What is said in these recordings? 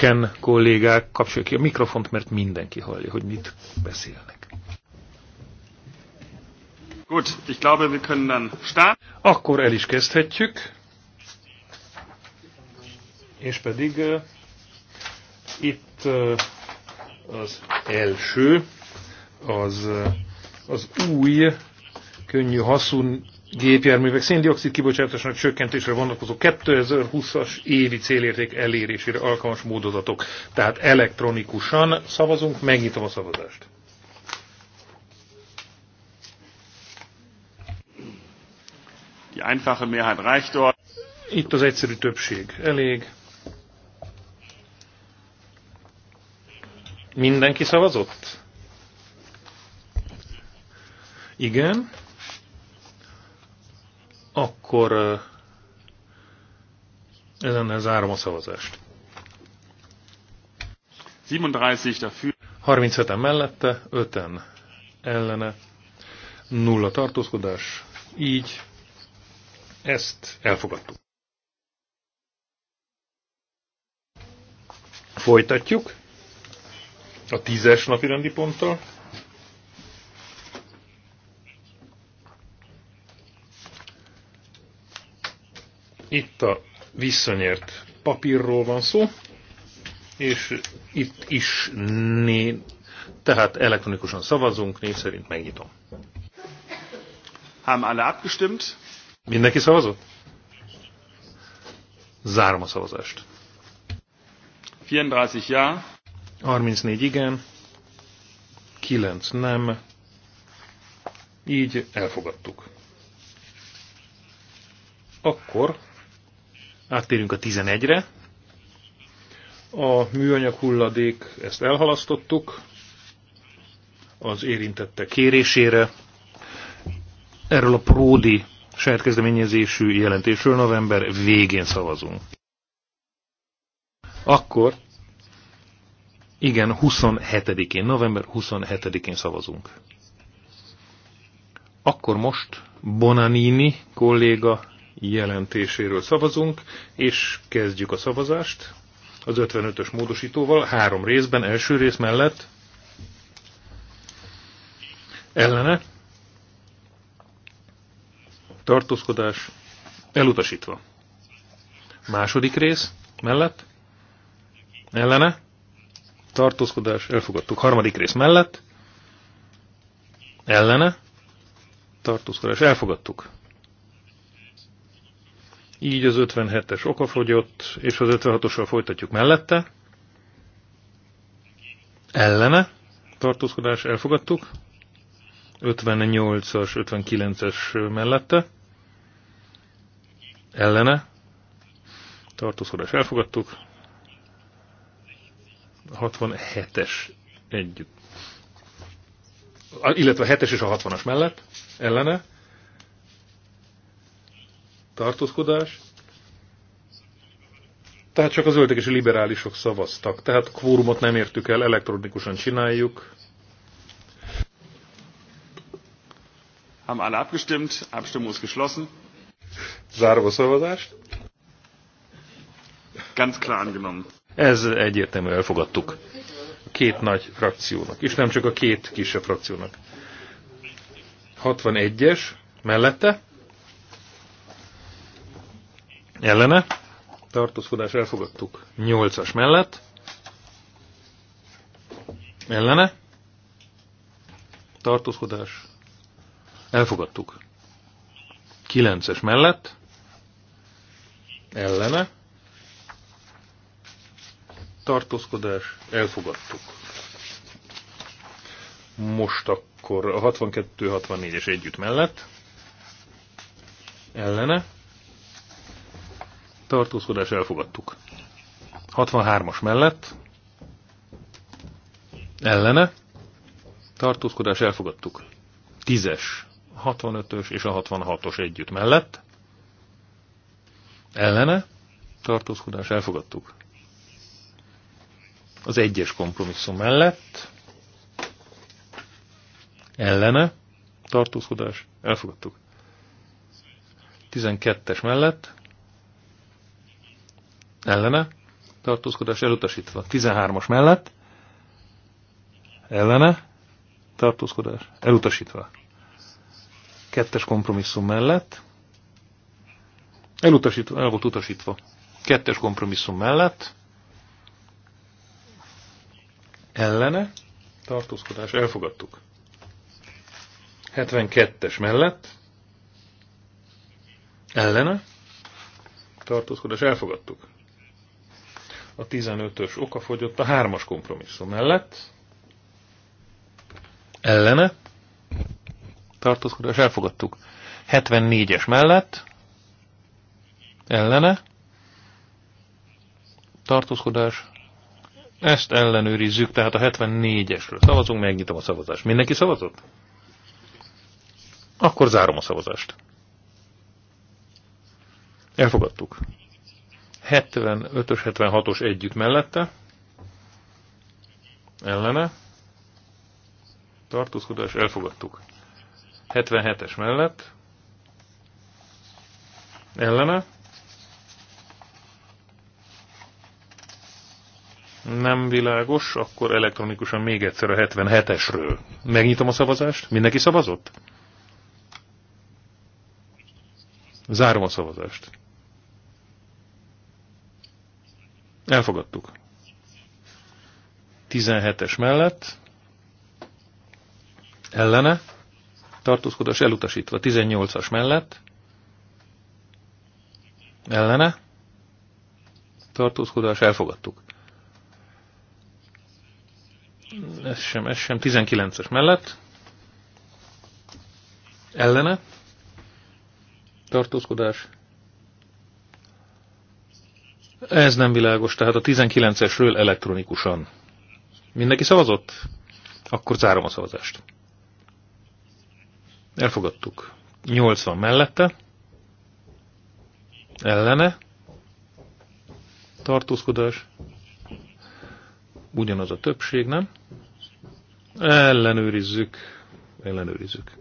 Ken kollégák, kapcsolják ki a mikrofont, mert mindenki hallja, hogy mit beszélnek. Gut, ich glaube, wir können dann starten. Akkor el is kezdhetjük. És pedig uh, itt uh, az első, az, uh, az új könnyű haszun, gépjárművek széndiokszid kibocsátásának csökkentésre vonatkozó 2020-as évi célérték elérésére alkalmas módozatok. Tehát elektronikusan szavazunk, megnyitom a szavazást. Die einfache Mehrheit reicht dort. Itt az egyszerű többség elég. Mindenki szavazott? Igen akkor ezen az áram a szavazást. 37-en mellette, 5-en ellene, nulla tartózkodás, így ezt elfogadtuk. Folytatjuk a tízes napi rendi ponttal. Itt a visszanyert papírról van szó, és itt is né, tehát elektronikusan szavazunk, név szerint megnyitom. Haben alle abgestimmt? Mindenki szavazott? Zárom a szavazást. 34 ja. 34 igen. 9 nem. Így elfogadtuk. Akkor Áttérünk a 11-re. A műanyag hulladék, ezt elhalasztottuk az érintettek kérésére. Erről a Pródi saját kezdeményezésű jelentésről november végén szavazunk. Akkor, igen, 27-én, november 27-én szavazunk. Akkor most Bonanini kolléga jelentéséről szavazunk, és kezdjük a szavazást az 55-ös módosítóval, három részben, első rész mellett, ellene, tartózkodás, elutasítva. Második rész mellett, ellene, tartózkodás, elfogadtuk. Harmadik rész mellett, ellene, tartózkodás, elfogadtuk. Így az 57-es okafogyott, és az 56-ossal folytatjuk mellette. Ellene tartózkodás elfogadtuk. 58-as, 59-es mellette. Ellene tartózkodás elfogadtuk. 67-es együtt. Illetve a 7-es és a 60-as mellett ellene tartózkodás. Tehát csak az zöldek és a liberálisok szavaztak. Tehát kvórumot nem értük el, elektronikusan csináljuk. Haben alle abgestimmt, Abstimmung ist geschlossen. Zárva a szavazást. Ganz klar angenommen. Ez egyértelműen elfogadtuk. A két nagy frakciónak, és nem csak a két kisebb frakciónak. 61-es mellette, ellene, tartózkodás elfogadtuk 8-as mellett, ellene, tartózkodás elfogadtuk 9-es mellett, ellene, tartózkodás elfogadtuk. Most akkor a 62-64-es együtt mellett, ellene, tartózkodás elfogadtuk. 63-as mellett, ellene, tartózkodás elfogadtuk. 10-es, 65-ös és a 66-os együtt mellett, ellene, tartózkodás elfogadtuk. Az egyes kompromisszum mellett, ellene, tartózkodás elfogadtuk. 12-es mellett, ellene, tartózkodás elutasítva. 13-as mellett, ellene, tartózkodás elutasítva. Kettes kompromisszum mellett, elutasítva, el volt utasítva. Kettes kompromisszum mellett, ellene, tartózkodás elfogadtuk. 72-es mellett, ellene, tartózkodás elfogadtuk a 15-ös okafogyott a 3-as kompromisszum mellett, ellene, tartózkodás elfogadtuk, 74-es mellett, ellene, tartózkodás, ezt ellenőrizzük, tehát a 74-esről szavazunk, megnyitom a szavazást. Mindenki szavazott? Akkor zárom a szavazást. Elfogadtuk. 75-ös, 76-os együtt mellette, ellene, tartózkodás, elfogadtuk. 77-es mellett, ellene, nem világos, akkor elektronikusan még egyszer a 77-esről. Megnyitom a szavazást, mindenki szavazott? Zárom a szavazást. Elfogadtuk. 17-es mellett ellene tartózkodás elutasítva. 18-as mellett ellene tartózkodás elfogadtuk. Ez sem, ez sem. 19-es mellett ellene tartózkodás ez nem világos, tehát a 19-esről elektronikusan. Mindenki szavazott? Akkor zárom a szavazást. Elfogadtuk. 80 mellette. Ellene. Tartózkodás. Ugyanaz a többség, nem? Ellenőrizzük. Ellenőrizzük.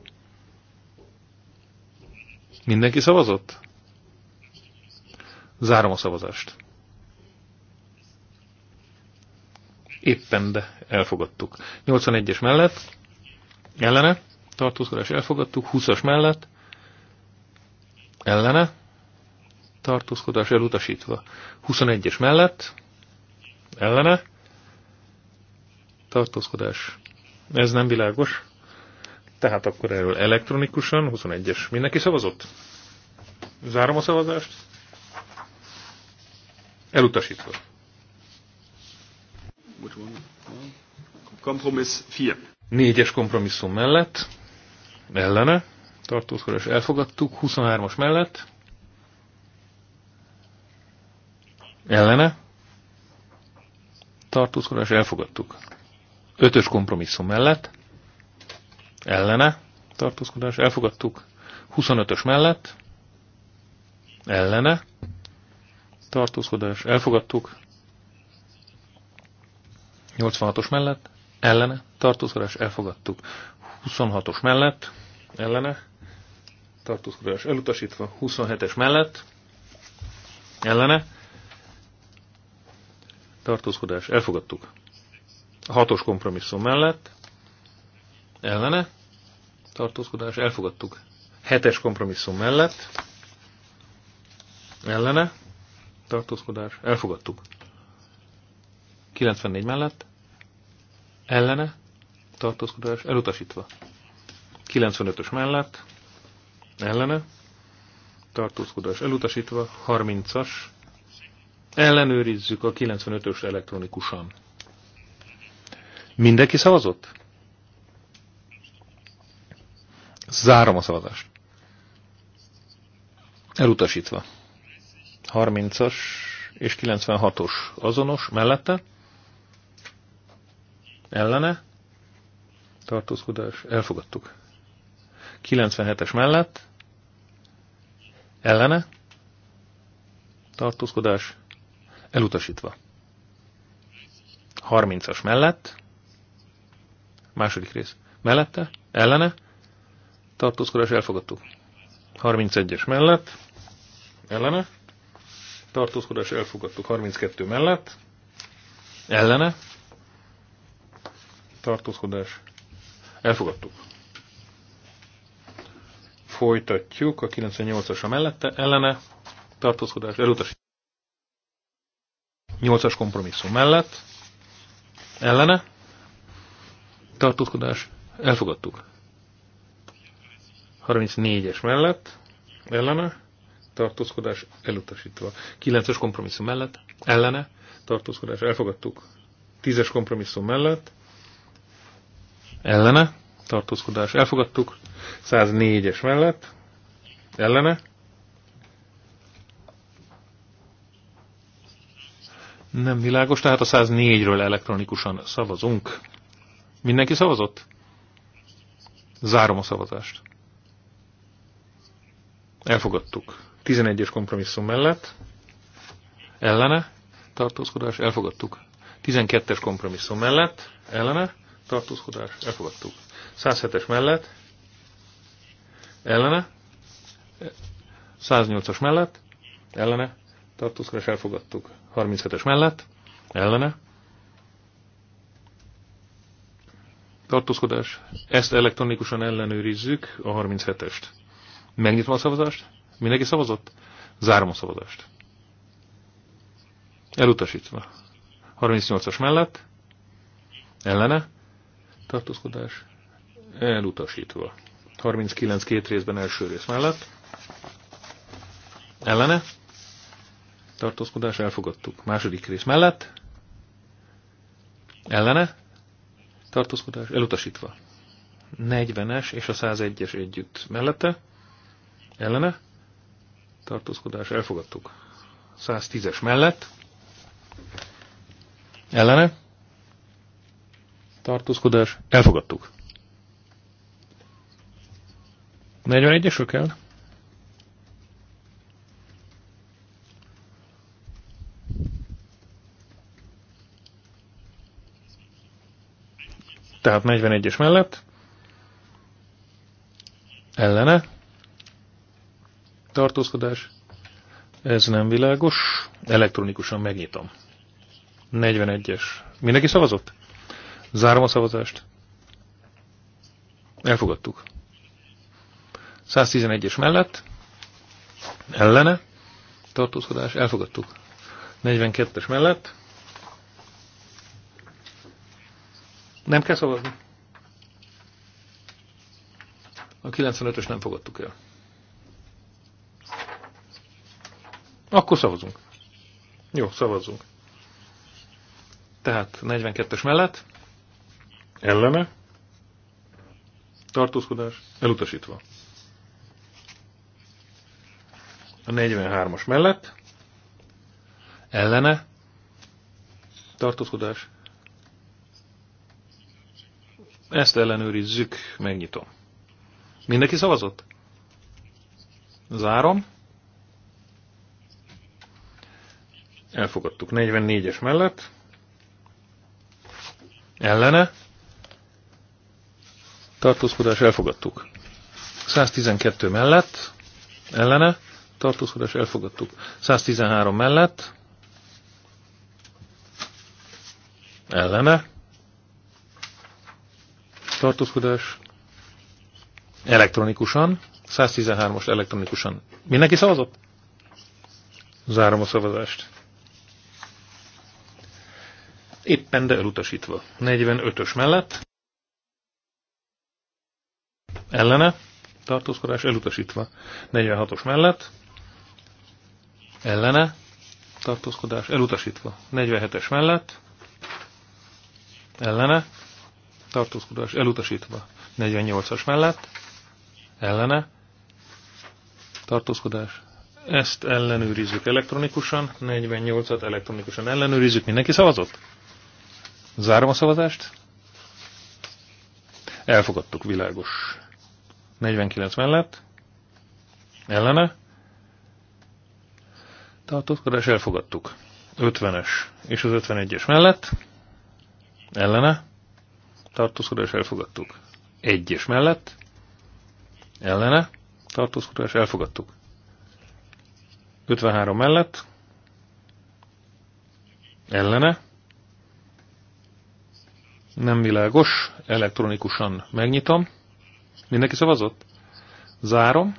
Mindenki szavazott? Zárom a szavazást. éppen de elfogadtuk. 81-es mellett ellene, tartózkodás elfogadtuk, 20-as mellett ellene, tartózkodás elutasítva. 21-es mellett ellene, tartózkodás. Ez nem világos. Tehát akkor erről elektronikusan, 21-es. Mindenki szavazott? Zárom a szavazást. Elutasítva. Kompromiss 4. Négyes kompromisszum mellett, ellene, tartózkodás elfogadtuk, 23-as mellett, ellene, tartózkodás elfogadtuk. Ötös kompromisszum mellett, ellene, tartózkodás elfogadtuk, 25-ös mellett, ellene, tartózkodás elfogadtuk, 86-os mellett, ellene, tartózkodás elfogadtuk. 26-os mellett, ellene, tartózkodás elutasítva. 27-es mellett, ellene, tartózkodás elfogadtuk. 6-os kompromisszum mellett, ellene, tartózkodás elfogadtuk. es kompromisszum mellett, ellene, tartózkodás elfogadtuk. 94 mellett, ellene, tartózkodás elutasítva. 95-ös mellett, ellene, tartózkodás elutasítva, 30-as, ellenőrizzük a 95-ös elektronikusan. Mindenki szavazott? Zárom a szavazást. Elutasítva. 30-as és 96-os azonos mellette ellene, tartózkodás, elfogadtuk. 97-es mellett, ellene, tartózkodás, elutasítva. 30-as mellett, második rész, mellette, ellene, tartózkodás, elfogadtuk. 31-es mellett, ellene, tartózkodás, elfogadtuk. 32 mellett, ellene, tartózkodás, elfogadtuk. Folytatjuk a 98-as a mellette, ellene, tartózkodás, elutasítás. 8-as kompromisszum mellett, ellene, tartózkodás, elfogadtuk. 34-es mellett, ellene, tartózkodás elutasítva. 9-es kompromisszum mellett, ellene, tartózkodás elfogadtuk. 10-es kompromisszum mellett, ellene, tartózkodás elfogadtuk, 104-es mellett, ellene, nem világos, tehát a 104-ről elektronikusan szavazunk. Mindenki szavazott? Zárom a szavazást. Elfogadtuk. 11-es kompromisszum mellett, ellene, tartózkodás, elfogadtuk. 12-es kompromisszum mellett, ellene, tartózkodás, elfogadtuk. 107-es mellett, ellene, 108-as mellett, ellene, tartózkodás, elfogadtuk. 37-es mellett, ellene, tartózkodás, ezt elektronikusan ellenőrizzük a 37-est. Megnyitom a szavazást? Mindenki szavazott? Zárom a szavazást. Elutasítva. 38-as mellett, ellene, tartózkodás elutasítva. 39 két részben első rész mellett. Ellene. Tartózkodás elfogadtuk. Második rész mellett. Ellene. Tartózkodás elutasítva. 40-es és a 101-es együtt mellette. Ellene. Tartózkodás elfogadtuk. 110-es mellett. Ellene tartózkodás, elfogadtuk. 41-esről kell? Tehát 41-es mellett ellene tartózkodás. Ez nem világos. Elektronikusan megnyitom. 41-es. Mindenki szavazott? Zárom a szavazást. Elfogadtuk. 111-es mellett, ellene, tartózkodás, elfogadtuk. 42-es mellett, nem kell szavazni. A 95-ös nem fogadtuk el. Akkor szavazunk. Jó, szavazzunk. Tehát 42-es mellett, Ellene. Tartózkodás. Elutasítva. A 43-as mellett. Ellene. Tartózkodás. Ezt ellenőrizzük, megnyitom. Mindenki szavazott? Zárom. Elfogadtuk 44-es mellett. Ellene tartózkodás elfogadtuk. 112 mellett, ellene, tartózkodás elfogadtuk. 113 mellett, ellene, tartózkodás elektronikusan, 113-os elektronikusan. Mindenki szavazott? Zárom a szavazást. Éppen de elutasítva. 45-ös mellett ellene, tartózkodás elutasítva. 46-os mellett, ellene, tartózkodás elutasítva. 47-es mellett, ellene, tartózkodás elutasítva. 48-as mellett, ellene, tartózkodás. Ezt ellenőrizzük elektronikusan, 48-at elektronikusan ellenőrizzük. Mindenki szavazott? Zárom a szavazást. Elfogadtuk, világos. 49 mellett, ellene, tartózkodás elfogadtuk. 50-es és az 51-es mellett, ellene, tartózkodás elfogadtuk. 1-es mellett, ellene, tartózkodás elfogadtuk. 53 mellett, ellene, nem világos, elektronikusan megnyitom, Mindenki szavazott? Zárom.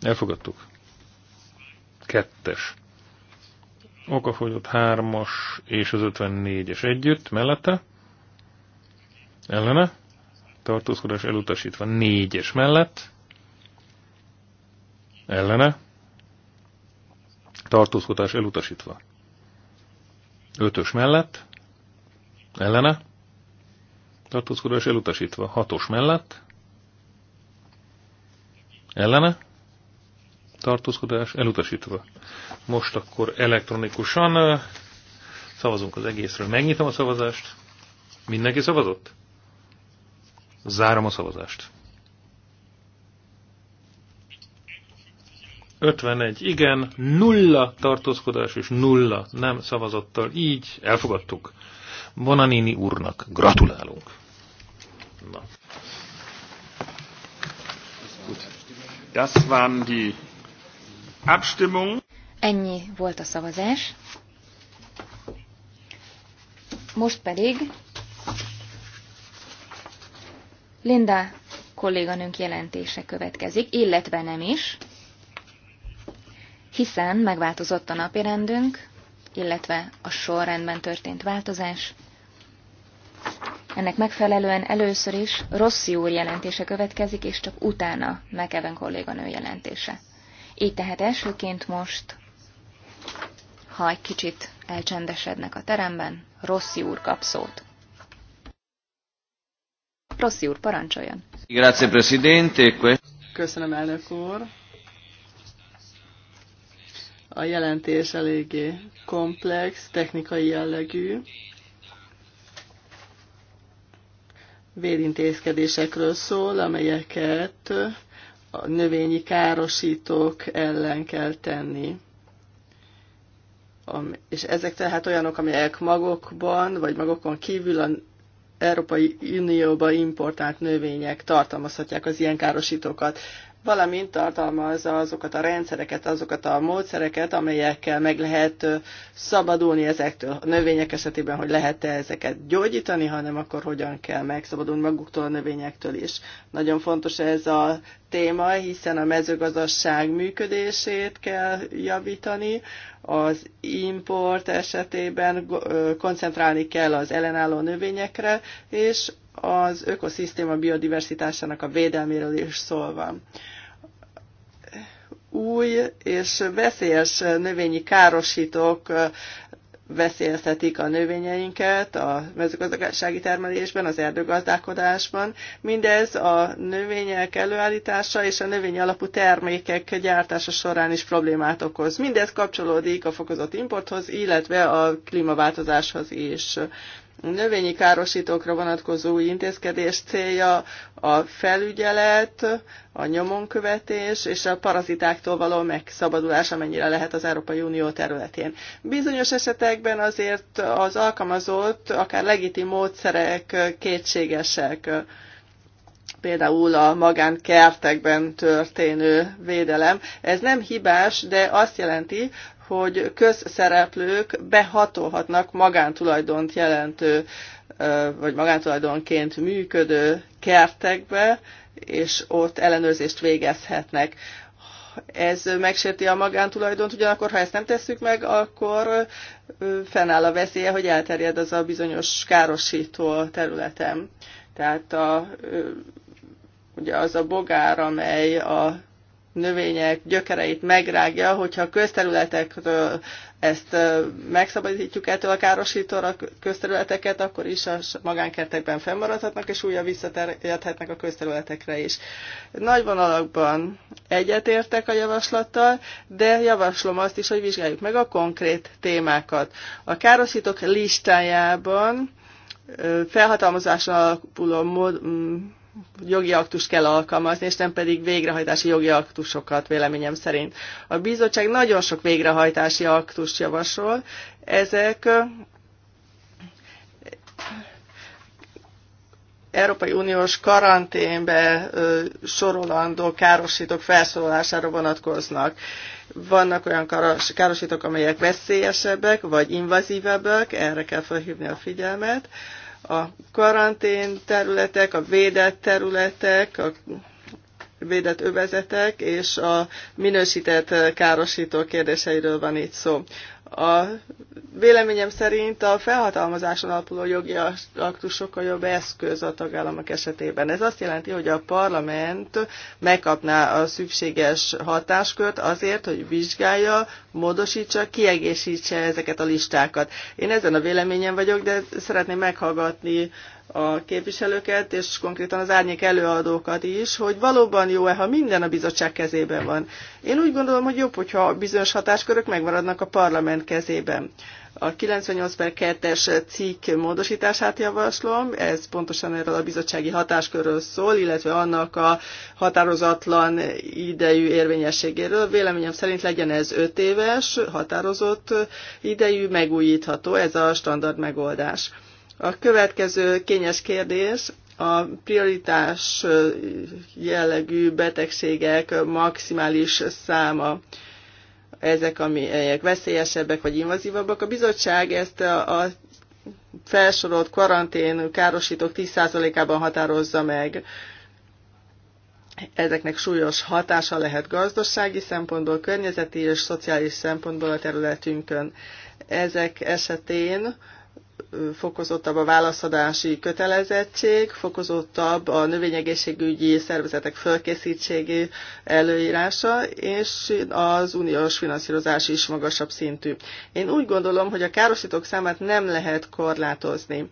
Elfogadtuk. Kettes. Okafogyott hármas és az 54-es együtt, mellette. Ellene. Tartózkodás elutasítva négyes mellett. Ellene. Tartózkodás elutasítva. Ötös mellett. Ellene tartózkodás elutasítva. Hatos mellett, ellene, tartózkodás elutasítva. Most akkor elektronikusan szavazunk az egészről. Megnyitom a szavazást. Mindenki szavazott? Zárom a szavazást. 51 igen, nulla tartózkodás és nulla nem szavazattal. Így elfogadtuk. Bonanini úrnak gratulálunk. Na. Gut. Das waren die Abstimmung. Ennyi volt a szavazás. Most pedig Linda kolléganőnk jelentése következik, illetve nem is, hiszen megváltozott a napirendünk, illetve a sorrendben történt változás. Ennek megfelelően először is Rossi úr jelentése következik, és csak utána McEwen kolléganő jelentése. Így tehát elsőként most, ha egy kicsit elcsendesednek a teremben, Rossi úr kap szót. Rossi úr, parancsoljon! Grazie, Presidente. Köszönöm, elnök úr! A jelentés eléggé komplex, technikai jellegű, vérintézkedésekről szól, amelyeket a növényi károsítók ellen kell tenni. És ezek tehát olyanok, amelyek magokban, vagy magokon kívül a Európai Unióba importált növények tartalmazhatják az ilyen károsítókat valamint tartalmazza azokat a rendszereket, azokat a módszereket, amelyekkel meg lehet szabadulni ezektől a növények esetében, hogy lehet-e ezeket gyógyítani, hanem akkor hogyan kell megszabadulni maguktól a növényektől is. Nagyon fontos ez a téma, hiszen a mezőgazdaság működését kell javítani, az import esetében koncentrálni kell az ellenálló növényekre, és az ökoszisztéma biodiversitásának a védelméről is szólva. Új és veszélyes növényi károsítók veszélyeztetik a növényeinket a mezőgazdasági termelésben, az erdőgazdálkodásban. Mindez a növények előállítása és a növény alapú termékek gyártása során is problémát okoz. Mindez kapcsolódik a fokozott importhoz, illetve a klímaváltozáshoz is növényi károsítókra vonatkozó új intézkedés célja a felügyelet, a nyomonkövetés és a parazitáktól való megszabadulás, amennyire lehet az Európai Unió területén. Bizonyos esetekben azért az alkalmazott, akár legitim módszerek kétségesek, például a magánkertekben történő védelem. Ez nem hibás, de azt jelenti, hogy közszereplők behatolhatnak magántulajdont jelentő, vagy magántulajdonként működő kertekbe, és ott ellenőrzést végezhetnek. Ez megsérti a magántulajdont, ugyanakkor ha ezt nem tesszük meg, akkor fennáll a veszélye, hogy elterjed az a bizonyos károsító területem. Tehát a, ugye az a bogár, amely a növények gyökereit megrágja, hogyha a közterületekről ezt megszabadítjuk ettől a károsítóra a közterületeket, akkor is a magánkertekben fennmaradhatnak, és újra visszatérhetnek a közterületekre is. Nagy vonalakban egyetértek a javaslattal, de javaslom azt is, hogy vizsgáljuk meg a konkrét témákat. A károsítók listájában felhatalmazáson alapuló jogi aktust kell alkalmazni, és nem pedig végrehajtási jogi aktusokat véleményem szerint. A bizottság nagyon sok végrehajtási aktust javasol, ezek Európai Uniós karanténbe sorolandó károsítók felszólására vonatkoznak. Vannak olyan karos, károsítók, amelyek veszélyesebbek, vagy invazívebbek, erre kell felhívni a figyelmet. A karantén területek, a védett területek, a védett övezetek és a minősített károsító kérdéseiről van itt szó. A véleményem szerint a felhatalmazáson alapuló jogi aktus sokkal jobb eszköz a tagállamok esetében. Ez azt jelenti, hogy a parlament megkapná a szükséges hatáskört azért, hogy vizsgálja, módosítsa, kiegészítse ezeket a listákat. Én ezen a véleményen vagyok, de szeretném meghallgatni a képviselőket, és konkrétan az árnyék előadókat is, hogy valóban jó-e, ha minden a bizottság kezében van. Én úgy gondolom, hogy jobb, hogyha bizonyos hatáskörök megmaradnak a parlament kezében. A 98 per 2-es cikk módosítását javaslom, ez pontosan erről a bizottsági hatáskörről szól, illetve annak a határozatlan idejű érvényességéről. Véleményem szerint legyen ez 5 éves, határozott idejű, megújítható, ez a standard megoldás a következő kényes kérdés a prioritás jellegű betegségek maximális száma ezek, amelyek veszélyesebbek vagy invazívabbak. A bizottság ezt a felsorolt karantén károsítók 10%-ában határozza meg. Ezeknek súlyos hatása lehet gazdasági szempontból, környezeti és szociális szempontból a területünkön. Ezek esetén fokozottabb a válaszadási kötelezettség, fokozottabb a növényegészségügyi szervezetek fölkészítségi előírása, és az uniós finanszírozás is magasabb szintű. Én úgy gondolom, hogy a károsítók számát nem lehet korlátozni.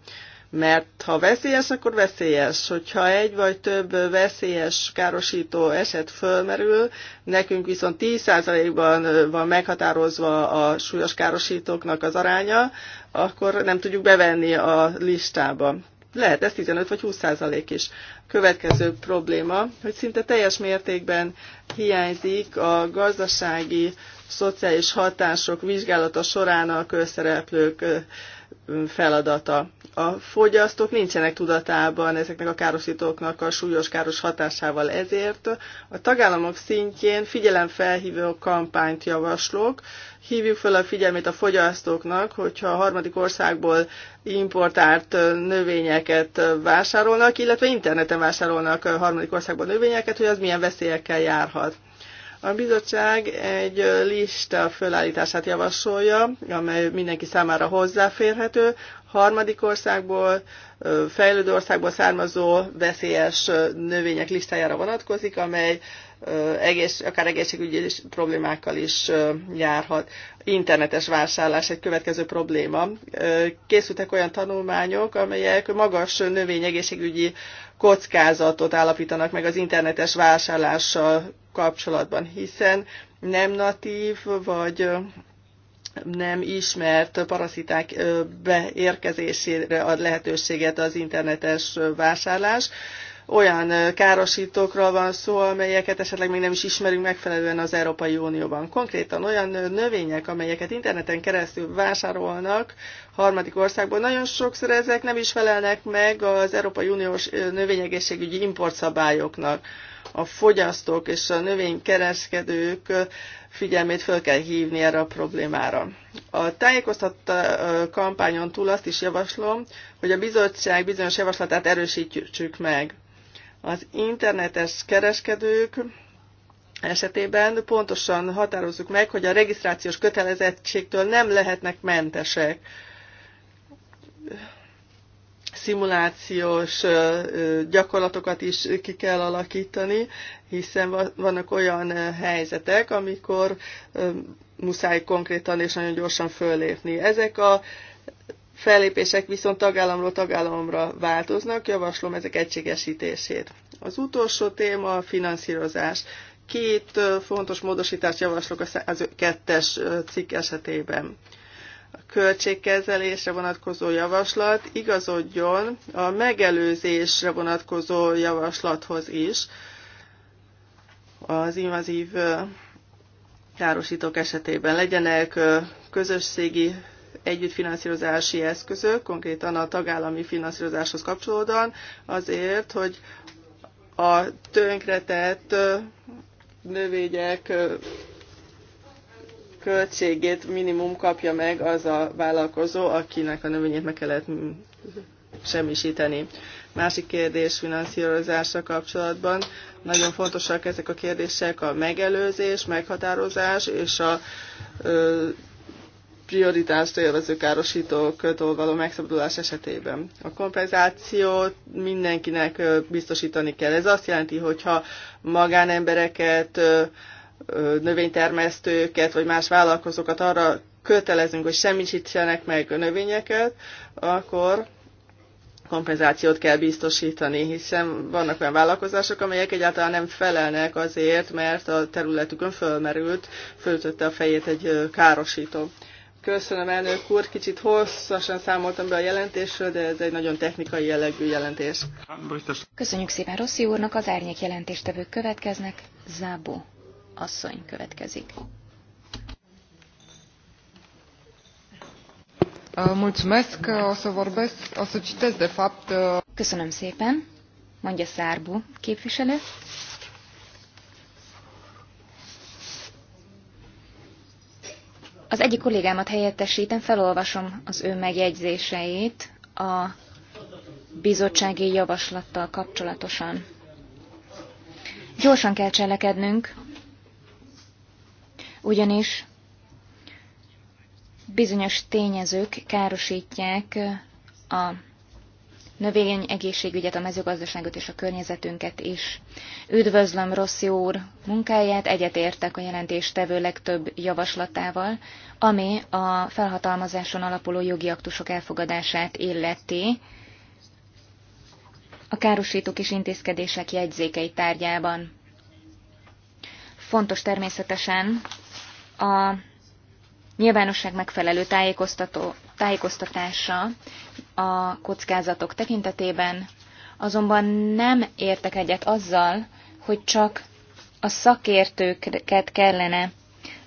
Mert ha veszélyes, akkor veszélyes. Hogyha egy vagy több veszélyes károsító eset fölmerül, nekünk viszont 10%-ban van meghatározva a súlyos károsítóknak az aránya, akkor nem tudjuk bevenni a listába. Lehet ez 15 vagy 20% is. Következő probléma, hogy szinte teljes mértékben hiányzik a gazdasági, szociális hatások vizsgálata során a közszereplők feladata. A fogyasztók nincsenek tudatában ezeknek a károsítóknak a súlyos káros hatásával, ezért a tagállamok szintjén figyelemfelhívő kampányt javaslok. Hívjuk fel a figyelmét a fogyasztóknak, hogyha a harmadik országból importált növényeket vásárolnak, illetve interneten vásárolnak a harmadik országból növényeket, hogy az milyen veszélyekkel járhat a bizottság egy lista fölállítását javasolja, amely mindenki számára hozzáférhető, harmadik országból, fejlődő országból származó veszélyes növények listájára vonatkozik, amely egész, akár egészségügyi problémákkal is járhat. Internetes vásárlás egy következő probléma. Készültek olyan tanulmányok, amelyek magas növényegészségügyi egészségügyi kockázatot állapítanak meg az internetes vásárlással kapcsolatban, hiszen nem natív vagy nem ismert parasziták beérkezésére ad lehetőséget az internetes vásárlás olyan károsítókról van szó, amelyeket esetleg még nem is ismerünk megfelelően az Európai Unióban. Konkrétan olyan növények, amelyeket interneten keresztül vásárolnak harmadik országból, nagyon sokszor ezek nem is felelnek meg az Európai Uniós növényegészségügyi importszabályoknak. A fogyasztók és a növénykereskedők figyelmét föl kell hívni erre a problémára. A tájékoztatta kampányon túl azt is javaslom, hogy a bizottság bizonyos javaslatát erősítsük meg. Az internetes kereskedők esetében pontosan határozzuk meg, hogy a regisztrációs kötelezettségtől nem lehetnek mentesek. Szimulációs gyakorlatokat is ki kell alakítani, hiszen vannak olyan helyzetek, amikor muszáj konkrétan és nagyon gyorsan föllépni. Ezek a fellépések viszont tagállamról tagállamra változnak, javaslom ezek egységesítését. Az utolsó téma a finanszírozás. Két fontos módosítást javaslok a 102-es cikk esetében. A költségkezelésre vonatkozó javaslat igazodjon a megelőzésre vonatkozó javaslathoz is az invazív károsítók esetében legyenek közösségi együttfinanszírozási eszközök, konkrétan a tagállami finanszírozáshoz kapcsolódóan, azért, hogy a tönkretett növények költségét minimum kapja meg az a vállalkozó, akinek a növényét meg kellett semmisíteni. Másik kérdés finanszírozásra kapcsolatban. Nagyon fontosak ezek a kérdések, a megelőzés, meghatározás és a prioritást élvező károsítók való megszabadulás esetében. A kompenzációt mindenkinek biztosítani kell. Ez azt jelenti, hogyha magánembereket, növénytermesztőket vagy más vállalkozókat arra kötelezünk, hogy semmisítsenek meg a növényeket, akkor kompenzációt kell biztosítani, hiszen vannak olyan vállalkozások, amelyek egyáltalán nem felelnek azért, mert a területükön fölmerült, föltötte a fejét egy károsító. Köszönöm, elnök úr. Kicsit hosszasan számoltam be a jelentésről, de ez egy nagyon technikai jellegű jelentés. Köszönjük szépen Rossi úrnak. Az árnyék jelentéstevők következnek. Zábó asszony következik. Mulțumesc, o să vorbesc, o să citesc de fapt. Köszönöm szépen, mondja Szárbu képviselő. Az egyik kollégámat helyettesítem, felolvasom az ő megjegyzéseit a bizottsági javaslattal kapcsolatosan. Gyorsan kell cselekednünk, ugyanis bizonyos tényezők károsítják a növény egészségügyet, a mezőgazdaságot és a környezetünket is. Üdvözlöm Rossi úr munkáját, egyetértek a jelentéstevő legtöbb javaslatával, ami a felhatalmazáson alapuló jogi aktusok elfogadását illeti a károsítók és intézkedések jegyzékei tárgyában. Fontos természetesen a nyilvánosság megfelelő tájékoztató, tájékoztatása a kockázatok tekintetében, azonban nem értek egyet azzal, hogy csak a szakértőket kellene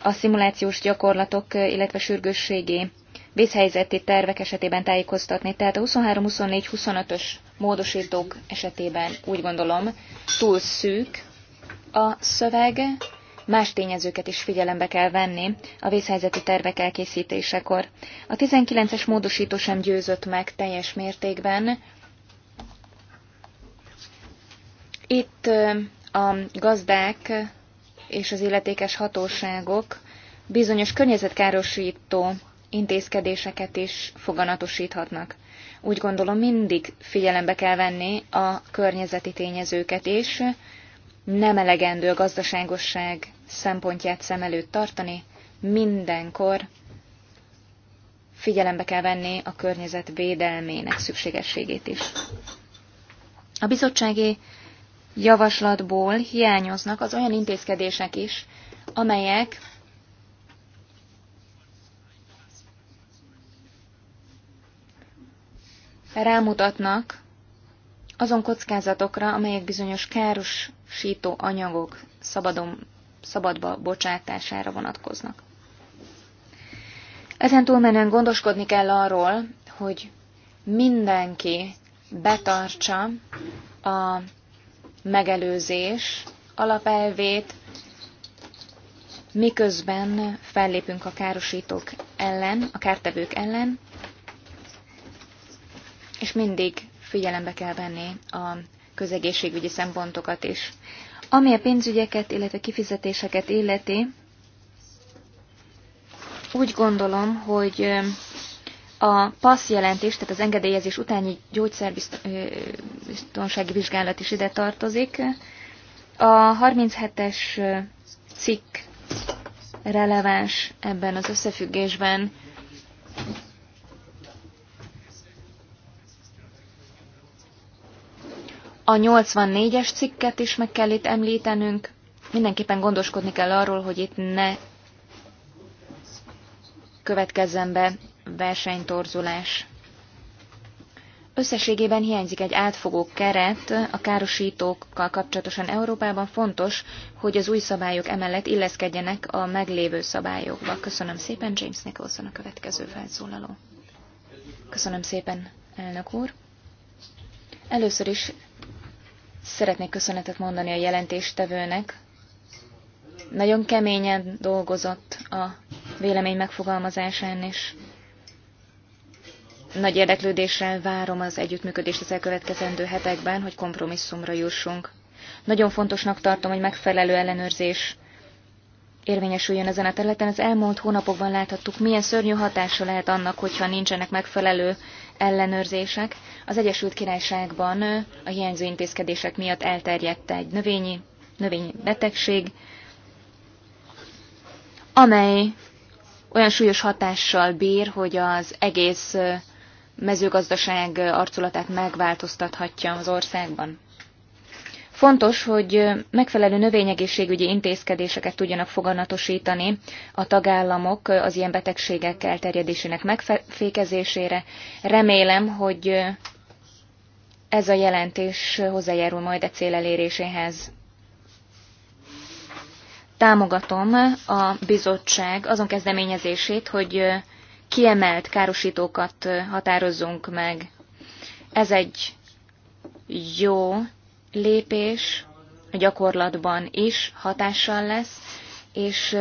a szimulációs gyakorlatok, illetve sürgősségi vészhelyzeti tervek esetében tájékoztatni. Tehát a 23, 24, 25-ös módosítók esetében úgy gondolom túl szűk a szöveg, más tényezőket is figyelembe kell venni a vészhelyzeti tervek elkészítésekor. A 19-es módosító sem győzött meg teljes mértékben. Itt a gazdák és az illetékes hatóságok bizonyos környezetkárosító intézkedéseket is foganatosíthatnak. Úgy gondolom, mindig figyelembe kell venni a környezeti tényezőket is, nem elegendő a gazdaságosság szempontját szem előtt tartani, mindenkor figyelembe kell venni a környezet védelmének szükségességét is. A bizottsági javaslatból hiányoznak az olyan intézkedések is, amelyek rámutatnak azon kockázatokra, amelyek bizonyos károsító anyagok szabadon, szabadba bocsátására vonatkoznak. Ezen túlmenően gondoskodni kell arról, hogy mindenki betartsa a megelőzés alapelvét, miközben fellépünk a károsítók ellen, a kártevők ellen, és mindig figyelembe kell venni a közegészségügyi szempontokat is. Ami a pénzügyeket, illetve kifizetéseket illeti, úgy gondolom, hogy a PASZ jelentés, tehát az engedélyezés utáni gyógyszerbiztonsági vizsgálat is ide tartozik. A 37-es cikk releváns ebben az összefüggésben. A 84-es cikket is meg kell itt említenünk. Mindenképpen gondoskodni kell arról, hogy itt ne következzen be versenytorzulás. Összességében hiányzik egy átfogó keret a károsítókkal kapcsolatosan Európában. Fontos, hogy az új szabályok emellett illeszkedjenek a meglévő szabályokba. Köszönöm szépen, James Nicholson a következő felszólaló. Köszönöm szépen, elnök úr. Először is Szeretnék köszönetet mondani a jelentéstevőnek. Nagyon keményen dolgozott a vélemény megfogalmazásán, és nagy érdeklődéssel várom az együttműködést az elkövetkezendő hetekben, hogy kompromisszumra jussunk. Nagyon fontosnak tartom, hogy megfelelő ellenőrzés érvényesüljön ezen a területen. Az elmúlt hónapokban láthattuk, milyen szörnyű hatása lehet annak, hogyha nincsenek megfelelő ellenőrzések. Az Egyesült Királyságban a hiányzó intézkedések miatt elterjedt egy növényi, növényi betegség, amely olyan súlyos hatással bír, hogy az egész mezőgazdaság arculatát megváltoztathatja az országban. Fontos, hogy megfelelő növényegészségügyi intézkedéseket tudjanak foganatosítani a tagállamok az ilyen betegségek elterjedésének megfékezésére. Remélem, hogy ez a jelentés hozzájárul majd a e cél eléréséhez. Támogatom a bizottság azon kezdeményezését, hogy kiemelt károsítókat határozzunk meg. Ez egy jó lépés a gyakorlatban is hatással lesz, és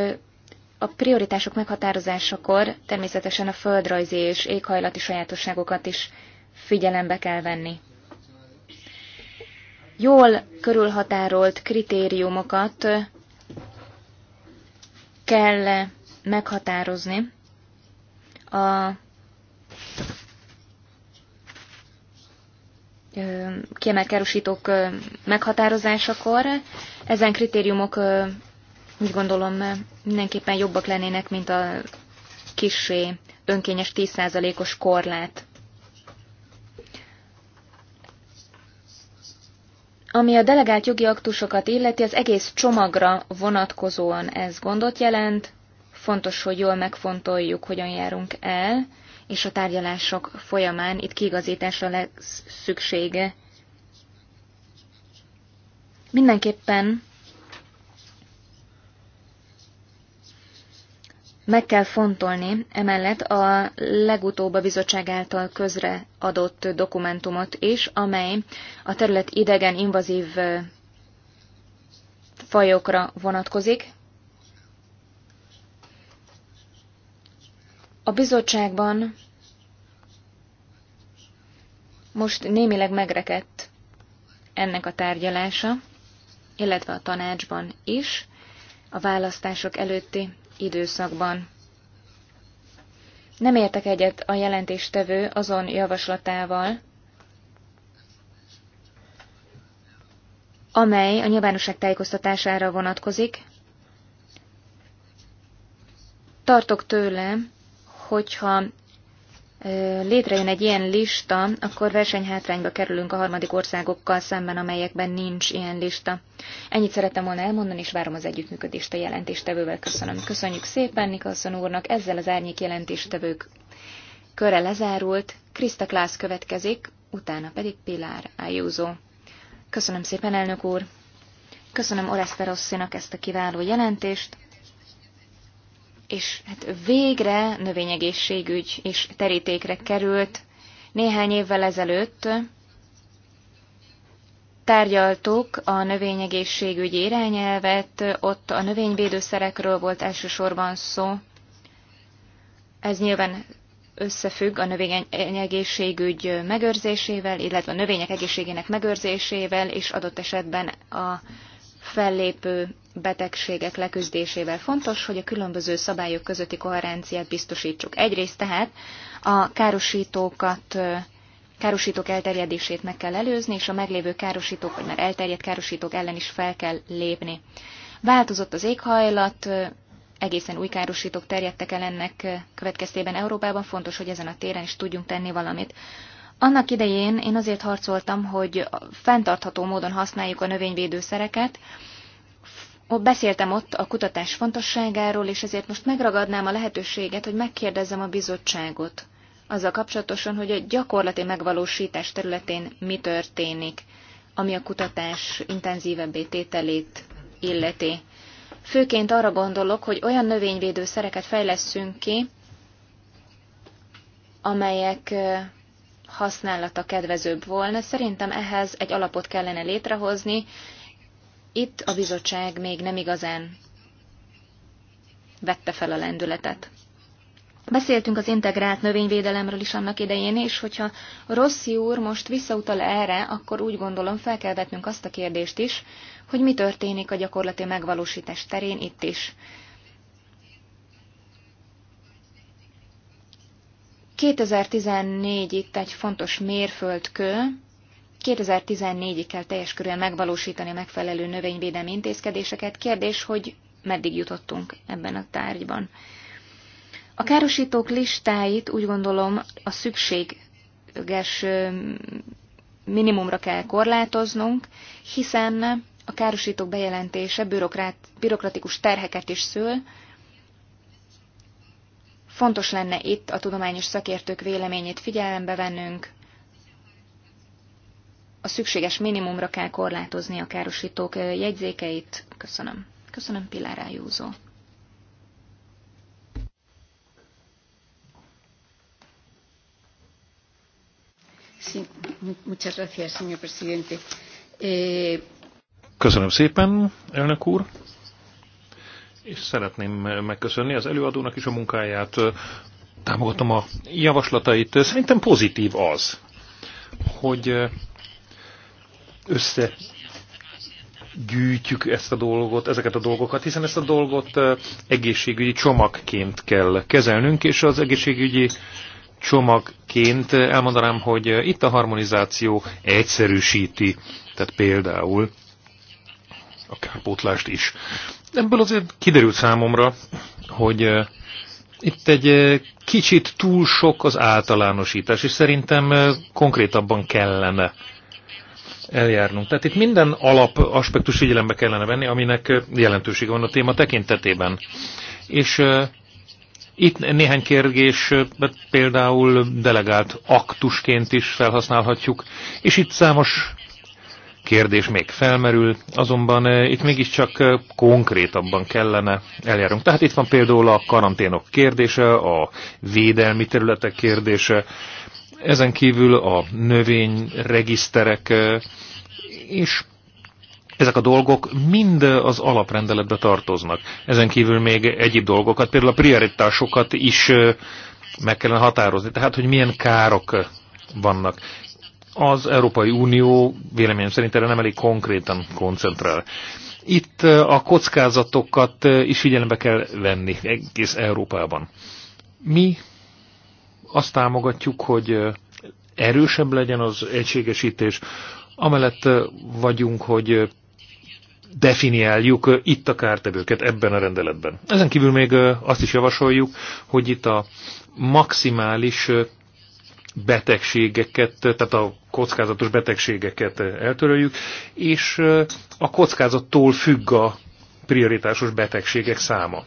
a prioritások meghatározásakor természetesen a földrajzi és éghajlati sajátosságokat is figyelembe kell venni. Jól körülhatárolt kritériumokat kell meghatározni a kiemelt károsítók meghatározásakor. Ezen kritériumok úgy gondolom mindenképpen jobbak lennének, mint a kisé önkényes 10%-os korlát. Ami a delegált jogi aktusokat illeti, az egész csomagra vonatkozóan ez gondot jelent. Fontos, hogy jól megfontoljuk, hogyan járunk el és a tárgyalások folyamán itt kiigazításra lesz szüksége. Mindenképpen meg kell fontolni emellett a legutóbb a bizottság által közre adott dokumentumot is, amely a terület idegen invazív fajokra vonatkozik, A bizottságban most némileg megrekedt ennek a tárgyalása, illetve a tanácsban is, a választások előtti időszakban. Nem értek egyet a jelentéstevő azon javaslatával, amely a nyilvánosság tájékoztatására vonatkozik. Tartok tőle, hogyha létrejön egy ilyen lista, akkor versenyhátrányba kerülünk a harmadik országokkal szemben, amelyekben nincs ilyen lista. Ennyit szerettem volna elmondani, és várom az együttműködést a jelentéstevővel. Köszönöm. Köszönjük szépen Nikolson úrnak, ezzel az árnyék jelentéstevők köre lezárult. Krista Klász következik, utána pedig Pilár Ájúzó. Köszönöm szépen, elnök úr! Köszönöm Oreste ezt a kiváló jelentést és hát végre növényegészségügy és terítékre került. Néhány évvel ezelőtt tárgyaltuk a növényegészségügyi irányelvet, ott a növényvédőszerekről volt elsősorban szó. Ez nyilván összefügg a növényegészségügy megőrzésével, illetve a növények egészségének megőrzésével, és adott esetben a fellépő betegségek leküzdésével fontos, hogy a különböző szabályok közötti koherenciát biztosítsuk. Egyrészt tehát a károsítókat, károsítók elterjedését meg kell előzni, és a meglévő károsítók, vagy már elterjedt károsítók ellen is fel kell lépni. Változott az éghajlat, egészen új károsítók terjedtek el ennek következtében Európában, fontos, hogy ezen a téren is tudjunk tenni valamit. Annak idején én azért harcoltam, hogy fenntartható módon használjuk a növényvédőszereket, beszéltem ott a kutatás fontosságáról, és ezért most megragadnám a lehetőséget, hogy megkérdezzem a bizottságot azzal kapcsolatosan, hogy a gyakorlati megvalósítás területén mi történik, ami a kutatás intenzívebbé tételét illeti. Főként arra gondolok, hogy olyan szereket fejleszünk ki, amelyek használata kedvezőbb volna. Szerintem ehhez egy alapot kellene létrehozni, itt a bizottság még nem igazán vette fel a lendületet. Beszéltünk az integrált növényvédelemről is annak idején, és hogyha Rossi úr most visszautal erre, akkor úgy gondolom fel kell vetnünk azt a kérdést is, hogy mi történik a gyakorlati megvalósítás terén itt is. 2014 itt egy fontos mérföldkő, 2014-ig kell teljes körűen megvalósítani a megfelelő növényvédelmi intézkedéseket. Kérdés, hogy meddig jutottunk ebben a tárgyban. A károsítók listáit úgy gondolom a szükséges minimumra kell korlátoznunk, hiszen a károsítók bejelentése bürokratikus terheket is szül. Fontos lenne itt a tudományos szakértők véleményét figyelembe vennünk, a szükséges minimumra kell korlátozni a károsítók jegyzékeit. Köszönöm. Köszönöm, Pilar Ájúzó. Eh, Köszönöm szépen, elnök úr, és szeretném megköszönni az előadónak is a munkáját. Támogatom a javaslatait. Szerintem pozitív az, hogy össze gyűjtjük ezt a dolgot, ezeket a dolgokat, hiszen ezt a dolgot egészségügyi csomagként kell kezelnünk, és az egészségügyi csomagként elmondanám, hogy itt a harmonizáció egyszerűsíti, tehát például a kárpótlást is. Ebből azért kiderült számomra, hogy itt egy kicsit túl sok az általánosítás, és szerintem konkrétabban kellene eljárnunk. Tehát itt minden alap aspektus figyelembe kellene venni, aminek jelentősége van a téma tekintetében. És itt néhány kérdés például delegált aktusként is felhasználhatjuk, és itt számos kérdés még felmerül, azonban itt mégiscsak konkrétabban kellene eljárunk. Tehát itt van például a karanténok kérdése, a védelmi területek kérdése, ezen kívül a növényregiszterek és ezek a dolgok mind az alaprendeletbe tartoznak. Ezen kívül még egyéb dolgokat, például a prioritásokat is meg kellene határozni. Tehát, hogy milyen károk vannak. Az Európai Unió véleményem szerint erre nem elég konkrétan koncentrál. Itt a kockázatokat is figyelembe kell venni egész Európában. Mi azt támogatjuk, hogy erősebb legyen az egységesítés, amellett vagyunk, hogy definiáljuk itt a kártevőket ebben a rendeletben. Ezen kívül még azt is javasoljuk, hogy itt a maximális betegségeket, tehát a kockázatos betegségeket eltöröljük, és a kockázattól függ a prioritásos betegségek száma.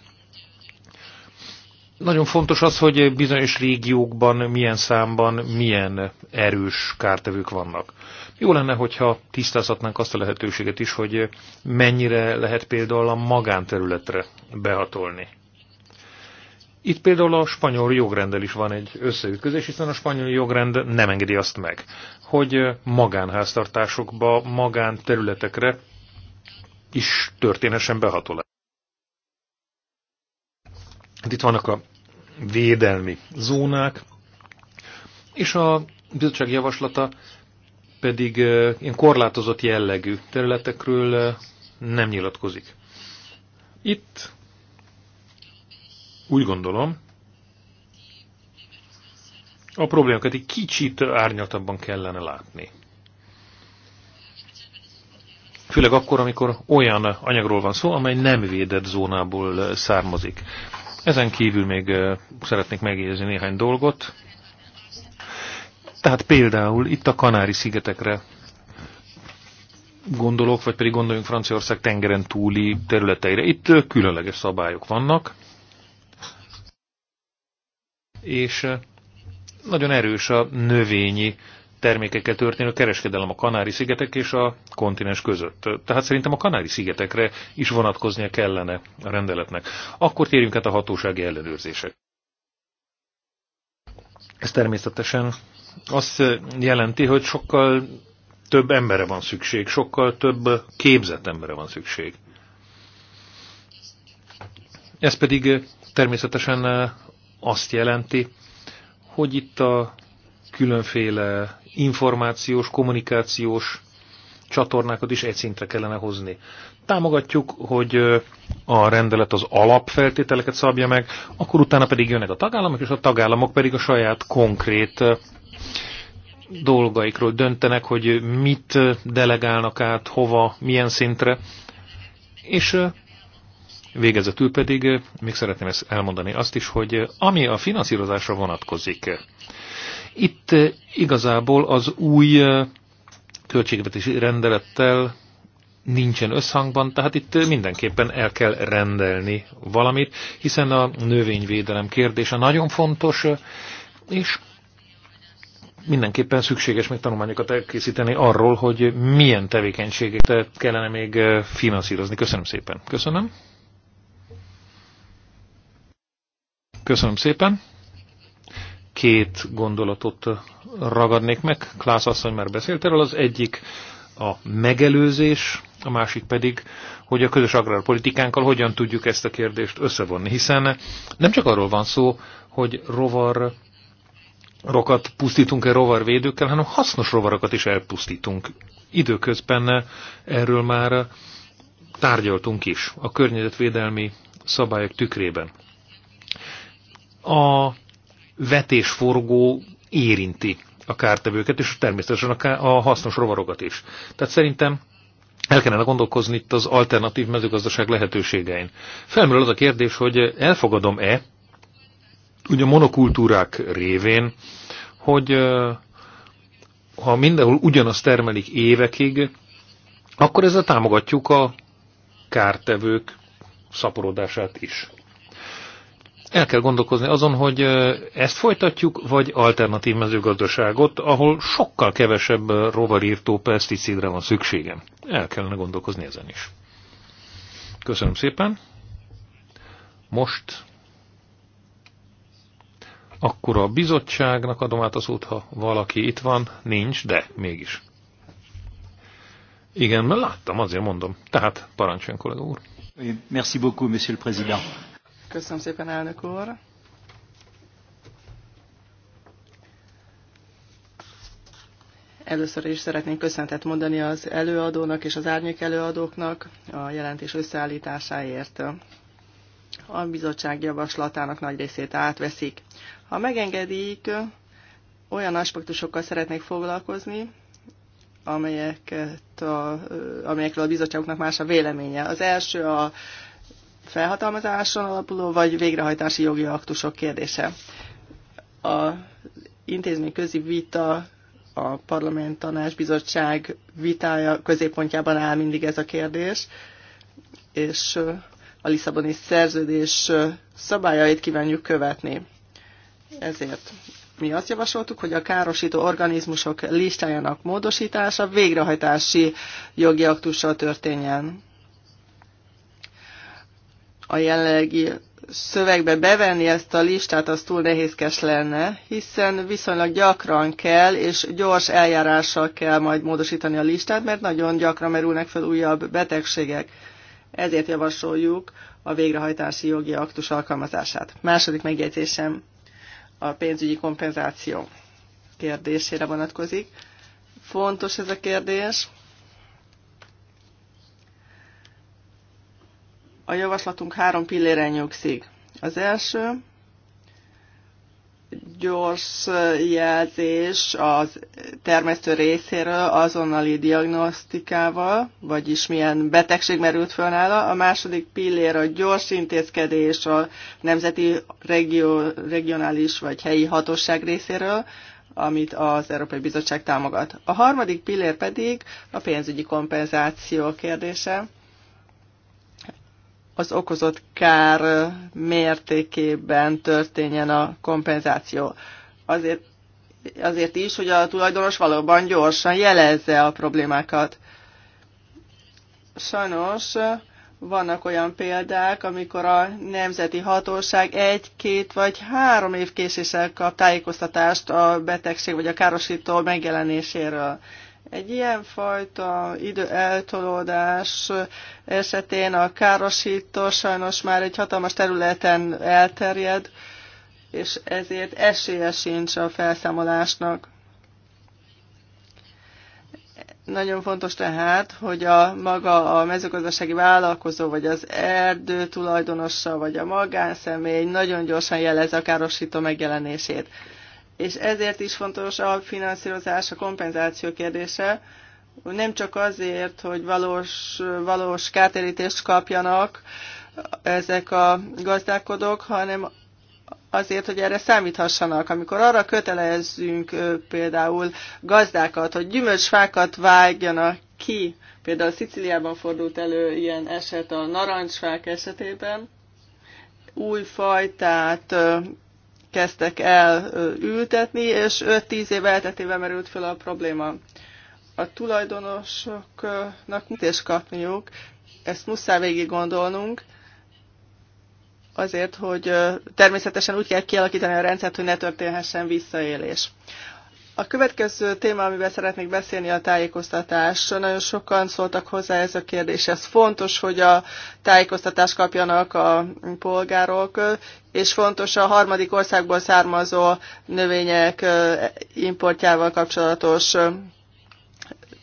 Nagyon fontos az, hogy bizonyos régiókban milyen számban milyen erős kártevők vannak. Jó lenne, hogyha tisztázhatnánk azt a lehetőséget is, hogy mennyire lehet például a magánterületre behatolni. Itt például a spanyol jogrendel is van egy összeütközés, hiszen a spanyol jogrend nem engedi azt meg, hogy magánháztartásokba, magánterületekre is történesen behatol. Hát itt vannak a védelmi zónák, és a bizottság javaslata pedig ilyen korlátozott jellegű területekről nem nyilatkozik. Itt úgy gondolom, a problémákat egy kicsit árnyaltabban kellene látni. Főleg akkor, amikor olyan anyagról van szó, amely nem védett zónából származik. Ezen kívül még szeretnék megjegyezni néhány dolgot. Tehát például itt a Kanári-szigetekre gondolok, vagy pedig gondoljunk Franciaország tengeren túli területeire. Itt különleges szabályok vannak, és nagyon erős a növényi termékekkel történő kereskedelem a Kanári-szigetek és a kontinens között. Tehát szerintem a Kanári-szigetekre is vonatkoznia kellene a rendeletnek. Akkor térjünk át a hatósági ellenőrzések. Ez természetesen azt jelenti, hogy sokkal több embere van szükség, sokkal több képzett embere van szükség. Ez pedig természetesen azt jelenti, hogy itt a különféle információs, kommunikációs csatornákat is egy szintre kellene hozni. Támogatjuk, hogy a rendelet az alapfeltételeket szabja meg, akkor utána pedig jönnek a tagállamok, és a tagállamok pedig a saját konkrét dolgaikról döntenek, hogy mit delegálnak át, hova, milyen szintre. És végezetül pedig még szeretném ezt elmondani azt is, hogy ami a finanszírozásra vonatkozik, itt eh, igazából az új eh, költségvetési rendelettel nincsen összhangban, tehát itt eh, mindenképpen el kell rendelni valamit, hiszen a növényvédelem kérdése nagyon fontos, és mindenképpen szükséges még tanulmányokat elkészíteni arról, hogy milyen tevékenységet kellene még finanszírozni. Köszönöm szépen. Köszönöm. Köszönöm szépen két gondolatot ragadnék meg. Klász asszony már beszélt erről, az egyik a megelőzés, a másik pedig, hogy a közös agrárpolitikánkkal hogyan tudjuk ezt a kérdést összevonni, hiszen nem csak arról van szó, hogy rovar rokat pusztítunk-e rovarvédőkkel, hanem hasznos rovarokat is elpusztítunk. Időközben erről már tárgyaltunk is a környezetvédelmi szabályok tükrében. A vetésforgó érinti a kártevőket, és természetesen a, a hasznos rovarokat is. Tehát szerintem el kellene gondolkozni itt az alternatív mezőgazdaság lehetőségein. Felmerül az a kérdés, hogy elfogadom-e, ugye a monokultúrák révén, hogy ha mindenhol ugyanazt termelik évekig, akkor ezzel támogatjuk a kártevők szaporodását is el kell gondolkozni azon, hogy ezt folytatjuk, vagy alternatív mezőgazdaságot, ahol sokkal kevesebb rovarírtó peszticidre van szükségem. El kellene gondolkozni ezen is. Köszönöm szépen. Most akkor a bizottságnak adom át a szót, ha valaki itt van. Nincs, de mégis. Igen, mert láttam, azért mondom. Tehát parancsoljon, kollega úr. Merci beaucoup, monsieur le président. Köszönöm szépen, elnök úr. Először is szeretnénk köszöntet mondani az előadónak és az árnyék előadóknak a jelentés összeállításáért. A bizottság javaslatának nagy részét átveszik. Ha megengedik, olyan aspektusokkal szeretnék foglalkozni, amelyek a, amelyekről a bizottságoknak más a véleménye. Az első a felhatalmazáson alapuló vagy végrehajtási jogi aktusok kérdése. A intézmény közi vita, a parlament tanács bizottság vitája középpontjában áll mindig ez a kérdés, és a Lisszaboni szerződés szabályait kívánjuk követni. Ezért mi azt javasoltuk, hogy a károsító organizmusok listájának módosítása végrehajtási jogi aktussal történjen a jelenlegi szövegbe bevenni ezt a listát, az túl nehézkes lenne, hiszen viszonylag gyakran kell, és gyors eljárással kell majd módosítani a listát, mert nagyon gyakran merülnek fel újabb betegségek. Ezért javasoljuk a végrehajtási jogi aktus alkalmazását. Második megjegyzésem a pénzügyi kompenzáció kérdésére vonatkozik. Fontos ez a kérdés, A javaslatunk három pillére nyugszik. Az első gyors jelzés az termesztő részéről azonnali diagnosztikával, vagyis milyen betegség merült föl nála. A második pillér a gyors intézkedés a nemzeti, regió, regionális vagy helyi hatóság részéről, amit az Európai Bizottság támogat. A harmadik pillér pedig a pénzügyi kompenzáció kérdése az okozott kár mértékében történjen a kompenzáció. Azért, azért is, hogy a tulajdonos valóban gyorsan jelezze a problémákat. Sajnos vannak olyan példák, amikor a nemzeti hatóság egy, két vagy három év késéssel kap tájékoztatást a betegség vagy a károsító megjelenéséről. Egy ilyenfajta fajta időeltolódás esetén a károsító sajnos már egy hatalmas területen elterjed, és ezért esélye sincs a felszámolásnak. Nagyon fontos tehát, hogy a maga a mezőgazdasági vállalkozó, vagy az erdő tulajdonosa, vagy a magánszemély nagyon gyorsan jelez a károsító megjelenését és ezért is fontos a finanszírozás, a kompenzáció kérdése, nem csak azért, hogy valós, valós kártérítést kapjanak ezek a gazdálkodók, hanem azért, hogy erre számíthassanak. Amikor arra kötelezzünk például gazdákat, hogy gyümölcsfákat vágjanak ki, például Sziciliában fordult elő ilyen eset a narancsfák esetében, új fajtát kezdtek el ültetni, és 5-10 év elteltével merült fel a probléma. A tulajdonosoknak mutést kapniuk, ezt muszáj végig gondolnunk, azért, hogy természetesen úgy kell kialakítani a rendszert, hogy ne történhessen visszaélés. A következő téma, amivel szeretnék beszélni, a tájékoztatás. Nagyon sokan szóltak hozzá ez a kérdés. Ez fontos, hogy a tájékoztatást kapjanak a polgárok, és fontos a harmadik országból származó növények importjával kapcsolatos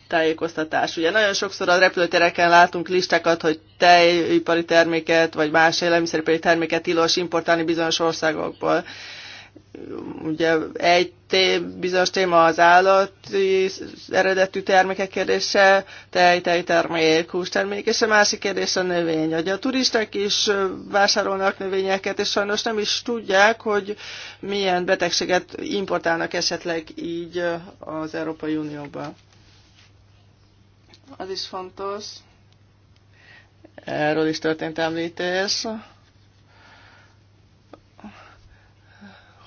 tájékoztatás. Ugye nagyon sokszor a repülőtereken látunk listákat, hogy tejipari terméket, vagy más élelmiszeripari terméket tilos importálni bizonyos országokból Ugye egy tém, bizonyos téma az állati eredetű termékek kérdése, tej, tejtermék, hústermék, és a másik kérdés a növény. Ugye a turisták is vásárolnak növényeket, és sajnos nem is tudják, hogy milyen betegséget importálnak esetleg így az Európai Unióba. Az is fontos. Erről is történt említés.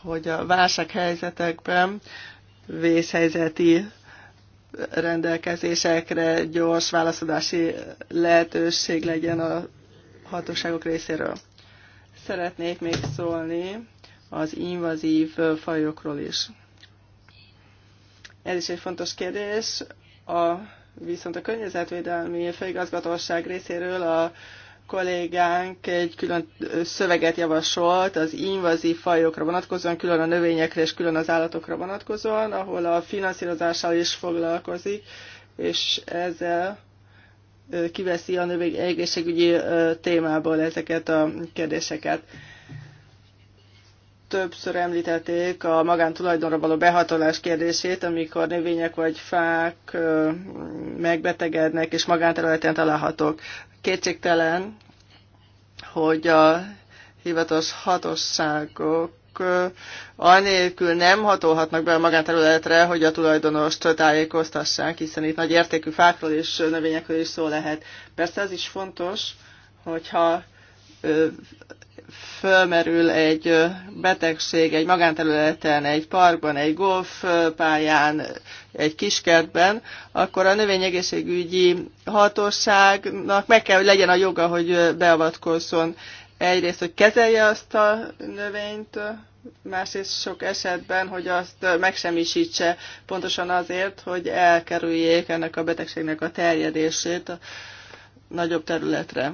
hogy a válsághelyzetekben vészhelyzeti rendelkezésekre gyors válaszadási lehetőség legyen a hatóságok részéről. Szeretnék még szólni az invazív fajokról is. Ez is egy fontos kérdés. A, viszont a környezetvédelmi főigazgatóság részéről a kollégánk egy külön szöveget javasolt az invazív fajokra vonatkozóan, külön a növényekre és külön az állatokra vonatkozóan, ahol a finanszírozással is foglalkozik, és ezzel kiveszi a növény egészségügyi témából ezeket a kérdéseket többször említették a magántulajdonra való behatolás kérdését, amikor növények vagy fák megbetegednek és magánterületen találhatók. Kétségtelen, hogy a hivatalos hatosságok anélkül nem hatolhatnak be a magánterületre, hogy a tulajdonost tájékoztassák, hiszen itt nagy értékű fákról és növényekről is szó lehet. Persze ez is fontos, hogyha fölmerül egy betegség egy magánterületen, egy parkban, egy golfpályán, egy kiskertben, akkor a növényegészségügyi hatóságnak meg kell, hogy legyen a joga, hogy beavatkozzon egyrészt, hogy kezelje azt a növényt, másrészt sok esetben, hogy azt megsemmisítse pontosan azért, hogy elkerüljék ennek a betegségnek a terjedését a nagyobb területre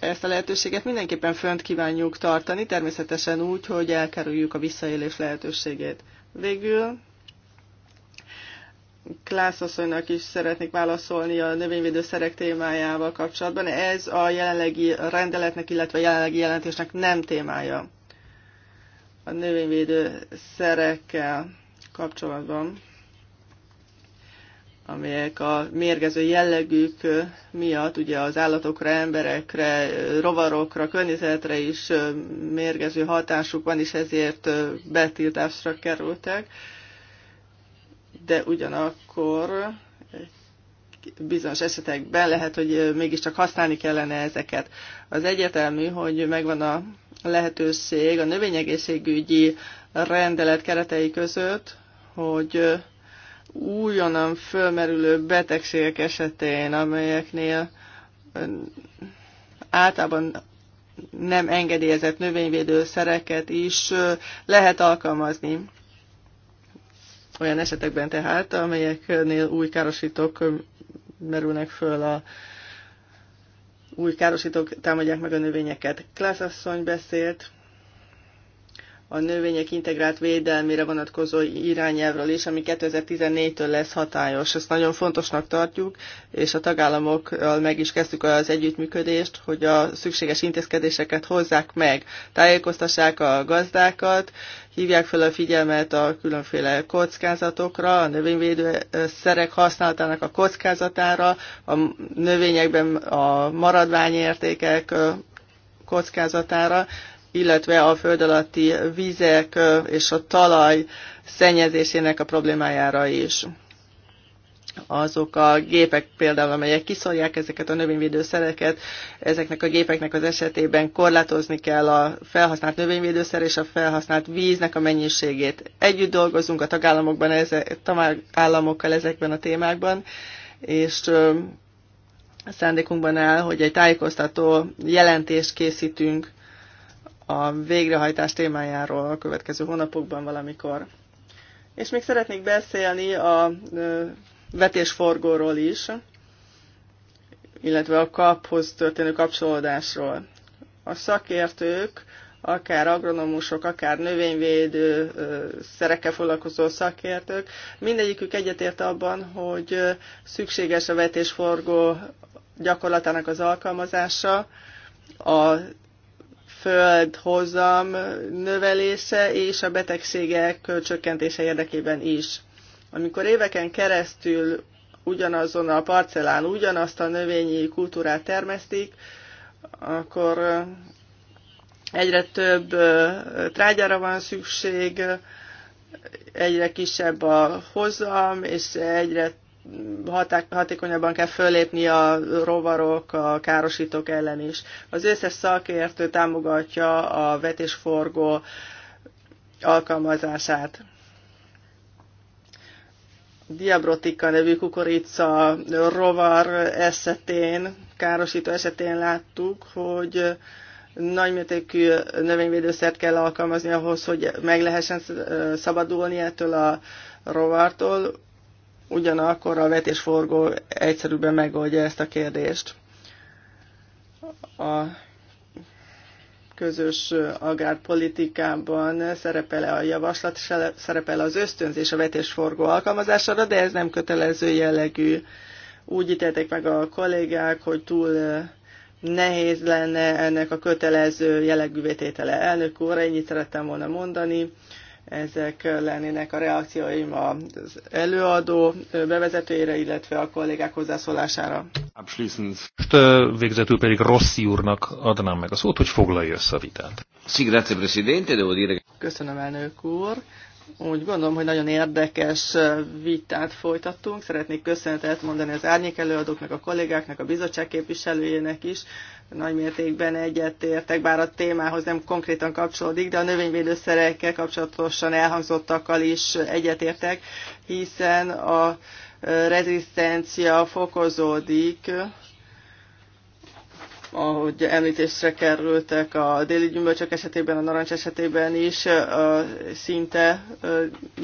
ezt a lehetőséget mindenképpen fönt kívánjuk tartani, természetesen úgy, hogy elkerüljük a visszaélés lehetőségét. Végül Klászasszonynak is szeretnék válaszolni a növényvédőszerek témájával kapcsolatban. Ez a jelenlegi rendeletnek, illetve a jelenlegi jelentésnek nem témája a növényvédőszerekkel kapcsolatban amelyek a mérgező jellegük miatt ugye az állatokra, emberekre, rovarokra, környezetre is mérgező hatásuk van, és ezért betiltásra kerültek. De ugyanakkor bizonyos esetekben lehet, hogy mégiscsak használni kellene ezeket. Az egyetemű, hogy megvan a lehetőség a növényegészségügyi rendelet keretei között, hogy újonnan fölmerülő betegségek esetén, amelyeknél általában nem engedélyezett növényvédőszereket is lehet alkalmazni. Olyan esetekben tehát, amelyeknél új károsítók merülnek föl a új károsítók támadják meg a növényeket. Klászasszony beszélt a növények integrált védelmére vonatkozó irányelvről is, ami 2014-től lesz hatályos. Ezt nagyon fontosnak tartjuk, és a tagállamokkal meg is kezdtük az együttműködést, hogy a szükséges intézkedéseket hozzák meg, tájékoztassák a gazdákat, hívják fel a figyelmet a különféle kockázatokra, a szerek használatának a kockázatára, a növényekben a maradványértékek kockázatára, illetve a föld alatti vizek és a talaj szennyezésének a problémájára is. Azok a gépek például, amelyek kiszorják ezeket a növényvédőszereket, ezeknek a gépeknek az esetében korlátozni kell a felhasznált növényvédőszer és a felhasznált víznek a mennyiségét. Együtt dolgozunk a tagállamokban, eze, tagállamokkal ezekben a témákban, és szándékunkban áll, hogy egy tájékoztató jelentést készítünk a végrehajtás témájáról a következő hónapokban valamikor. És még szeretnék beszélni a vetésforgóról is, illetve a kaphoz történő kapcsolódásról. A szakértők, akár agronomusok, akár növényvédő szerekkel foglalkozó szakértők, mindegyikük egyetért abban, hogy szükséges a vetésforgó gyakorlatának az alkalmazása, a földhozam növelése és a betegségek csökkentése érdekében is. Amikor éveken keresztül ugyanazon a parcellán ugyanazt a növényi kultúrát termesztik, akkor egyre több trágyára van szükség, egyre kisebb a hozam, és egyre hatékonyabban kell fölépni a rovarok, a károsítók ellen is. Az összes szakértő támogatja a vetésforgó alkalmazását. Diabrotika nevű kukorica rovar esetén, károsító esetén láttuk, hogy nagymértékű növényvédőszert kell alkalmazni ahhoz, hogy meg lehessen szabadulni ettől a rovartól ugyanakkor a vetésforgó egyszerűbben megoldja ezt a kérdést. A közös agrárpolitikában szerepel a javaslat, szerepel az ösztönzés a vetésforgó alkalmazására, de ez nem kötelező jellegű. Úgy ítélték meg a kollégák, hogy túl eh, nehéz lenne ennek a kötelező jellegű vetétele. Elnök úr, ennyit szerettem volna mondani. Ezek lennének a reakcióim az előadó bevezetőjére, illetve a kollégák hozzászólására. Most végzetül pedig Rossi úrnak adnám meg a szót, hogy foglalja össze a vitát. Köszönöm, elnök úr. Úgy gondolom, hogy nagyon érdekes vitát folytattunk. Szeretnék köszönetet mondani az árnyék előadóknak, a kollégáknak, a bizottság képviselőjének is. Nagy mértékben egyetértek, bár a témához nem konkrétan kapcsolódik, de a növényvédőszerekkel kapcsolatosan elhangzottakkal is egyetértek, hiszen a rezisztencia fokozódik, ahogy említésre kerültek a déli gyümölcsök esetében, a narancs esetében is, szinte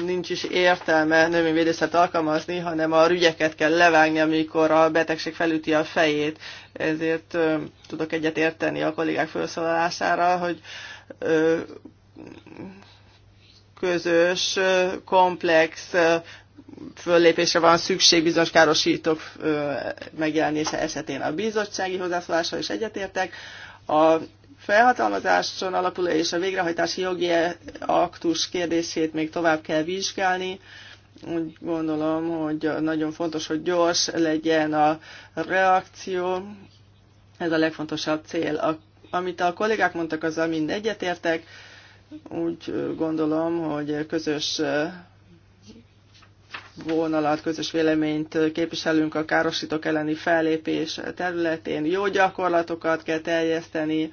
nincs is értelme növényvédőszert alkalmazni, hanem a rügyeket kell levágni, amikor a betegség felüti a fejét. Ezért tudok egyet érteni a kollégák felszólalására, hogy közös, komplex föllépésre van szükség bizonyos károsítók megjelenése esetén a bizottsági hozzászólással is egyetértek. A felhatalmazáson alapuló és a végrehajtási jogi aktus kérdését még tovább kell vizsgálni. Úgy gondolom, hogy nagyon fontos, hogy gyors legyen a reakció. Ez a legfontosabb cél. A, amit a kollégák mondtak, azzal mind egyetértek. Úgy gondolom, hogy közös vonalat, közös véleményt képviselünk a károsítók elleni fellépés területén. Jó gyakorlatokat kell terjeszteni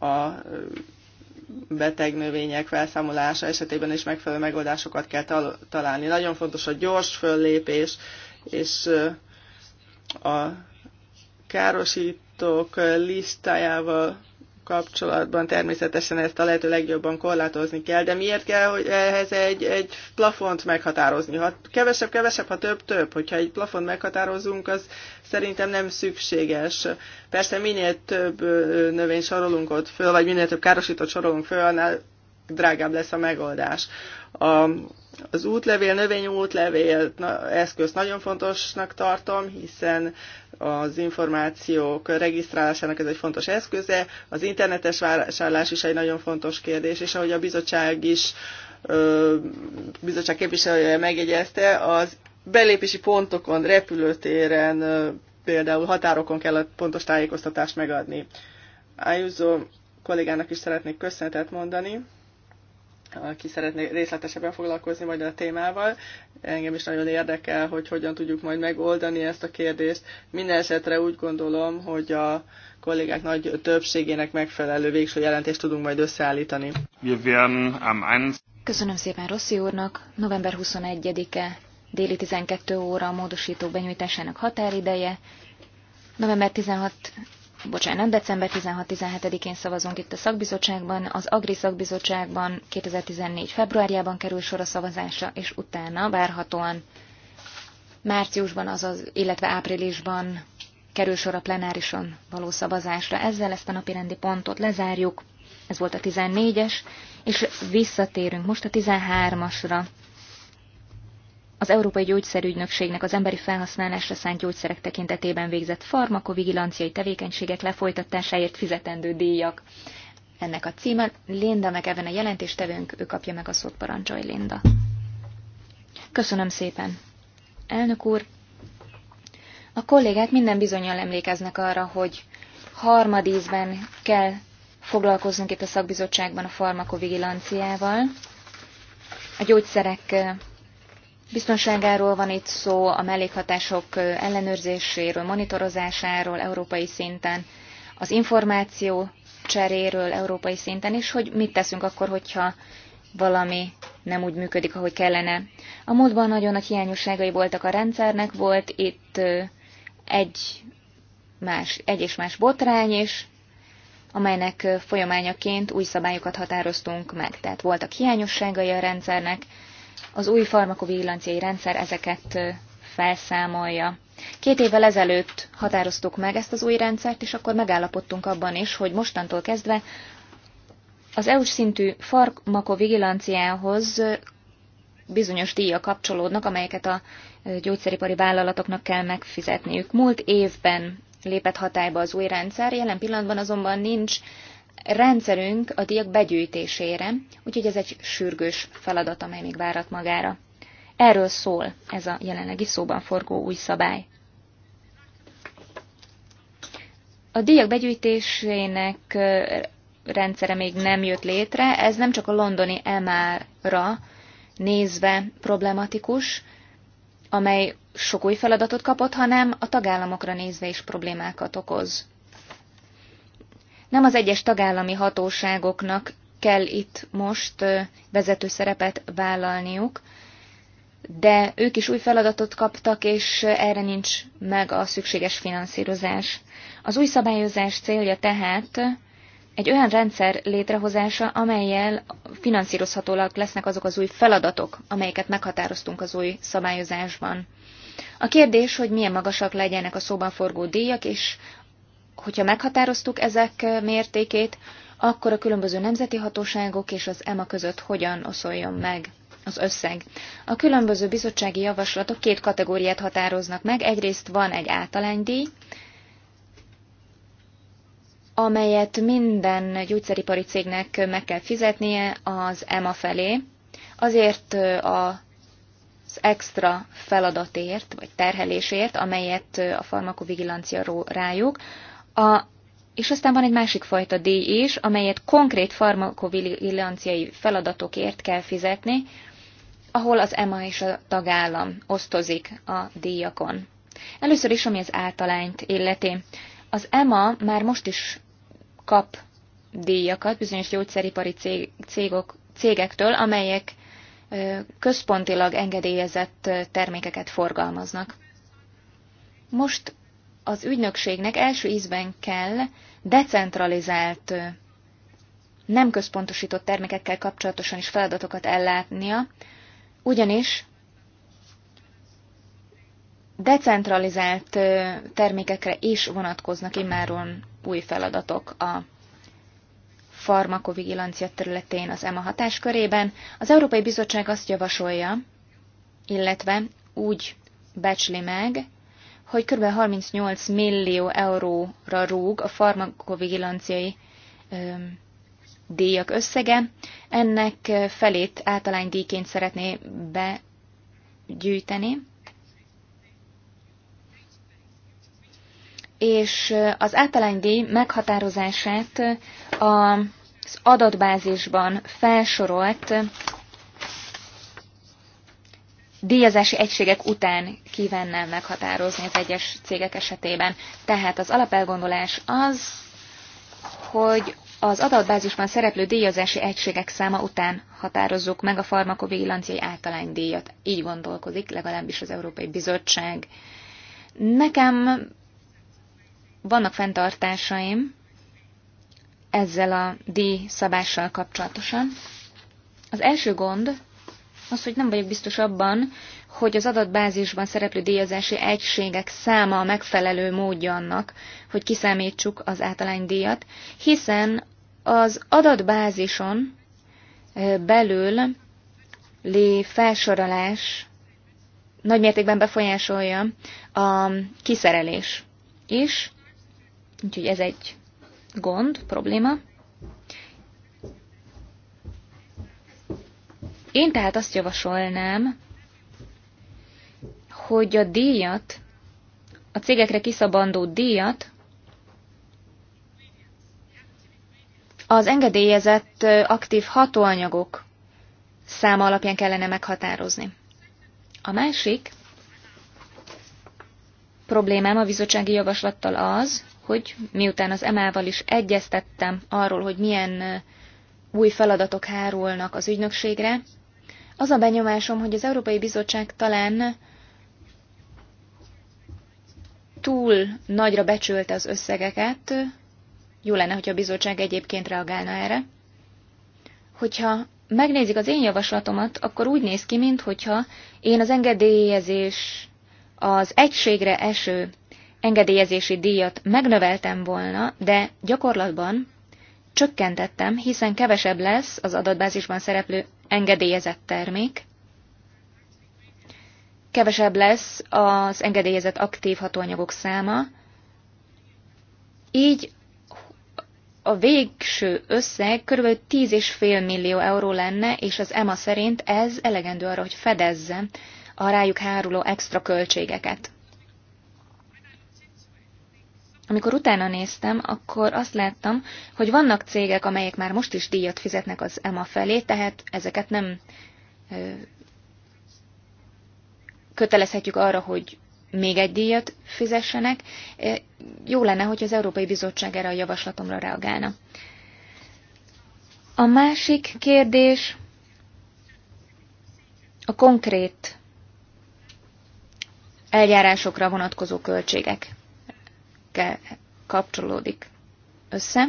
a beteg növények felszámolása esetében is megfelelő megoldásokat kell találni. Nagyon fontos a gyors föllépés, és a károsítók listájával kapcsolatban természetesen ezt a lehető legjobban korlátozni kell, de miért kell hogy ehhez egy, egy plafont meghatározni? Ha kevesebb, kevesebb, ha több, több. Hogyha egy plafont meghatározunk, az szerintem nem szükséges. Persze minél több növény sorolunk ott föl, vagy minél több károsított sorolunk föl, annál drágább lesz a megoldás. A, az útlevél, na, eszköz nagyon fontosnak tartom, hiszen az információk regisztrálásának ez egy fontos eszköze, az internetes vásárlás is egy nagyon fontos kérdés, és ahogy a bizottság is, bizottság képviselője megjegyezte, az belépési pontokon, repülőtéren, például határokon kell a pontos tájékoztatást megadni. Ájúzó kollégának is szeretnék köszönetet mondani aki szeretné részletesebben foglalkozni majd a témával. Engem is nagyon érdekel, hogy hogyan tudjuk majd megoldani ezt a kérdést. Minden esetre úgy gondolom, hogy a kollégák nagy többségének megfelelő végső jelentést tudunk majd összeállítani. Köszönöm szépen Rossi úrnak. November 21-e déli 12 óra a módosító benyújtásának határideje. November 16 bocsánat, december 16-17-én szavazunk itt a szakbizottságban, az Agri szakbizottságban 2014. februárjában kerül sor a szavazása, és utána várhatóan márciusban, azaz, illetve áprilisban kerül sor a plenárison való szavazásra. Ezzel ezt a napi rendi pontot lezárjuk, ez volt a 14-es, és visszatérünk most a 13-asra az Európai Gyógyszerügynökségnek az emberi felhasználásra szánt gyógyszerek tekintetében végzett farmakovigilanciai tevékenységek lefolytatásáért fizetendő díjak. Ennek a címe Linda meg Even a jelentéstevőnk, ő kapja meg a szót parancsolj Linda. Köszönöm szépen. Elnök úr, a kollégák minden bizonyal emlékeznek arra, hogy harmadízben kell foglalkoznunk itt a szakbizottságban a farmakovigilanciával, a gyógyszerek Biztonságáról van itt szó, a mellékhatások ellenőrzéséről, monitorozásáról európai szinten, az információ cseréről európai szinten, és hogy mit teszünk akkor, hogyha valami nem úgy működik, ahogy kellene. A múltban nagyon nagy hiányosságai voltak a rendszernek, volt itt egy, más, egy és más botrány is, amelynek folyamányaként új szabályokat határoztunk meg. Tehát voltak hiányosságai a rendszernek, az új farmakovigilanciai rendszer ezeket felszámolja. Két évvel ezelőtt határoztuk meg ezt az új rendszert, és akkor megállapodtunk abban is, hogy mostantól kezdve az EU-s szintű farmakovigilanciához bizonyos díjak kapcsolódnak, amelyeket a gyógyszeripari vállalatoknak kell megfizetniük. Múlt évben lépett hatályba az új rendszer, jelen pillanatban azonban nincs rendszerünk a díjak begyűjtésére, úgyhogy ez egy sürgős feladat, amely még várat magára. Erről szól ez a jelenlegi szóban forgó új szabály. A díjak begyűjtésének rendszere még nem jött létre, ez nem csak a londoni MR-ra nézve problematikus, amely sok új feladatot kapott, hanem a tagállamokra nézve is problémákat okoz. Nem az egyes tagállami hatóságoknak kell itt most vezető szerepet vállalniuk, de ők is új feladatot kaptak, és erre nincs meg a szükséges finanszírozás. Az új szabályozás célja tehát egy olyan rendszer létrehozása, amelyel finanszírozhatóak lesznek azok az új feladatok, amelyeket meghatároztunk az új szabályozásban. A kérdés, hogy milyen magasak legyenek a szóban forgó díjak, és hogyha meghatároztuk ezek mértékét, akkor a különböző nemzeti hatóságok és az EMA között hogyan oszoljon meg az összeg. A különböző bizottsági javaslatok két kategóriát határoznak meg. Egyrészt van egy általánydíj, amelyet minden gyógyszeripari cégnek meg kell fizetnie az EMA felé, azért az extra feladatért, vagy terhelésért, amelyet a farmakovigilancia rájuk, a, és aztán van egy másik fajta díj is, amelyet konkrét farmakovigilanciai feladatokért kell fizetni, ahol az EMA és a tagállam osztozik a díjakon. Először is, ami az általányt illeti. Az EMA már most is kap díjakat bizonyos gyógyszeripari cégok, cégektől, amelyek központilag engedélyezett termékeket forgalmaznak. Most az ügynökségnek első ízben kell decentralizált, nem központosított termékekkel kapcsolatosan is feladatokat ellátnia, ugyanis decentralizált termékekre is vonatkoznak immáron új feladatok a farmakovigilancia területén az EMA hatáskörében. Az Európai Bizottság azt javasolja, illetve úgy becsli meg, hogy kb. 38 millió euróra rúg a farmakovigilanciai díjak összege. Ennek felét általánydíjként szeretné begyűjteni. És az általánydíj meghatározását az adatbázisban felsorolt díjazási egységek után kívánnál meghatározni az egyes cégek esetében. Tehát az alapelgondolás az, hogy az adatbázisban szereplő díjazási egységek száma után határozzuk meg a farmakovigilanciai díjat. Így gondolkozik legalábbis az Európai Bizottság. Nekem vannak fenntartásaim ezzel a díjszabással kapcsolatosan. Az első gond az, hogy nem vagyok biztos abban, hogy az adatbázisban szereplő díjazási egységek száma a megfelelő módja annak, hogy kiszámítsuk az általánydíjat, hiszen az adatbázison belül lé felsorolás nagymértékben befolyásolja a kiszerelés is, úgyhogy ez egy gond, probléma. Én tehát azt javasolnám, hogy a díjat, a cégekre kiszabandó díjat az engedélyezett aktív hatóanyagok száma alapján kellene meghatározni. A másik problémám a bizottsági javaslattal az, hogy miután az EMA-val is egyeztettem arról, hogy milyen új feladatok hárulnak az ügynökségre, az a benyomásom, hogy az Európai Bizottság talán túl nagyra becsülte az összegeket, jó lenne, hogyha a bizottság egyébként reagálna erre. Hogyha megnézik az én javaslatomat, akkor úgy néz ki, hogyha én az engedélyezés, az egységre eső engedélyezési díjat megnöveltem volna, de gyakorlatban csökkentettem, hiszen kevesebb lesz az adatbázisban szereplő engedélyezett termék, kevesebb lesz az engedélyezett aktív hatóanyagok száma, így a végső összeg kb. 10,5 millió euró lenne, és az EMA szerint ez elegendő arra, hogy fedezze a rájuk háruló extra költségeket. Amikor utána néztem, akkor azt láttam, hogy vannak cégek, amelyek már most is díjat fizetnek az EMA felé, tehát ezeket nem kötelezhetjük arra, hogy még egy díjat fizessenek. Jó lenne, hogy az Európai Bizottság erre a javaslatomra reagálna. A másik kérdés a konkrét eljárásokra vonatkozó költségek kérdésekkel kapcsolódik össze.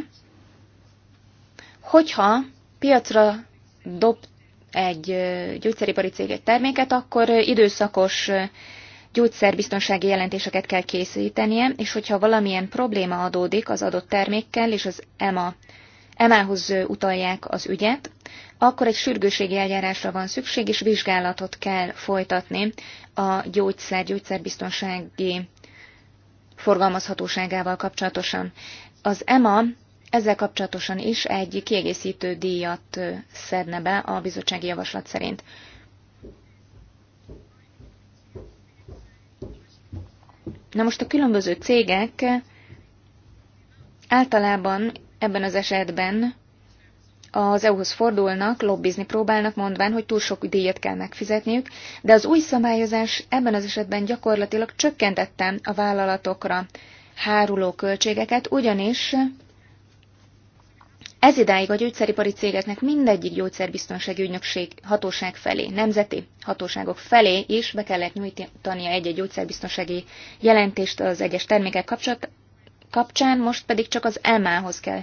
Hogyha piacra dob egy gyógyszeripari cég egy terméket, akkor időszakos gyógyszerbiztonsági jelentéseket kell készítenie, és hogyha valamilyen probléma adódik az adott termékkel, és az EMA, EMA-hoz utalják az ügyet, akkor egy sürgőségi eljárásra van szükség, és vizsgálatot kell folytatni a gyógyszer, gyógyszerbiztonsági forgalmazhatóságával kapcsolatosan. Az EMA ezzel kapcsolatosan is egy kiegészítő díjat szedne be a bizottsági javaslat szerint. Na most a különböző cégek általában ebben az esetben az EU-hoz fordulnak, lobbizni próbálnak, mondván, hogy túl sok díjat kell megfizetniük, de az új szabályozás ebben az esetben gyakorlatilag csökkentette a vállalatokra háruló költségeket, ugyanis ez idáig a gyógyszeripari cégeknek mindegyik gyógyszerbiztonsági ügynökség hatóság felé, nemzeti hatóságok felé is be kellett nyújtania egy-egy gyógyszerbiztonsági jelentést az egyes termékek kapcsán, most pedig csak az EMA-hoz kell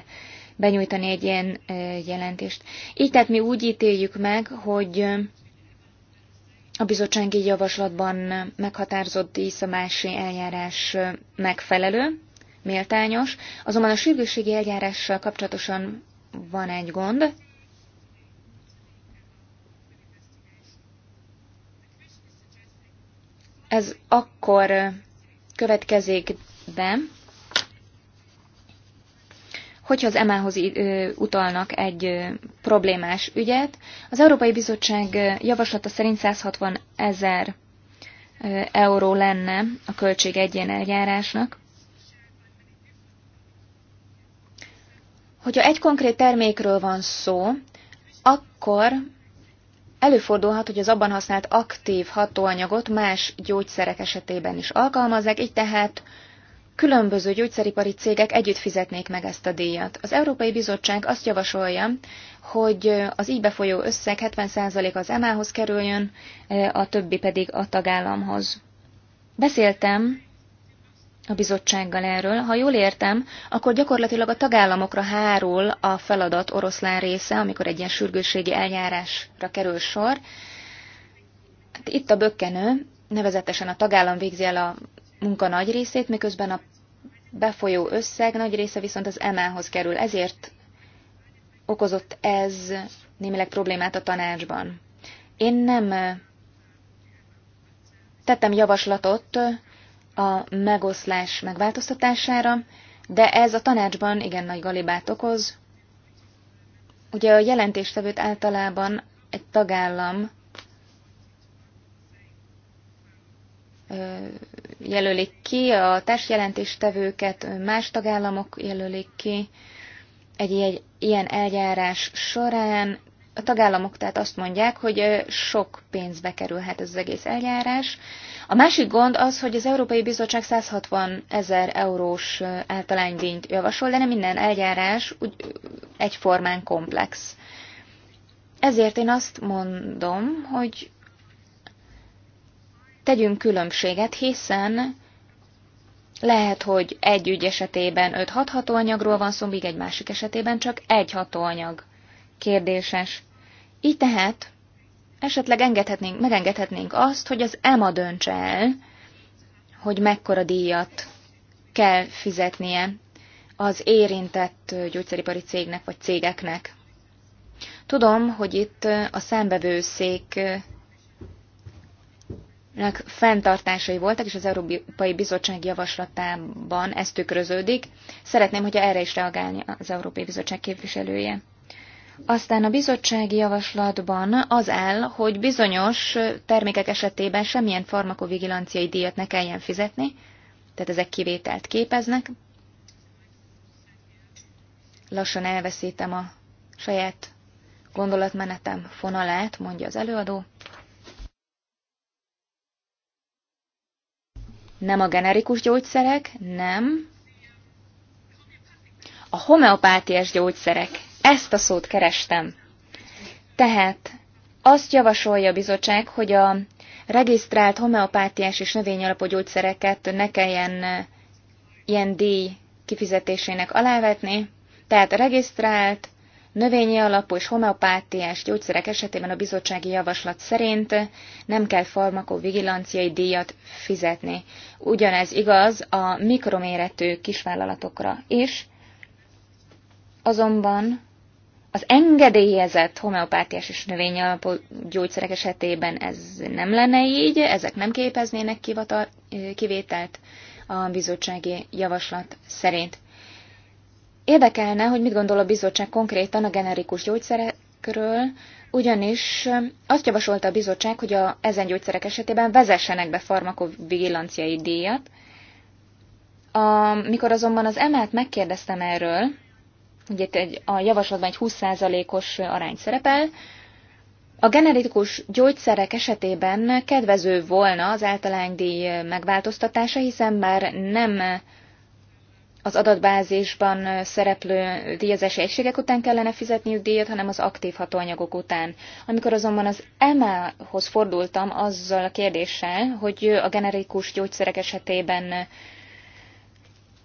benyújtani egy ilyen jelentést. Így tehát mi úgy ítéljük meg, hogy a bizottsági javaslatban meghatározott díszamási eljárás megfelelő, méltányos, azonban a sürgősségi eljárással kapcsolatosan van egy gond. Ez akkor következik be, hogyha az EMA-hoz utalnak egy problémás ügyet. Az Európai Bizottság javaslata szerint 160 ezer euró lenne a költség egy ilyen eljárásnak. Hogyha egy konkrét termékről van szó, akkor Előfordulhat, hogy az abban használt aktív hatóanyagot más gyógyszerek esetében is alkalmazzák, így tehát különböző gyógyszeripari cégek együtt fizetnék meg ezt a díjat. Az Európai Bizottság azt javasolja, hogy az így befolyó összeg 70% az EMA-hoz kerüljön, a többi pedig a tagállamhoz. Beszéltem a bizottsággal erről. Ha jól értem, akkor gyakorlatilag a tagállamokra hárul a feladat oroszlán része, amikor egy ilyen sürgősségi eljárásra kerül sor. Hát itt a bökkenő, nevezetesen a tagállam végzi el a munka nagy részét, miközben a befolyó összeg nagy része viszont az MA-hoz kerül. Ezért okozott ez némileg problémát a tanácsban. Én nem tettem javaslatot a megoszlás megváltoztatására, de ez a tanácsban igen nagy galibát okoz. Ugye a jelentéstevőt általában egy tagállam jelölik ki, a társjelentéstevőket más tagállamok jelölik ki. Egy, egy ilyen eljárás során a tagállamok tehát azt mondják, hogy sok pénzbe kerülhet ez az egész eljárás. A másik gond az, hogy az Európai Bizottság 160 ezer eurós általánydínyt javasol, de nem minden eljárás úgy, egyformán komplex. Ezért én azt mondom, hogy tegyünk különbséget, hiszen lehet, hogy egy ügy esetében 5-6 hatóanyagról van szó, míg egy másik esetében csak egy hatóanyag. Kérdéses. Így tehát esetleg engedhetnénk, megengedhetnénk azt, hogy az EMA döntse el, hogy mekkora díjat kell fizetnie az érintett gyógyszeripari cégnek vagy cégeknek. Tudom, hogy itt a szembevőszék fenntartásai voltak, és az Európai Bizottság javaslatában ez tükröződik. Szeretném, hogyha erre is reagálni az Európai Bizottság képviselője. Aztán a bizottsági javaslatban az áll, hogy bizonyos termékek esetében semmilyen farmakovigilanciai díjat ne kelljen fizetni, tehát ezek kivételt képeznek. Lassan elveszítem a saját gondolatmenetem fonalát, mondja az előadó. Nem a generikus gyógyszerek, nem. A homeopátiás gyógyszerek. Ezt a szót kerestem. Tehát azt javasolja a bizottság, hogy a regisztrált homeopátiás és növényalapú gyógyszereket ne kelljen eh, ilyen díj kifizetésének alávetni, tehát regisztrált Növényi alapú és homeopátiás gyógyszerek esetében a bizottsági javaslat szerint nem kell farmakovigilanciai díjat fizetni. Ugyanez igaz a mikroméretű kisvállalatokra is, azonban az engedélyezett homeopátiás és növényi alapú gyógyszerek esetében ez nem lenne így, ezek nem képeznének kivatal, kivételt a bizottsági javaslat szerint. Érdekelne, hogy mit gondol a bizottság konkrétan a generikus gyógyszerekről, ugyanis azt javasolta a bizottság, hogy a, ezen gyógyszerek esetében vezessenek be farmakovigilanciai díjat. Amikor azonban az emát megkérdeztem erről, ugye itt egy, a javaslatban egy 20%-os arány szerepel, a generikus gyógyszerek esetében kedvező volna az általánydíj megváltoztatása, hiszen már nem az adatbázisban szereplő díjazási egységek után kellene fizetniük díjat, hanem az aktív hatóanyagok után. Amikor azonban az EMA-hoz fordultam azzal a kérdéssel, hogy a generikus gyógyszerek esetében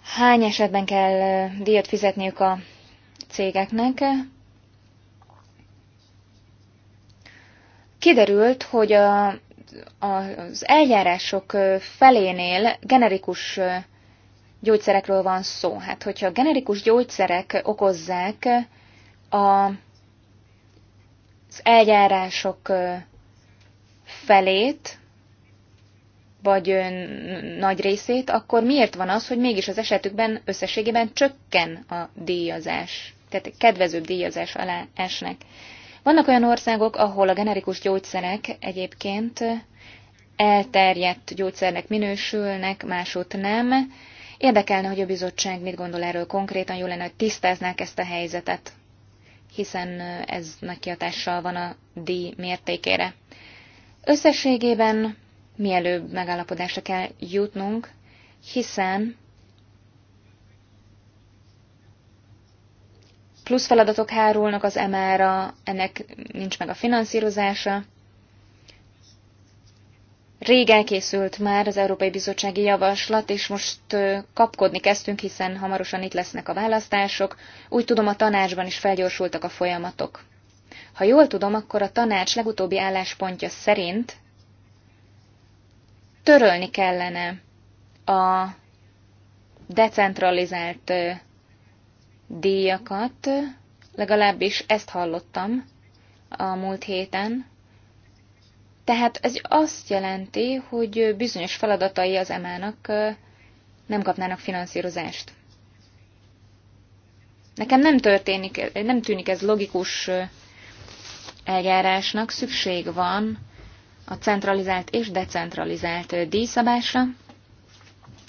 hány esetben kell díjat fizetniük a cégeknek, kiderült, hogy a, az eljárások felénél generikus gyógyszerekről van szó. Hát, hogyha a generikus gyógyszerek okozzák a, az eljárások felét, vagy nagy részét, akkor miért van az, hogy mégis az esetükben összességében csökken a díjazás, tehát kedvezőbb díjazás alá esnek. Vannak olyan országok, ahol a generikus gyógyszerek egyébként elterjedt gyógyszernek minősülnek, másút nem, Érdekelne, hogy a bizottság mit gondol erről konkrétan, jó lenne, hogy tisztáznák ezt a helyzetet, hiszen ez nagy kiatással van a díj mértékére. Összességében mielőbb megállapodásra kell jutnunk, hiszen plusz feladatok hárulnak az MR-ra, ennek nincs meg a finanszírozása, Rég elkészült már az Európai Bizottsági Javaslat, és most kapkodni kezdtünk, hiszen hamarosan itt lesznek a választások. Úgy tudom, a tanácsban is felgyorsultak a folyamatok. Ha jól tudom, akkor a tanács legutóbbi álláspontja szerint törölni kellene a decentralizált díjakat, legalábbis ezt hallottam a múlt héten, tehát ez azt jelenti, hogy bizonyos feladatai az emának nem kapnának finanszírozást. Nekem nem történik, nem tűnik ez logikus eljárásnak, szükség van a centralizált és decentralizált díjszabásra,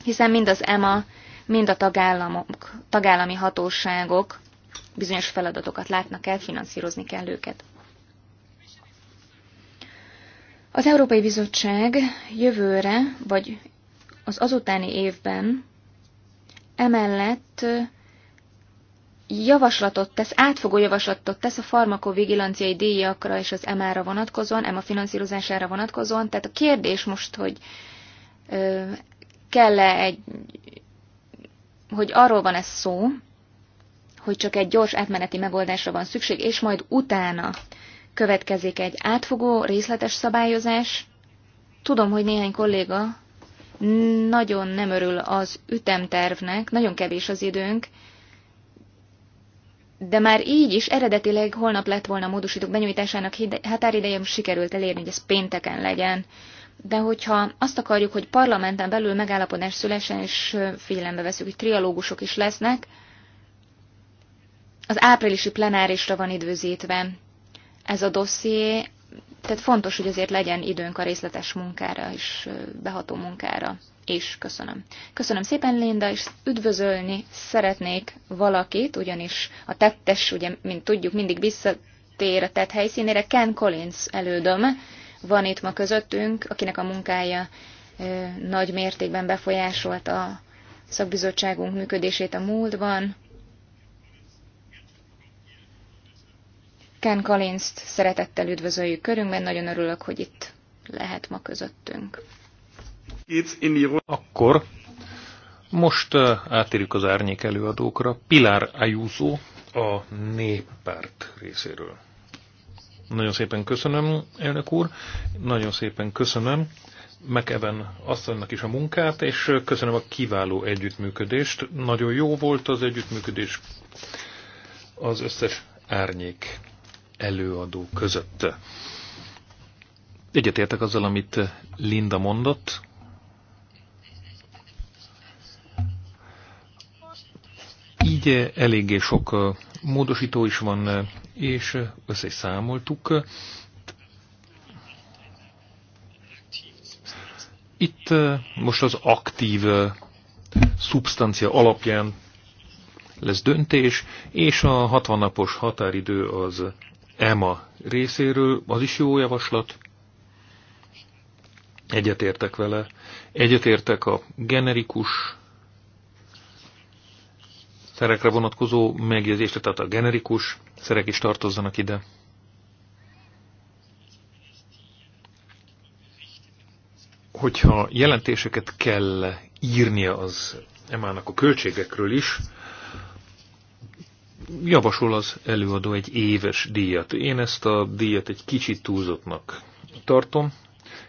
hiszen mind az EMA, mind a tagállamok, tagállami hatóságok bizonyos feladatokat látnak el, finanszírozni kell őket. Az Európai Bizottság jövőre, vagy az azutáni évben emellett javaslatot tesz, átfogó javaslatot tesz a farmakovigilanciai díjakra és az mr ra vonatkozóan, EMA finanszírozására vonatkozóan. Tehát a kérdés most, hogy kell-e egy, hogy arról van ez szó, hogy csak egy gyors átmeneti megoldásra van szükség, és majd utána Következik egy átfogó, részletes szabályozás. Tudom, hogy néhány kolléga nagyon nem örül az ütemtervnek, nagyon kevés az időnk, de már így is eredetileg holnap lett volna a módosítók benyújtásának határideje, sikerült elérni, hogy ez pénteken legyen. De hogyha azt akarjuk, hogy parlamenten belül megállapodás szülessen, és figyelembe veszük, hogy trialógusok is lesznek, az áprilisi plenárisra van időzítve ez a dosszié, tehát fontos, hogy azért legyen időnk a részletes munkára és beható munkára. És köszönöm. Köszönöm szépen, Linda, és üdvözölni szeretnék valakit, ugyanis a tettes, ugye, mint tudjuk, mindig visszatér a tett helyszínére. Ken Collins elődöm van itt ma közöttünk, akinek a munkája nagy mértékben befolyásolta a szakbizottságunk működését a múltban. Ken collins szeretettel üdvözöljük körünkben, nagyon örülök, hogy itt lehet ma közöttünk. Akkor most eh, átérjük az árnyék előadókra. Pilar Ayuso a néppárt részéről. Nagyon szépen köszönöm, elnök úr. Nagyon szépen köszönöm McEwen asszonynak is a munkát, és köszönöm a kiváló együttműködést. Nagyon jó volt az együttműködés az összes árnyék előadó között. Egyetértek azzal, amit Linda mondott. Így eléggé sok módosító is van, és össze is számoltuk. Itt most az aktív szubstancia alapján lesz döntés, és a 60 napos határidő az EMA részéről, az is jó javaslat, egyetértek vele, egyetértek a generikus szerekre vonatkozó megjegyzésre, tehát a generikus szerek is tartozzanak ide. Hogyha jelentéseket kell írnia az emának a költségekről is, javasol az előadó egy éves díjat. Én ezt a díjat egy kicsit túlzottnak tartom,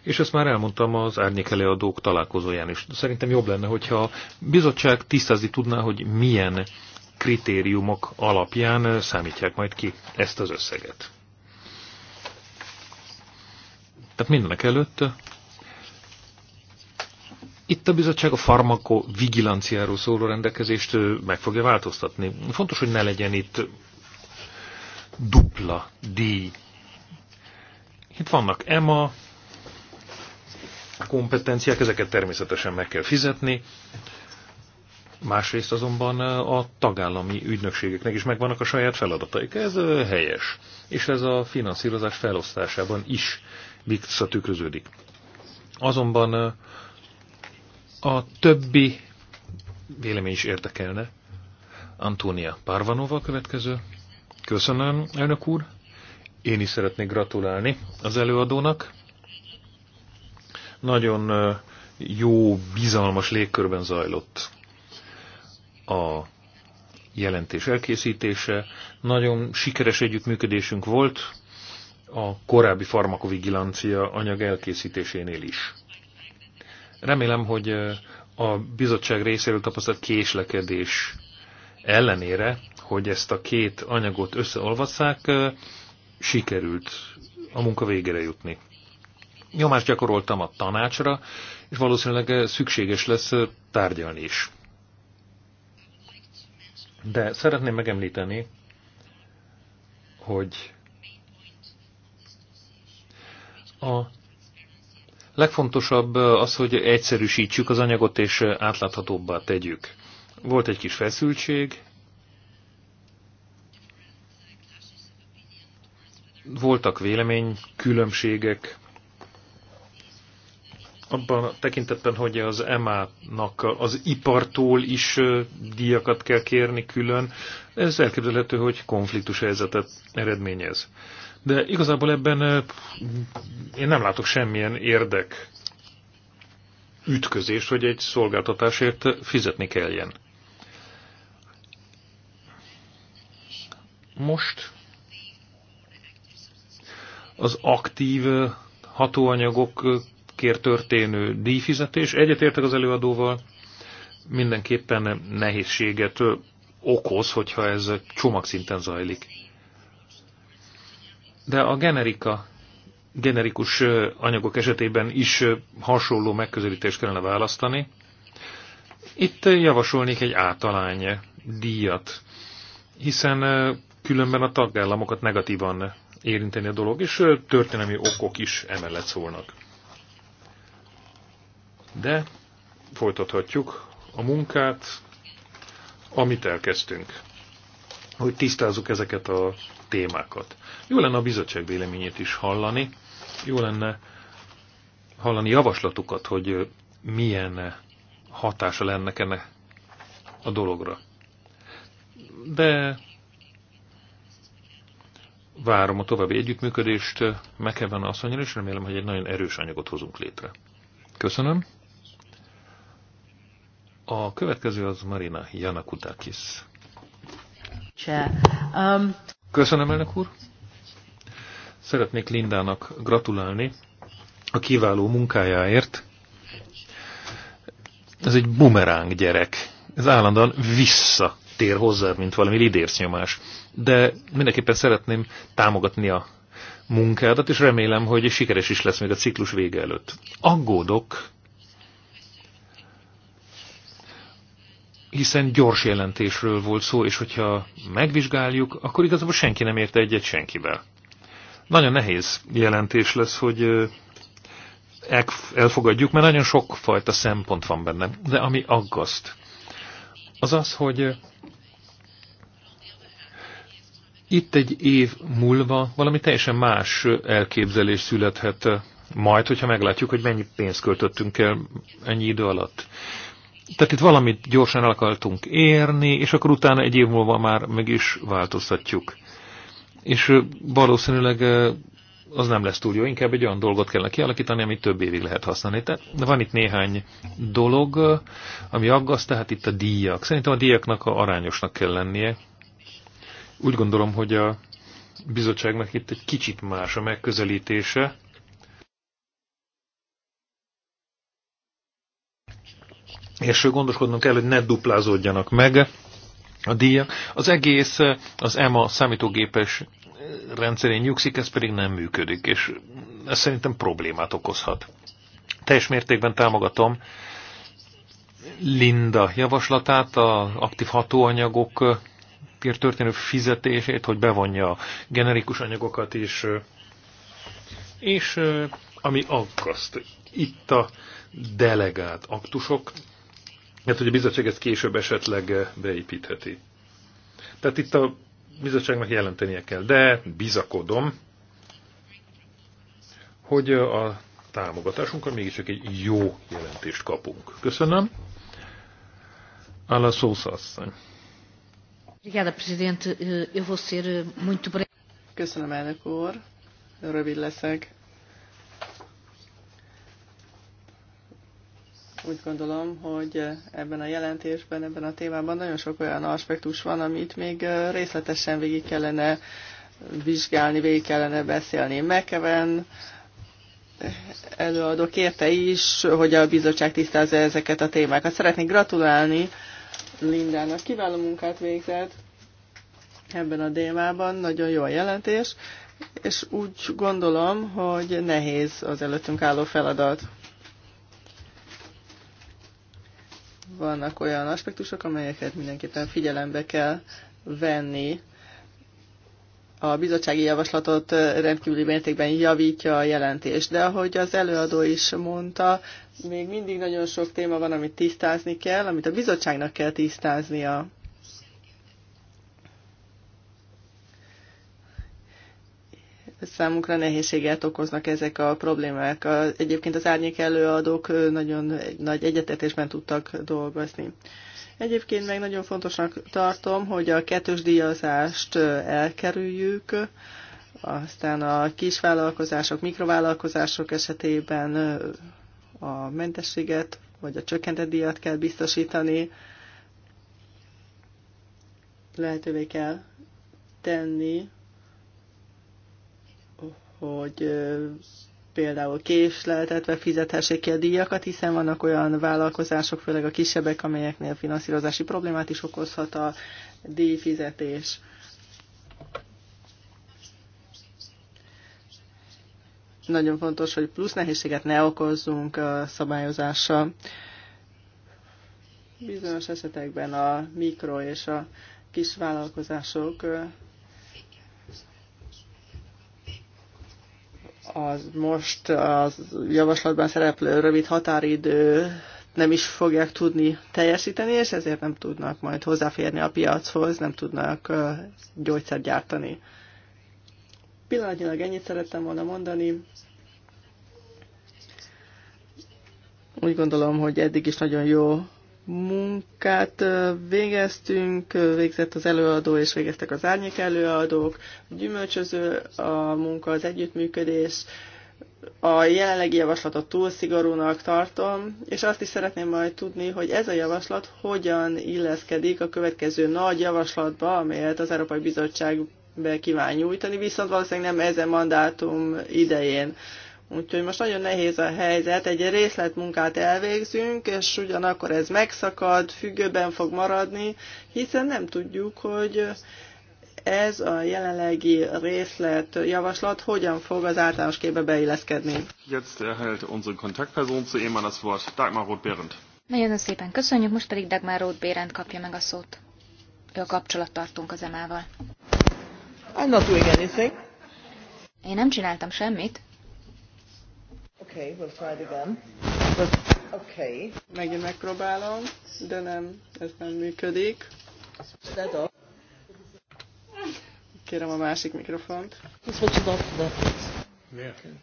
és ezt már elmondtam az árnyék előadók találkozóján is. Szerintem jobb lenne, hogyha a bizottság tisztázni tudná, hogy milyen kritériumok alapján számítják majd ki ezt az összeget. Tehát mindenek előtt itt a bizottság a farmakovigilanciáról szóló rendelkezést meg fogja változtatni. Fontos, hogy ne legyen itt dupla díj. Itt vannak EMA, kompetenciák, ezeket természetesen meg kell fizetni. Másrészt azonban a tagállami ügynökségeknek is megvannak a saját feladataik. Ez helyes. És ez a finanszírozás felosztásában is visszatükröződik. Azonban a többi vélemény is érdekelne. Antónia Parvanova következő. Köszönöm, elnök úr. Én is szeretnék gratulálni az előadónak. Nagyon jó, bizalmas légkörben zajlott a jelentés elkészítése. Nagyon sikeres együttműködésünk volt a korábbi farmakovigilancia anyag elkészítésénél is. Remélem, hogy a bizottság részéről tapasztalt késlekedés ellenére, hogy ezt a két anyagot összeolvasszák, sikerült a munka végére jutni. Nyomást gyakoroltam a tanácsra, és valószínűleg szükséges lesz tárgyalni is. De szeretném megemlíteni, hogy a Legfontosabb az, hogy egyszerűsítsük az anyagot és átláthatóbbá tegyük. Volt egy kis feszültség, voltak vélemény különbségek abban tekintetben, hogy az EMA-nak az ipartól is díjakat kell kérni külön, ez elképzelhető, hogy konfliktus helyzetet eredményez. De igazából ebben én nem látok semmilyen érdek ütközést, hogy egy szolgáltatásért fizetni kelljen. Most az aktív hatóanyagokért történő díjfizetés. Egyetértek az előadóval, mindenképpen nehézséget okoz, hogyha ez csomagszinten zajlik. De a generika, generikus anyagok esetében is hasonló megközelítést kellene választani. Itt javasolnék egy általány díjat, hiszen különben a tagállamokat negatívan érinteni a dolog, és történelmi okok is emellett szólnak. De folytathatjuk a munkát, amit elkezdtünk hogy tisztázzuk ezeket a témákat. Jó lenne a bizottság véleményét is hallani, jó lenne hallani javaslatukat, hogy milyen hatása lenne ennek a dologra. De várom a további együttműködést Mekeven asszonyra, és remélem, hogy egy nagyon erős anyagot hozunk létre. Köszönöm. A következő az Marina Janakutakis. Um, Köszönöm, elnök úr. Szeretnék Lindának gratulálni a kiváló munkájáért. Ez egy bumeráng gyerek. Ez állandóan visszatér hozzá, mint valami lidérsznyomás. De mindenképpen szeretném támogatni a munkádat, és remélem, hogy sikeres is lesz még a ciklus vége előtt. Aggódok hiszen gyors jelentésről volt szó, és hogyha megvizsgáljuk, akkor igazából senki nem érte egyet senkivel. Nagyon nehéz jelentés lesz, hogy elfogadjuk, mert nagyon sok fajta szempont van benne. De ami aggaszt, az az, hogy itt egy év múlva valami teljesen más elképzelés születhet majd, hogyha meglátjuk, hogy mennyi pénzt költöttünk el ennyi idő alatt tehát itt valamit gyorsan el akartunk érni, és akkor utána egy év múlva már meg is változtatjuk. És valószínűleg az nem lesz túl jó, inkább egy olyan dolgot kellene kialakítani, amit több évig lehet használni. Tehát van itt néhány dolog, ami aggaszt, tehát itt a díjak. Szerintem a díjaknak a arányosnak kell lennie. Úgy gondolom, hogy a bizottságnak itt egy kicsit más a megközelítése, és gondoskodnunk kell, hogy ne duplázódjanak meg a díjak. Az egész az EMA számítógépes rendszerén nyugszik, ez pedig nem működik, és ez szerintem problémát okozhat. Teljes mértékben támogatom Linda javaslatát, az aktív hatóanyagok történő fizetését, hogy bevonja a generikus anyagokat is. És ami aggaszt, itt a delegált aktusok mert hogy a bizottság ezt később esetleg eh, beépítheti. Tehát itt a bizottságnak jelentenie kell, de bizakodom, hogy eh, a támogatásunkkal mégiscsak egy jó jelentést kapunk. Köszönöm. Ala Sousa eh, Köszönöm, elnök úr. Rövid leszek. Úgy gondolom, hogy ebben a jelentésben, ebben a témában nagyon sok olyan aspektus van, amit még részletesen végig kellene vizsgálni, végig kellene beszélni. Mekeven előadó kérte is, hogy a bizottság tisztázza ezeket a témákat. Szeretnék gratulálni Lindának. Kiváló munkát végzett ebben a témában, nagyon jó a jelentés, és úgy gondolom, hogy nehéz az előttünk álló feladat. vannak olyan aspektusok, amelyeket mindenképpen figyelembe kell venni. A bizottsági javaslatot rendkívüli mértékben javítja a jelentés, de ahogy az előadó is mondta, még mindig nagyon sok téma van, amit tisztázni kell, amit a bizottságnak kell tisztáznia. Számunkra nehézséget okoznak ezek a problémák. Egyébként az árnyék előadók nagyon nagy egyetetésben tudtak dolgozni. Egyébként meg nagyon fontosnak tartom, hogy a kettős díjazást elkerüljük, aztán a kisvállalkozások, mikrovállalkozások esetében a mentességet vagy a csökkentett díjat kell biztosítani, lehetővé kell tenni hogy például késleltetve fizethessék ki a díjakat, hiszen vannak olyan vállalkozások, főleg a kisebbek, amelyeknél finanszírozási problémát is okozhat a díjfizetés. Nagyon fontos, hogy plusz nehézséget ne okozzunk a szabályozással. Bizonyos esetekben a mikro és a kis vállalkozások az most az javaslatban szereplő rövid határidő nem is fogják tudni teljesíteni, és ezért nem tudnak majd hozzáférni a piachoz, nem tudnak gyógyszert gyártani. Pillanatnyilag ennyit szerettem volna mondani. Úgy gondolom, hogy eddig is nagyon jó munkát végeztünk, végzett az előadó és végeztek az árnyék előadók, gyümölcsöző a munka, az együttműködés, a jelenlegi javaslatot túl szigorúnak tartom, és azt is szeretném majd tudni, hogy ez a javaslat hogyan illeszkedik a következő nagy javaslatba, amelyet az Európai Bizottság be kíván nyújtani, viszont valószínűleg nem ezen mandátum idején. Úgyhogy most nagyon nehéz a helyzet, egy részletmunkát elvégzünk, és ugyanakkor ez megszakad, függőben fog maradni, hiszen nem tudjuk, hogy ez a jelenlegi részlet javaslat hogyan fog az általános képbe beilleszkedni. Jetzt erhält unsere Kontaktperson zu das Wort, Dagmar roth Nagyon szépen köszönjük, most pedig Dagmar Roth-Behrendt kapja meg a szót. Ő a tartunk az emával. I'm not doing anything. Én nem csináltam semmit. Okay, we'll try it again. But, okay. Megint megpróbálom, de nem, ez nem működik. Set up. Kérem a másik mikrofont. This what you got for that. Yeah. Okay.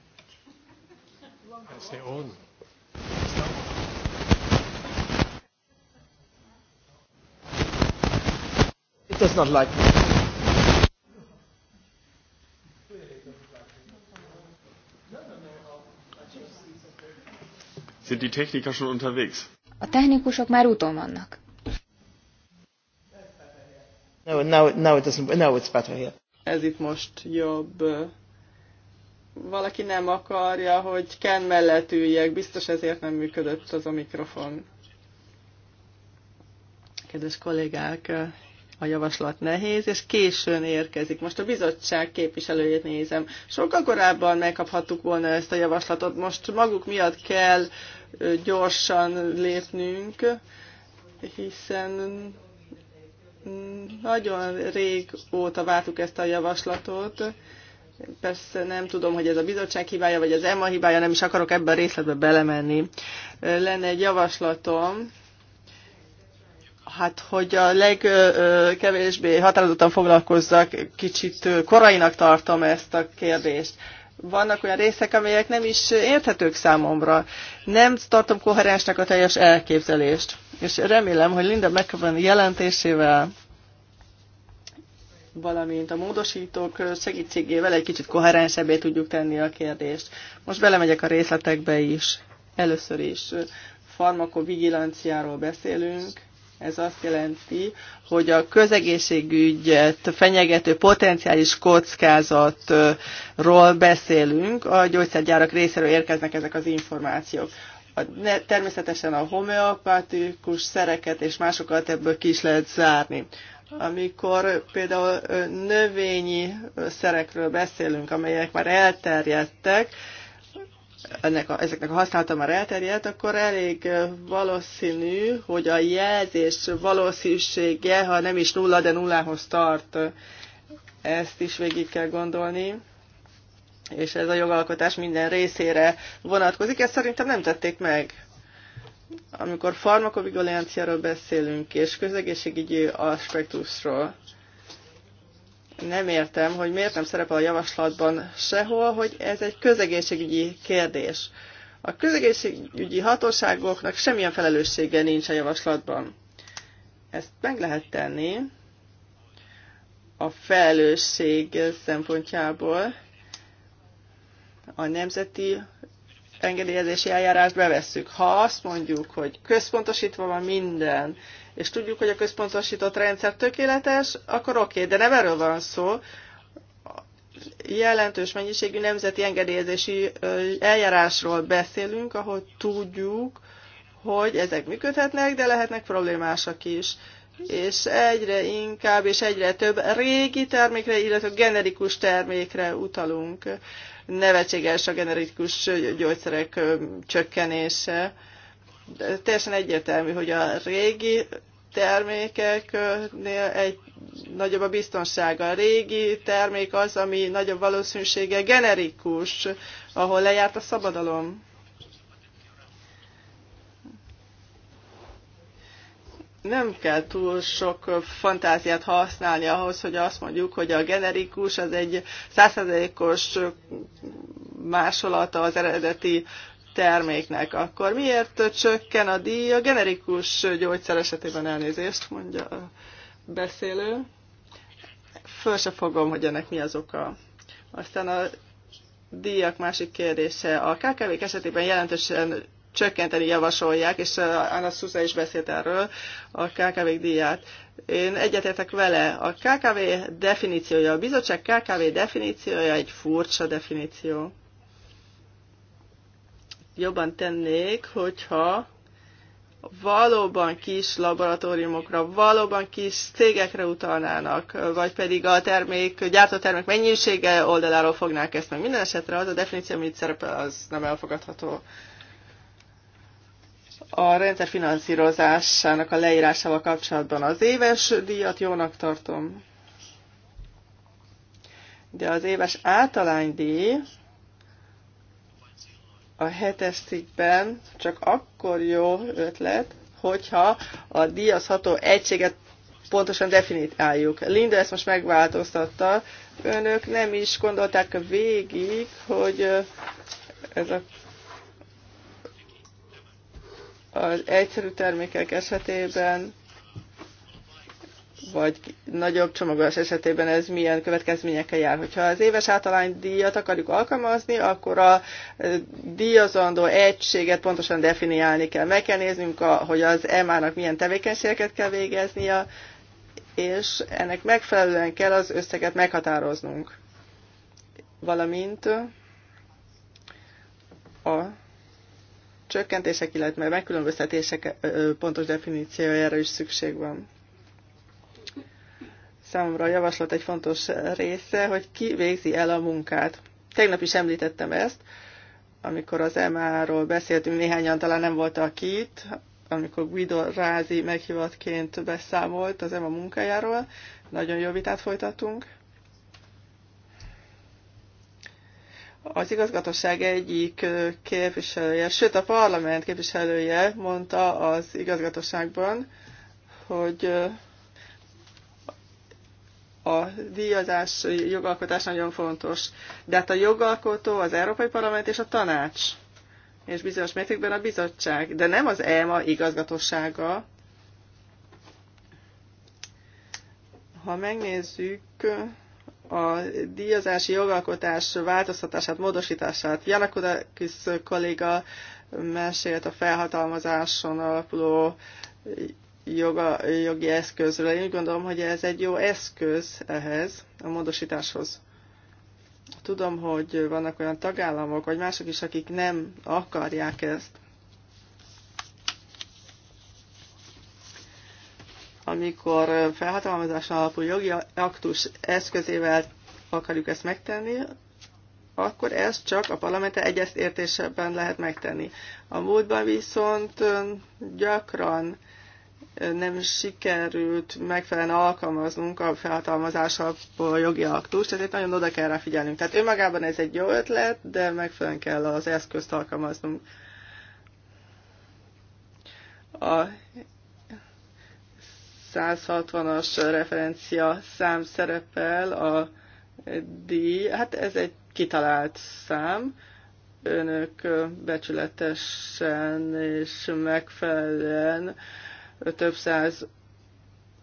That's on. It does not like me. Sind die Techniker schon unterwegs? A technikusok már úton vannak. No, now, now it doesn't, now it's better here. Ez itt most jobb. Valaki nem akarja, hogy Ken mellett üljek. Biztos ezért nem működött az a mikrofon. Kedves kollégák, a javaslat nehéz, és későn érkezik. Most a bizottság képviselőjét nézem. Sokkal korábban megkaphattuk volna ezt a javaslatot, most maguk miatt kell gyorsan lépnünk, hiszen nagyon régóta vártuk ezt a javaslatot, persze nem tudom, hogy ez a bizottság hibája, vagy az EMA hibája, nem is akarok ebben a részletbe belemenni. Lenne egy javaslatom, hát hogy a legkevésbé határozottan foglalkozzak, kicsit korainak tartom ezt a kérdést. Vannak olyan részek, amelyek nem is érthetők számomra. Nem tartom koherensnek a teljes elképzelést. És remélem, hogy Linda McEwen jelentésével, valamint a módosítók segítségével egy kicsit koherensebbé tudjuk tenni a kérdést. Most belemegyek a részletekbe is. Először is farmakovigilanciáról beszélünk ez azt jelenti, hogy a közegészségügyet fenyegető potenciális kockázatról beszélünk, a gyógyszergyárak részéről érkeznek ezek az információk. A, ne, természetesen a homeopatikus szereket és másokat ebből ki is lehet zárni. Amikor például növényi szerekről beszélünk, amelyek már elterjedtek, ennek a, ezeknek a használata már elterjedt, akkor elég valószínű, hogy a jelzés valószínűsége, ha nem is nulla, de nullához tart, ezt is végig kell gondolni és ez a jogalkotás minden részére vonatkozik. Ezt szerintem nem tették meg. Amikor farmakovigilanciáról beszélünk, és közegészségügyi aspektusról, nem értem, hogy miért nem szerepel a javaslatban sehol, hogy ez egy közegészségügyi kérdés. A közegészségügyi hatóságoknak semmilyen felelőssége nincs a javaslatban. Ezt meg lehet tenni a felelősség szempontjából. A nemzeti engedélyezési eljárást bevesszük. Ha azt mondjuk, hogy központosítva van minden, és tudjuk, hogy a központosított rendszer tökéletes, akkor oké, okay, de nem erről van szó. Jelentős mennyiségű nemzeti engedélyezési eljárásról beszélünk, ahol tudjuk, hogy ezek működhetnek, de lehetnek problémásak is és egyre inkább és egyre több régi termékre, illetve generikus termékre utalunk. Nevetséges a generikus gyógyszerek csökkenése. De teljesen egyértelmű, hogy a régi termékeknél egy nagyobb a biztonsága. A régi termék az, ami nagyobb valószínűsége generikus, ahol lejárt a szabadalom. nem kell túl sok fantáziát használni ahhoz, hogy azt mondjuk, hogy a generikus az egy százszerzelékos másolata az eredeti terméknek, akkor miért csökken a díj a generikus gyógyszer esetében elnézést, mondja a beszélő. Föl se fogom, hogy ennek mi az oka. Aztán a díjak másik kérdése. A kkv esetében jelentősen csökkenteni javasolják, és uh, Anna Szusza is beszélt erről, a kkv díját. Én egyetértek vele, a KKV definíciója, a bizottság KKV definíciója egy furcsa definíció jobban tennék, hogyha valóban kis laboratóriumokra, valóban kis cégekre utalnának, vagy pedig a termék, gyártótermék termék mennyisége oldaláról fognák ezt meg. Minden esetre az a definíció, amit szerepel, az nem elfogadható. A rendszer finanszírozásának a leírásával kapcsolatban az éves díjat jónak tartom. De az éves általánydíj, a hetes cikkben csak akkor jó ötlet, hogyha a díjazható egységet pontosan definiáljuk. Linda ezt most megváltoztatta. Önök nem is gondolták végig, hogy ez a az egyszerű termékek esetében vagy nagyobb csomagolás esetében ez milyen következményekkel jár. Hogyha az éves díjat akarjuk alkalmazni, akkor a e, díjazandó egységet pontosan definiálni kell. Meg kell néznünk, hogy az EMA-nak milyen tevékenységeket kell végeznie, és ennek megfelelően kell az összeget meghatároznunk. Valamint a csökkentések, illetve megkülönböztetések pontos definíciójára is szükség van. Számomra a javaslat egy fontos része, hogy ki végzi el a munkát. Tegnap is említettem ezt, amikor az MA-ról beszéltünk, néhányan talán nem voltak itt, amikor Guido Rázi meghivatként beszámolt az EMA munkájáról, nagyon jó vitát folytatunk. Az igazgatóság egyik képviselője, sőt a parlament képviselője mondta az igazgatóságban, hogy a díjazás jogalkotás nagyon fontos. De hát a jogalkotó, az Európai Parlament és a tanács, és bizonyos mértékben a bizottság, de nem az EMA igazgatósága. Ha megnézzük a díjazási jogalkotás változtatását, módosítását, Janakudakis kolléga mesélt a felhatalmazáson alapuló joga, jogi eszközről. Én úgy gondolom, hogy ez egy jó eszköz ehhez, a módosításhoz. Tudom, hogy vannak olyan tagállamok, vagy mások is, akik nem akarják ezt. Amikor felhatalmazáson alapú jogi aktus eszközével akarjuk ezt megtenni, akkor ezt csak a parlamente egyeztértésben lehet megtenni. A múltban viszont gyakran nem sikerült megfelelően alkalmaznunk a felhatalmazásból jogi aktust, ezért nagyon oda kell rá figyelnünk. Tehát önmagában ez egy jó ötlet, de megfelelően kell az eszközt alkalmaznunk. A 160-as referencia szám szerepel a díj, hát ez egy kitalált szám, önök becsületesen és megfelelően több száz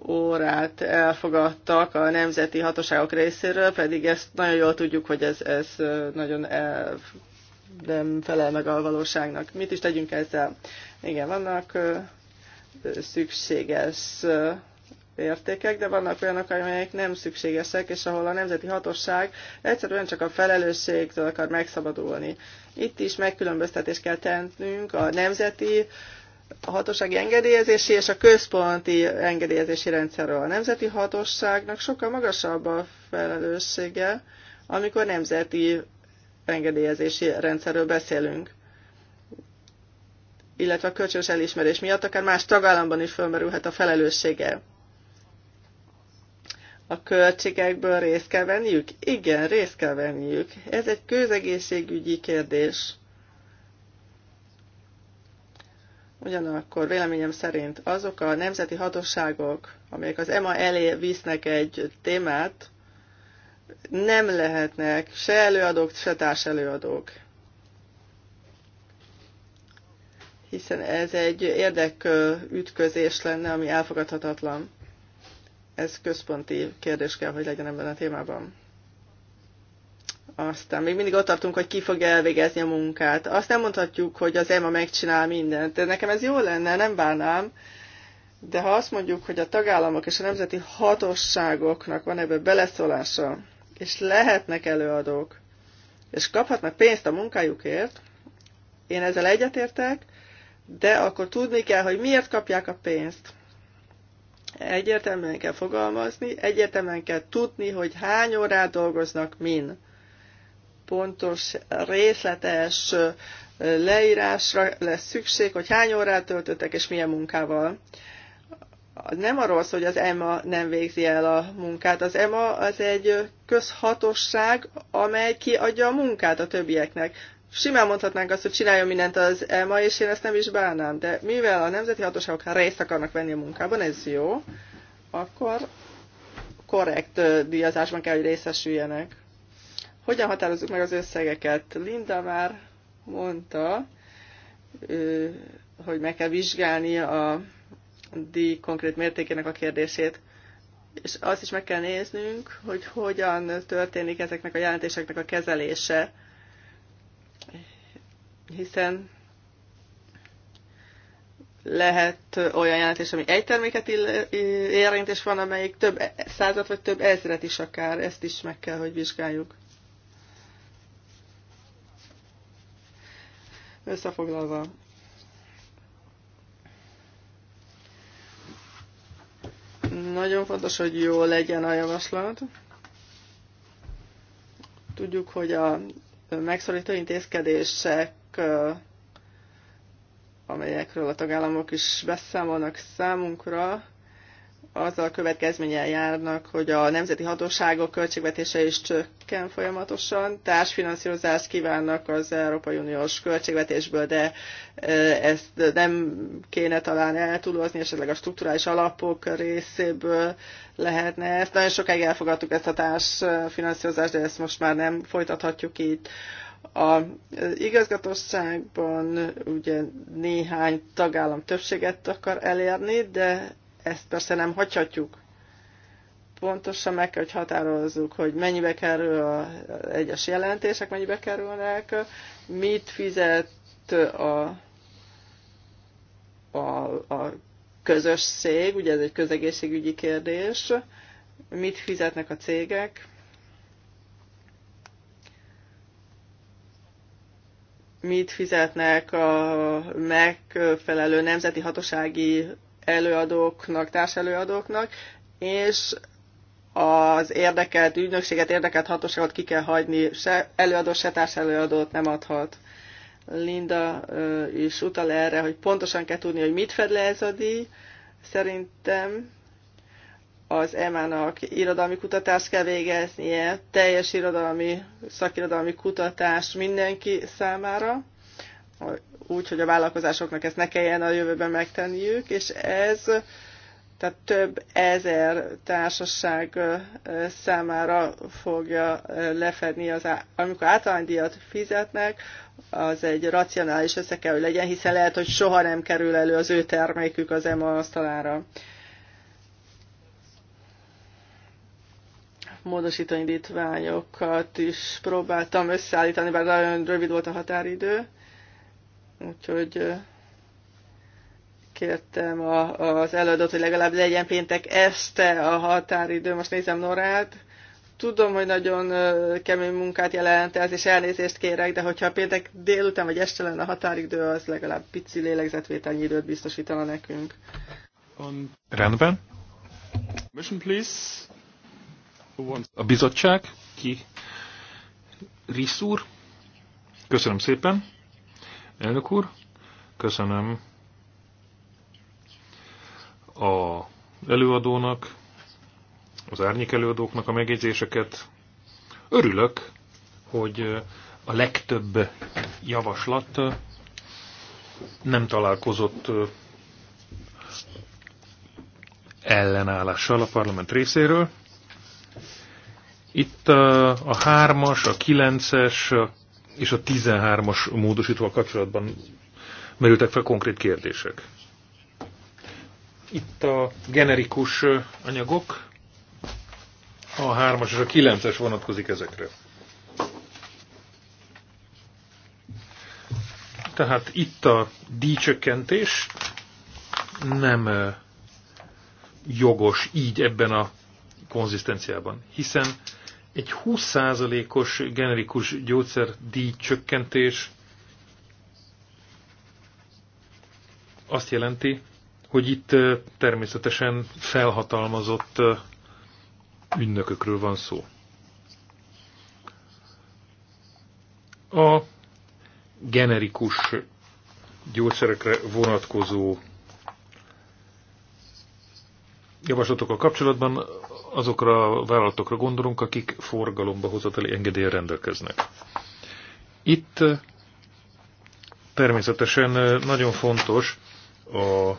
órát elfogadtak a nemzeti hatóságok részéről, pedig ezt nagyon jól tudjuk, hogy ez, ez nagyon el, nem felel meg a valóságnak. Mit is tegyünk ezzel? Igen, vannak szükséges értékek, de vannak olyanok, amelyek nem szükségesek, és ahol a nemzeti hatóság egyszerűen csak a felelősségtől akar megszabadulni. Itt is megkülönböztetést kell tennünk a nemzeti a hatósági engedélyezési és a központi engedélyezési rendszerről. A nemzeti hatóságnak sokkal magasabb a felelőssége, amikor nemzeti engedélyezési rendszerről beszélünk illetve a kölcsönös elismerés miatt akár más tagállamban is fölmerülhet a felelőssége. A költségekből részt kell venniük? Igen, részt kell venniük. Ez egy közegészségügyi kérdés. Ugyanakkor véleményem szerint azok a nemzeti hatóságok, amelyek az EMA elé visznek egy témát, nem lehetnek se előadók, se társelőadók. Hiszen ez egy érdekütközés lenne, ami elfogadhatatlan. Ez központi kérdés kell, hogy legyen ebben a témában. Aztán még mindig ott tartunk, hogy ki fogja elvégezni a munkát. Azt nem mondhatjuk, hogy az EMA megcsinál mindent. De nekem ez jó lenne, nem bánnám. De ha azt mondjuk, hogy a tagállamok és a nemzeti hatosságoknak van ebből beleszólása, és lehetnek előadók, és kaphatnak pénzt a munkájukért, én ezzel egyetértek, de akkor tudni kell, hogy miért kapják a pénzt. Egyértelműen kell fogalmazni, egyértelműen kell tudni, hogy hány órát dolgoznak min pontos, részletes leírásra lesz szükség, hogy hány órát töltöttek és milyen munkával. Nem arról szól, hogy az EMA nem végzi el a munkát. Az EMA az egy közhatosság, amely kiadja a munkát a többieknek. Simán mondhatnánk azt, hogy csináljon mindent az EMA, és én ezt nem is bánám. De mivel a nemzeti hatóságok részt akarnak venni a munkában, ez jó, akkor korrekt díjazásban kell, hogy részesüljenek. Hogyan határozzuk meg az összegeket? Linda már mondta, hogy meg kell vizsgálni a díj konkrét mértékének a kérdését, és azt is meg kell néznünk, hogy hogyan történik ezeknek a jelentéseknek a kezelése, hiszen lehet olyan jelentés, ami egy terméket érint, és van, amelyik több e-, százat vagy több ezret is akár, ezt is meg kell, hogy vizsgáljuk. Összefoglalva, nagyon fontos, hogy jó legyen a javaslat. Tudjuk, hogy a megszorító intézkedések, amelyekről a tagállamok is beszámolnak számunkra, azzal következménnyel járnak, hogy a nemzeti hatóságok költségvetése is csökken folyamatosan. Társfinanszírozást kívánnak az Európai Uniós költségvetésből, de e, ezt nem kéne talán eltúlozni, esetleg a strukturális alapok részéből lehetne ezt. Nagyon sokáig elfogadtuk ezt a társfinanszírozást, de ezt most már nem folytathatjuk itt. A igazgatóságban ugye néhány tagállam többséget akar elérni, de ezt persze nem hagyhatjuk. Pontosan meg kell, hogy határozzuk, hogy mennyibe kerül az egyes jelentések, mennyibe kerülnek, mit fizet a, a, a közös szég, ugye ez egy közegészségügyi kérdés, mit fizetnek a cégek, mit fizetnek a megfelelő nemzeti hatósági előadóknak, társelőadóknak, és az érdekelt ügynökséget, érdekelt hatóságot ki kell hagyni, se előadó, se társelőadót nem adhat. Linda is utal erre, hogy pontosan kell tudni, hogy mit fed le ez a díj. Szerintem az EMA-nak irodalmi kutatást kell végeznie, teljes irodalmi, szakirodalmi kutatás mindenki számára, úgy, hogy a vállalkozásoknak ezt ne kelljen a jövőben megtenniük, és ez tehát több ezer társaság számára fogja lefedni, az á, amikor általánydíjat fizetnek, az egy racionális össze kell, hogy legyen, hiszen lehet, hogy soha nem kerül elő az ő termékük az EMA asztalára. Módosítóindítványokat is próbáltam összeállítani, bár nagyon rövid volt a határidő Úgyhogy kértem a, az előadót, hogy legalább legyen péntek este a határidő. Most nézem Norát. Tudom, hogy nagyon kemény munkát jelent ez, és elnézést kérek, de hogyha péntek délután vagy este lenne a határidő, az legalább pici lélegzetvételnyi időt biztosítana nekünk. On... Um, Rendben. Mission, please. A bizottság, ki? Risz Köszönöm szépen. Elnök úr, köszönöm a előadónak, az árnyék előadóknak a megjegyzéseket. Örülök, hogy a legtöbb javaslat nem találkozott ellenállással a parlament részéről. Itt a hármas, a kilences. a és a 13-as módosítóval kapcsolatban merültek fel konkrét kérdések. Itt a generikus anyagok, a 3-as és a 9-es vonatkozik ezekre. Tehát itt a díjcsökkentés nem jogos így ebben a konzisztenciában, hiszen egy 20%-os generikus gyógyszer díjcsökkentés azt jelenti, hogy itt természetesen felhatalmazott ünnökökről van szó. A generikus gyógyszerekre vonatkozó javaslatokkal kapcsolatban azokra a vállalatokra gondolunk, akik forgalomba hozatali engedélyen rendelkeznek. Itt eh, természetesen eh, nagyon fontos a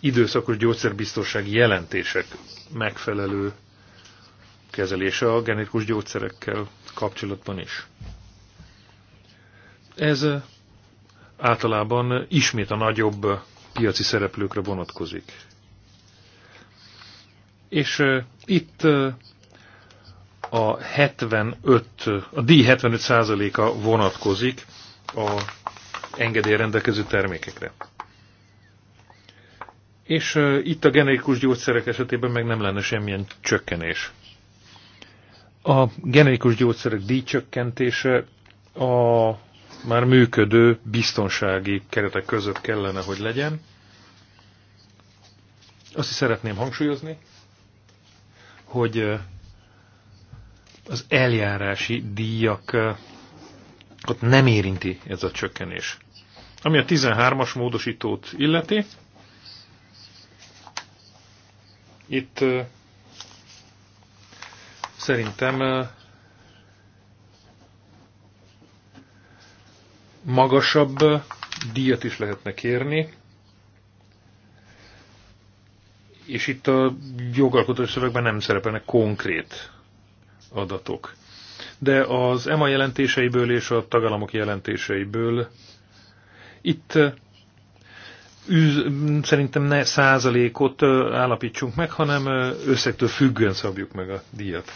időszakos gyógyszerbiztonsági jelentések megfelelő kezelése a genetikus gyógyszerekkel kapcsolatban is. Ez eh, általában ismét a nagyobb piaci szereplőkre vonatkozik. És itt a 75, a díj 75%-a vonatkozik a engedély rendelkező termékekre. És itt a generikus gyógyszerek esetében meg nem lenne semmilyen csökkenés. A generikus gyógyszerek díjcsökkentése a már működő biztonsági keretek között kellene, hogy legyen. Azt is szeretném hangsúlyozni, hogy az eljárási ott nem érinti ez a csökkenés. Ami a 13-as módosítót illeti, itt szerintem magasabb díjat is lehetne kérni, és itt a jogalkotó szövegben nem szerepelnek konkrét adatok. De az EMA jelentéseiből és a tagállamok jelentéseiből itt üz, szerintem ne százalékot állapítsunk meg, hanem összegtől függően szabjuk meg a díjat.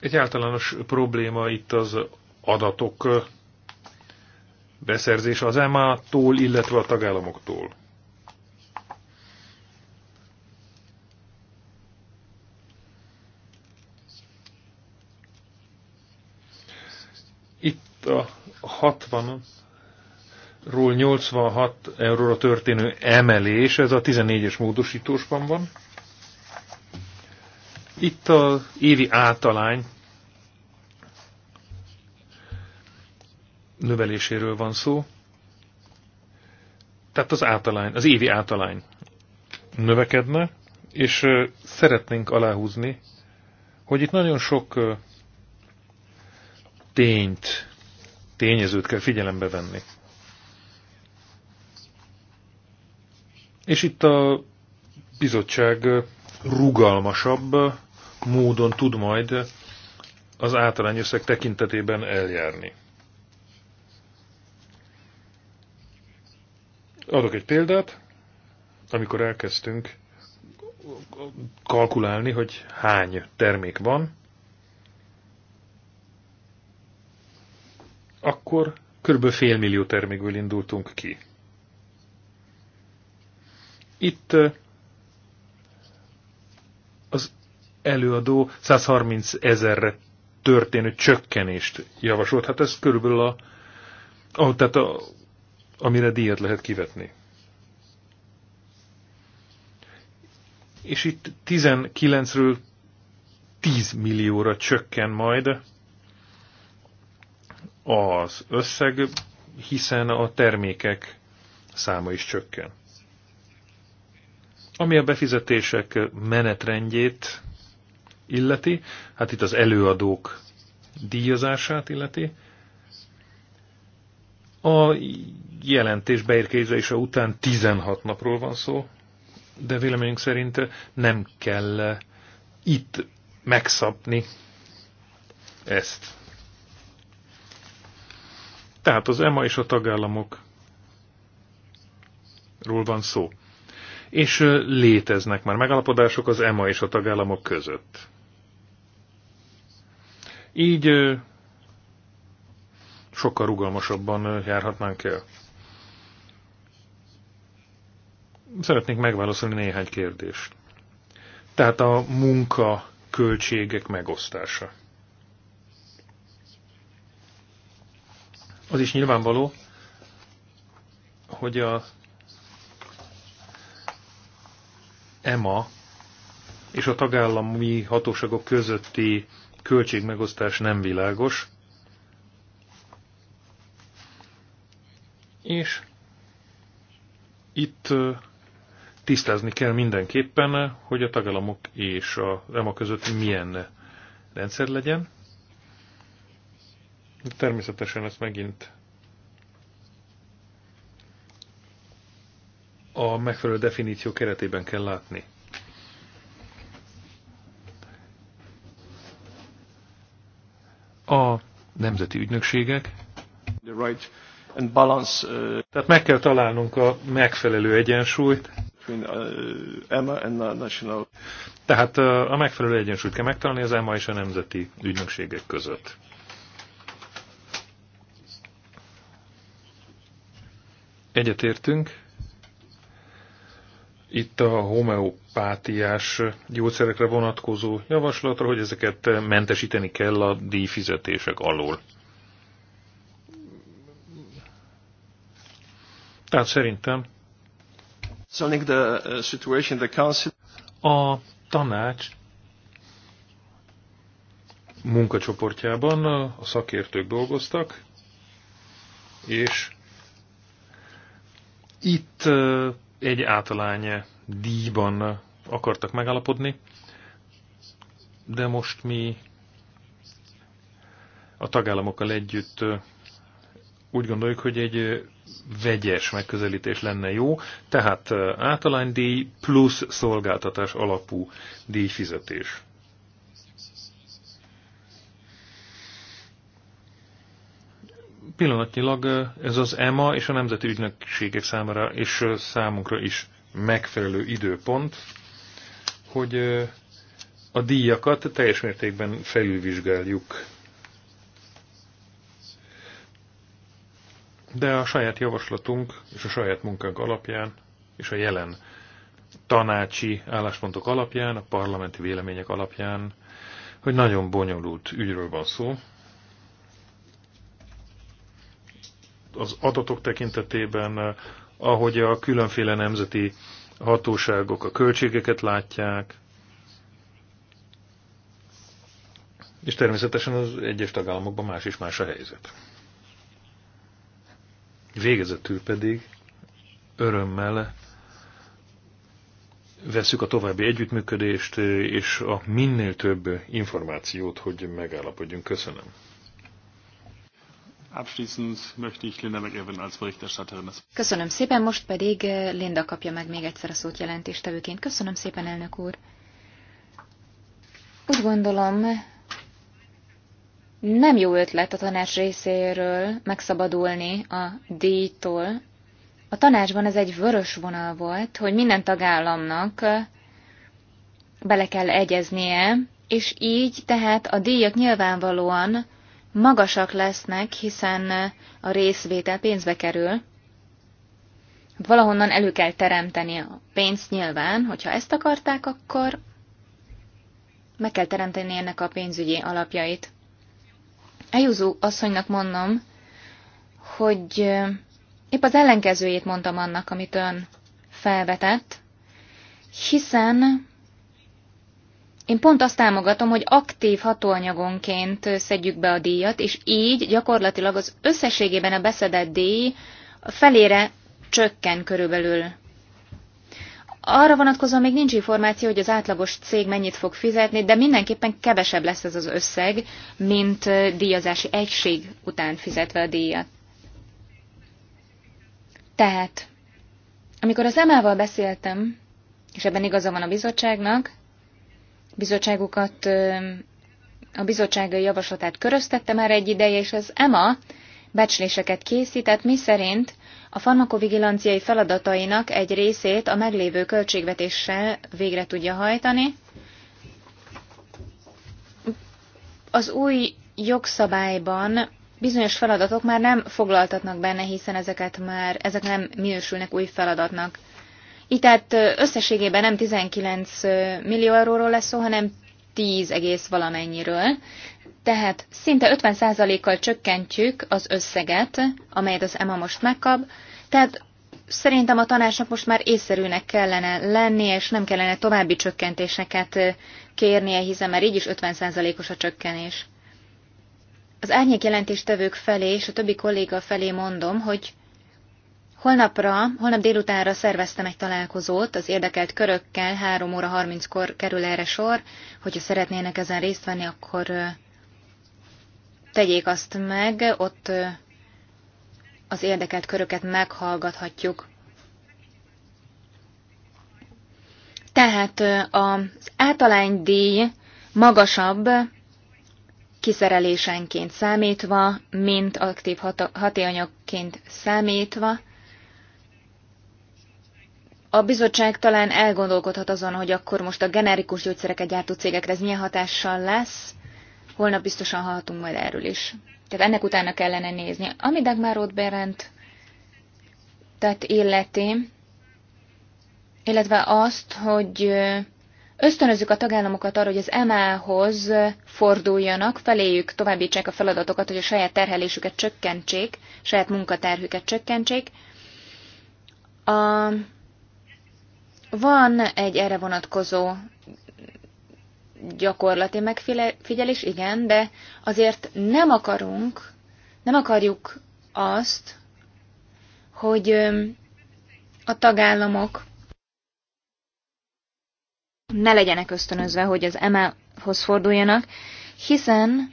Egy általános probléma itt az adatok beszerzése az EMA-tól, illetve a tagállamoktól. A 60-ról 86 euróra történő emelés, ez a 14-es módosítósban van. Itt a évi általány növeléséről van szó. Tehát az általány, az évi általány növekedne, és szeretnénk aláhúzni, hogy itt nagyon sok tényt tényezőt kell figyelembe venni. És itt a bizottság rugalmasabb módon tud majd az általány összeg tekintetében eljárni. Adok egy példát, amikor elkezdtünk kalkulálni, hogy hány termék van, akkor kb. millió termékből indultunk ki. Itt az előadó 130 ezerre történő csökkenést javasolt. Hát ez körülbelül a, a, tehát a, amire díjat lehet kivetni. És itt 19-ről 10 millióra csökken majd az összeg, hiszen a termékek száma is csökken. Ami a befizetések menetrendjét illeti, hát itt az előadók díjazását illeti, a jelentés beérkezése után 16 napról van szó, de véleményünk szerint nem kell itt megszabni ezt. Tehát az EMA és a tagállamokról van szó. És léteznek már megalapodások az EMA és a tagállamok között. Így sokkal rugalmasabban járhatnánk el. Szeretnék megválaszolni néhány kérdést. Tehát a munka költségek megosztása. az is nyilvánvaló, hogy a EMA és a tagállami hatóságok közötti költségmegosztás nem világos, és itt tisztázni kell mindenképpen, hogy a tagállamok és a EMA között milyen rendszer legyen, Természetesen ez megint a megfelelő definíció keretében kell látni. A nemzeti ügynökségek. The right and balance, uh, tehát meg kell találnunk a megfelelő egyensúlyt. Between, uh, and national. Tehát uh, a megfelelő egyensúlyt kell megtalálni az EMA és a nemzeti ügynökségek között. Egyetértünk. Itt a homeopátiás gyógyszerekre vonatkozó javaslatra, hogy ezeket mentesíteni kell a díjfizetések alól. Tehát szerintem uh, a tanács munkacsoportjában a szakértők dolgoztak, és itt egy általány díjban akartak megállapodni, de most mi a tagállamokkal együtt úgy gondoljuk, hogy egy vegyes megközelítés lenne jó, tehát általánydíj plusz szolgáltatás alapú díjfizetés. pillanatnyilag ez az EMA és a nemzeti ügynökségek számára és számunkra is megfelelő időpont, hogy a díjakat teljes mértékben felülvizsgáljuk. De a saját javaslatunk és a saját munkánk alapján és a jelen tanácsi álláspontok alapján, a parlamenti vélemények alapján, hogy nagyon bonyolult ügyről van szó, az adatok tekintetében, eh, ahogy a különféle nemzeti hatóságok a költségeket látják, és természetesen az egyes tagállamokban más és más a helyzet. Végezetül pedig örömmel veszük a további együttműködést eh, és a minél több információt, hogy megállapodjunk. Köszönöm. Köszönöm szépen, most pedig eh, Linda kapja meg még egyszer a szót jelentéstevőként. Köszönöm szépen, elnök úr. Úgy gondolom, nem jó ötlet a tanács részéről megszabadulni a díjtól. A tanácsban ez egy vörös vonal volt, hogy minden tagállamnak eh, bele kell egyeznie, és így tehát a díjak nyilvánvalóan magasak lesznek, hiszen a részvétel pénzbe kerül. Valahonnan elő kell teremteni a pénzt nyilván, hogyha ezt akarták, akkor meg kell teremteni ennek a pénzügyi alapjait. Eljúzó asszonynak mondom, hogy épp az ellenkezőjét mondtam annak, amit ön felvetett, hiszen én pont azt támogatom, hogy aktív hatóanyagonként szedjük be a díjat, és így gyakorlatilag az összességében a beszedett díj felére csökken körülbelül. Arra vonatkozóan még nincs információ, hogy az átlagos cég mennyit fog fizetni, de mindenképpen kevesebb lesz ez az összeg, mint díjazási egység után fizetve a díjat. Tehát, amikor az emával beszéltem, és ebben igaza van a bizottságnak, bizottságukat, a bizottság javaslatát köröztette már egy ideje, és az EMA becsléseket készített, mi szerint a farmakovigilanciai feladatainak egy részét a meglévő költségvetéssel végre tudja hajtani. Az új jogszabályban bizonyos feladatok már nem foglaltatnak benne, hiszen ezeket már, ezek nem minősülnek új feladatnak. Így tehát összességében nem 19 millió euróról lesz szó, hanem 10 egész valamennyiről. Tehát szinte 50%-kal csökkentjük az összeget, amelyet az EMA most megkap, tehát szerintem a tanácsnak most már észszerűnek kellene lennie, és nem kellene további csökkentéseket kérnie, hiszen már így is 50%-os a csökkenés. Az árnyék jelentéstevők felé és a többi kolléga felé mondom, hogy Holnapra, holnap délutánra szerveztem egy találkozót az érdekelt körökkel, 3 óra 30-kor kerül erre sor, hogyha szeretnének ezen részt venni, akkor tegyék azt meg, ott az érdekelt köröket meghallgathatjuk. Tehát az általánydíj magasabb kiszerelésenként számítva, mint aktív hatéanyagként számítva, a bizottság talán elgondolkodhat azon, hogy akkor most a generikus gyógyszereket gyártó cégekre ez milyen hatással lesz. Holnap biztosan hallhatunk majd erről is. Tehát ennek utána kellene nézni. Ami Dagmar Roth Berendt tehát illeti, illetve azt, hogy ösztönözzük a tagállamokat arra, hogy az MA-hoz forduljanak, feléjük továbbítsák a feladatokat, hogy a saját terhelésüket csökkentsék, saját munkaterhüket csökkentsék. A van egy erre vonatkozó gyakorlati megfigyelés, igen, de azért nem akarunk, nem akarjuk azt, hogy a tagállamok ne legyenek ösztönözve, hogy az ml hoz forduljanak, hiszen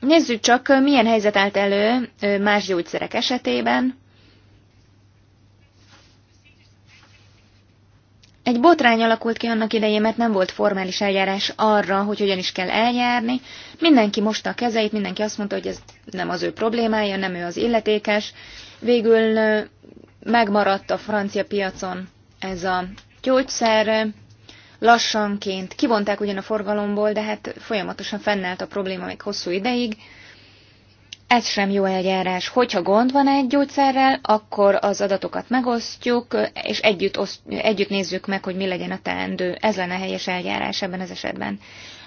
nézzük csak, milyen helyzet állt elő más gyógyszerek esetében, Egy botrány alakult ki annak idején, mert nem volt formális eljárás arra, hogy hogyan is kell eljárni. Mindenki mosta a kezeit, mindenki azt mondta, hogy ez nem az ő problémája, nem ő az illetékes. Végül megmaradt a francia piacon ez a gyógyszer. Lassanként kivonták ugyan a forgalomból, de hát folyamatosan fennállt a probléma még hosszú ideig. Ez sem jó eljárás. Hogyha gond van egy gyógyszerrel, akkor az adatokat megosztjuk, és együtt, oszt, együtt nézzük meg, hogy mi legyen a teendő. Ez lenne a helyes eljárás ebben az esetben.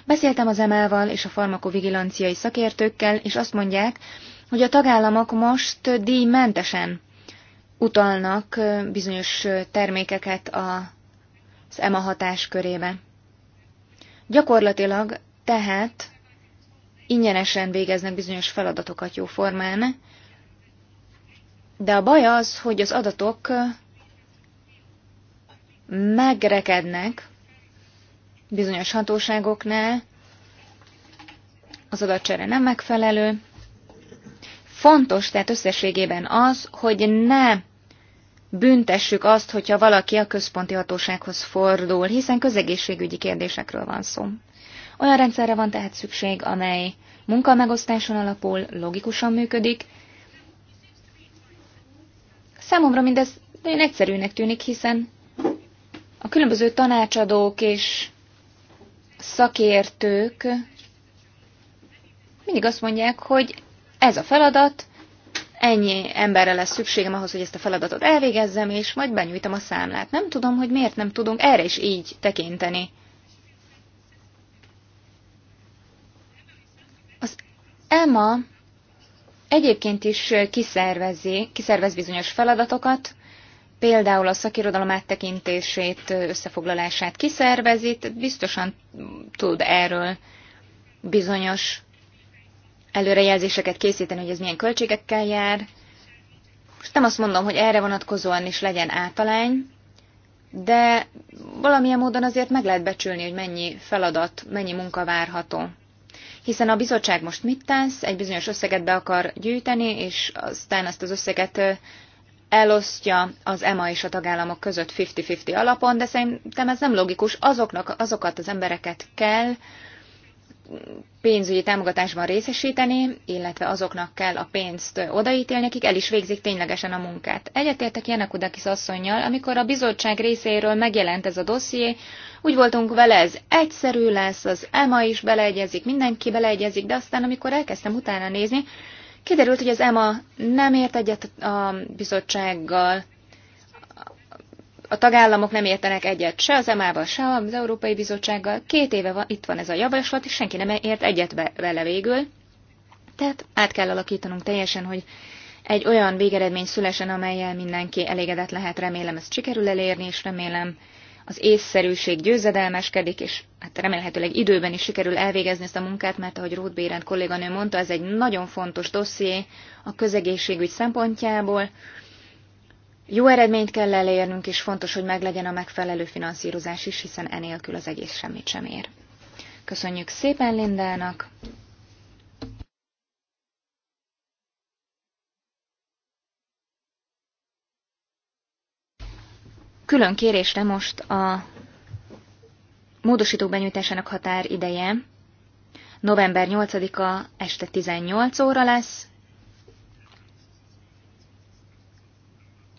Beszéltem az emával és a farmakovigilanciai szakértőkkel, és azt mondják, hogy a tagállamok most díjmentesen utalnak bizonyos termékeket az EMA hatáskörébe. Gyakorlatilag tehát ingyenesen végeznek bizonyos feladatokat jó formán, de a baj az, hogy az adatok megrekednek bizonyos hatóságoknál, az adatcsere nem megfelelő. Fontos tehát összességében az, hogy ne büntessük azt, hogyha valaki a központi hatósághoz fordul, hiszen közegészségügyi kérdésekről van szó. Olyan rendszerre van tehát szükség, amely munkamegosztáson alapul, logikusan működik. Számomra mindez nagyon egyszerűnek tűnik, hiszen a különböző tanácsadók és szakértők mindig azt mondják, hogy ez a feladat, ennyi emberre lesz szükségem ahhoz, hogy ezt a feladatot elvégezzem, és majd benyújtom a számlát. Nem tudom, hogy miért nem tudunk erre is így tekinteni. Emma egyébként is kiszervezi, kiszervez bizonyos feladatokat, például a szakirodalom áttekintését, összefoglalását kiszervezi, tehát biztosan tud erről bizonyos előrejelzéseket készíteni, hogy ez milyen költségekkel jár. Most nem azt mondom, hogy erre vonatkozóan is legyen általány, de valamilyen módon azért meg lehet becsülni, hogy mennyi feladat, mennyi munka várható hiszen a bizottság most mit tesz, egy bizonyos összeget be akar gyűjteni, és aztán ezt az összeget elosztja az EMA és a tagállamok között 50-50 alapon, de szerintem ez nem logikus. Azoknak azokat az embereket kell pénzügyi támogatásban részesíteni, illetve azoknak kell a pénzt odaítélni, akik el is végzik ténylegesen a munkát. Egyetértek Janakudakis asszonynal, amikor a bizottság részéről megjelent ez a dosszié, úgy voltunk vele, ez egyszerű lesz, az EMA is beleegyezik, mindenki beleegyezik, de aztán amikor elkezdtem utána nézni, kiderült, hogy az EMA nem ért egyet a bizottsággal, a tagállamok nem értenek egyet se az EMA-val, se az Európai Bizottsággal. Két éve van, itt van ez a javaslat, és senki nem ért egyet vele végül. Tehát át kell alakítanunk teljesen, hogy egy olyan végeredmény szülesen, amelyel mindenki elégedett lehet. Remélem ezt sikerül elérni, és remélem az észszerűség győzedelmeskedik, és hát remélhetőleg időben is sikerül elvégezni ezt a munkát, mert ahogy Ruth Bérend kolléganő mondta, ez egy nagyon fontos dosszié a közegészségügy szempontjából. Jó eredményt kell elérnünk, és fontos, hogy meglegyen a megfelelő finanszírozás is, hiszen enélkül az egész semmit sem ér. Köszönjük szépen Lindának! Külön kérésre most a módosító benyújtásának határideje november 8-a este 18 óra lesz,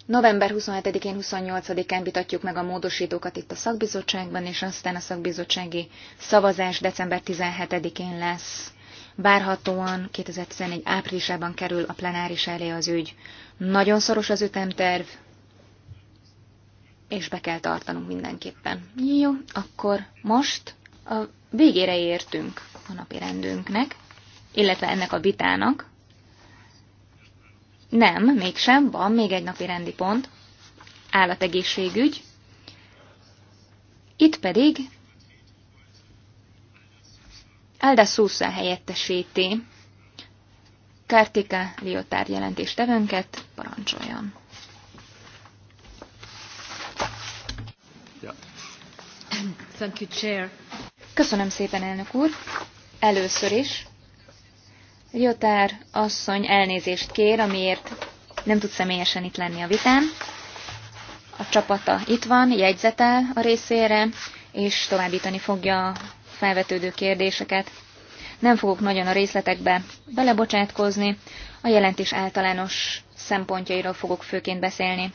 November 27-én, 28-án vitatjuk meg a módosítókat itt a szakbizottságban, és aztán a szakbizottsági szavazás december 17-én lesz. Várhatóan 2011 áprilisában kerül a plenáris elé az ügy. Nagyon szoros az ütemterv, és be kell tartanunk mindenképpen. Jó, akkor most a végére értünk a napi rendünknek, illetve ennek a vitának. Nem, mégsem, van még egy napi rendi pont. Állategészségügy. Itt pedig Elda Sousa helyettesíti Kartika Liotár jelentéstevőnket, parancsoljon. Thank you, Chair. Köszönöm szépen, elnök úr. Először is Jotár asszony elnézést kér, amiért nem tud személyesen itt lenni a vitán. A csapata itt van, jegyzetel a részére, és továbbítani fogja a felvetődő kérdéseket. Nem fogok nagyon a részletekbe belebocsátkozni, a jelentés általános szempontjairól fogok főként beszélni.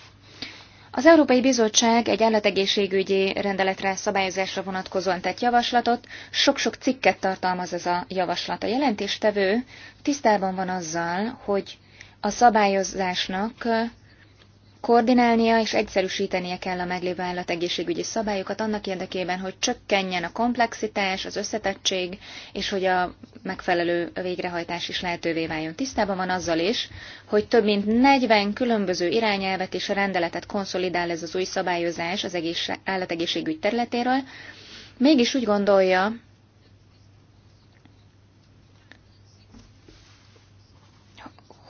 Az Európai Bizottság egy állategészségügyi rendeletre szabályozásra vonatkozóan tett javaslatot, sok-sok cikket tartalmaz ez a javaslat. A jelentéstevő tisztában van azzal, hogy a szabályozásnak koordinálnia és egyszerűsítenie kell a meglévő állategészségügyi szabályokat annak érdekében, hogy csökkenjen a komplexitás, az összetettség, és hogy a megfelelő végrehajtás is lehetővé váljon. Tisztában van azzal is, hogy több mint 40 különböző irányelvet és rendeletet konszolidál ez az új szabályozás az egész, állategészségügy területéről, mégis úgy gondolja,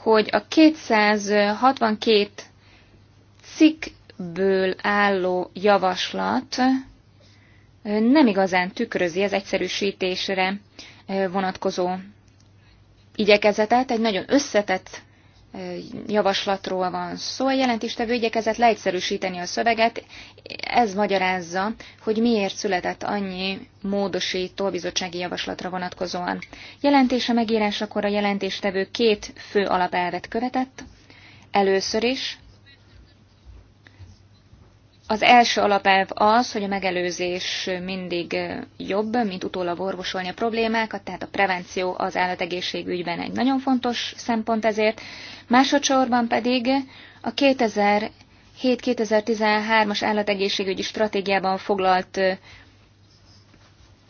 hogy a 262 cikkből álló javaslat nem igazán tükrözi az egyszerűsítésre vonatkozó igyekezetet. Egy nagyon összetett javaslatról van szó. A jelentéstevő igyekezett leegyszerűsíteni a szöveget. Ez magyarázza, hogy miért született annyi módosító bizottsági javaslatra vonatkozóan. Jelentése megírásakor a jelentéstevő két fő alapelvet követett. Először is az első alapelv az, hogy a megelőzés mindig jobb, mint utólag orvosolni a problémákat, tehát a prevenció az állategészségügyben egy nagyon fontos szempont ezért. Másodszorban pedig a 2007-2013-as állategészségügyi stratégiában foglalt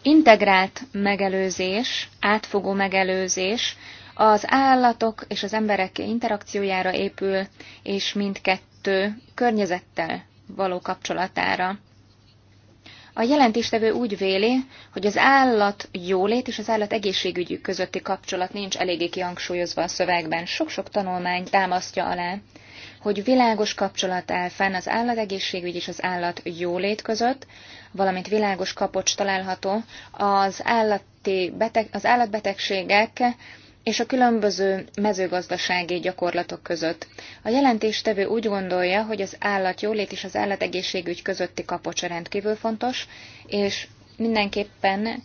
integrált megelőzés, átfogó megelőzés az állatok és az emberek interakciójára épül, és mindkettő környezettel való kapcsolatára. A jelentéstevő úgy véli, hogy az állat jólét és az állat egészségügyük közötti kapcsolat nincs eléggé kihangsúlyozva a szövegben. Sok-sok tanulmány támasztja alá, hogy világos kapcsolat áll fenn az állat egészségügy és az állat jólét között, valamint világos kapocs található az, állati beteg, az állatbetegségek és a különböző mezőgazdasági gyakorlatok között. A jelentéstevő úgy gondolja, hogy az állatjólét és az állategészségügy közötti kapocs rendkívül fontos, és mindenképpen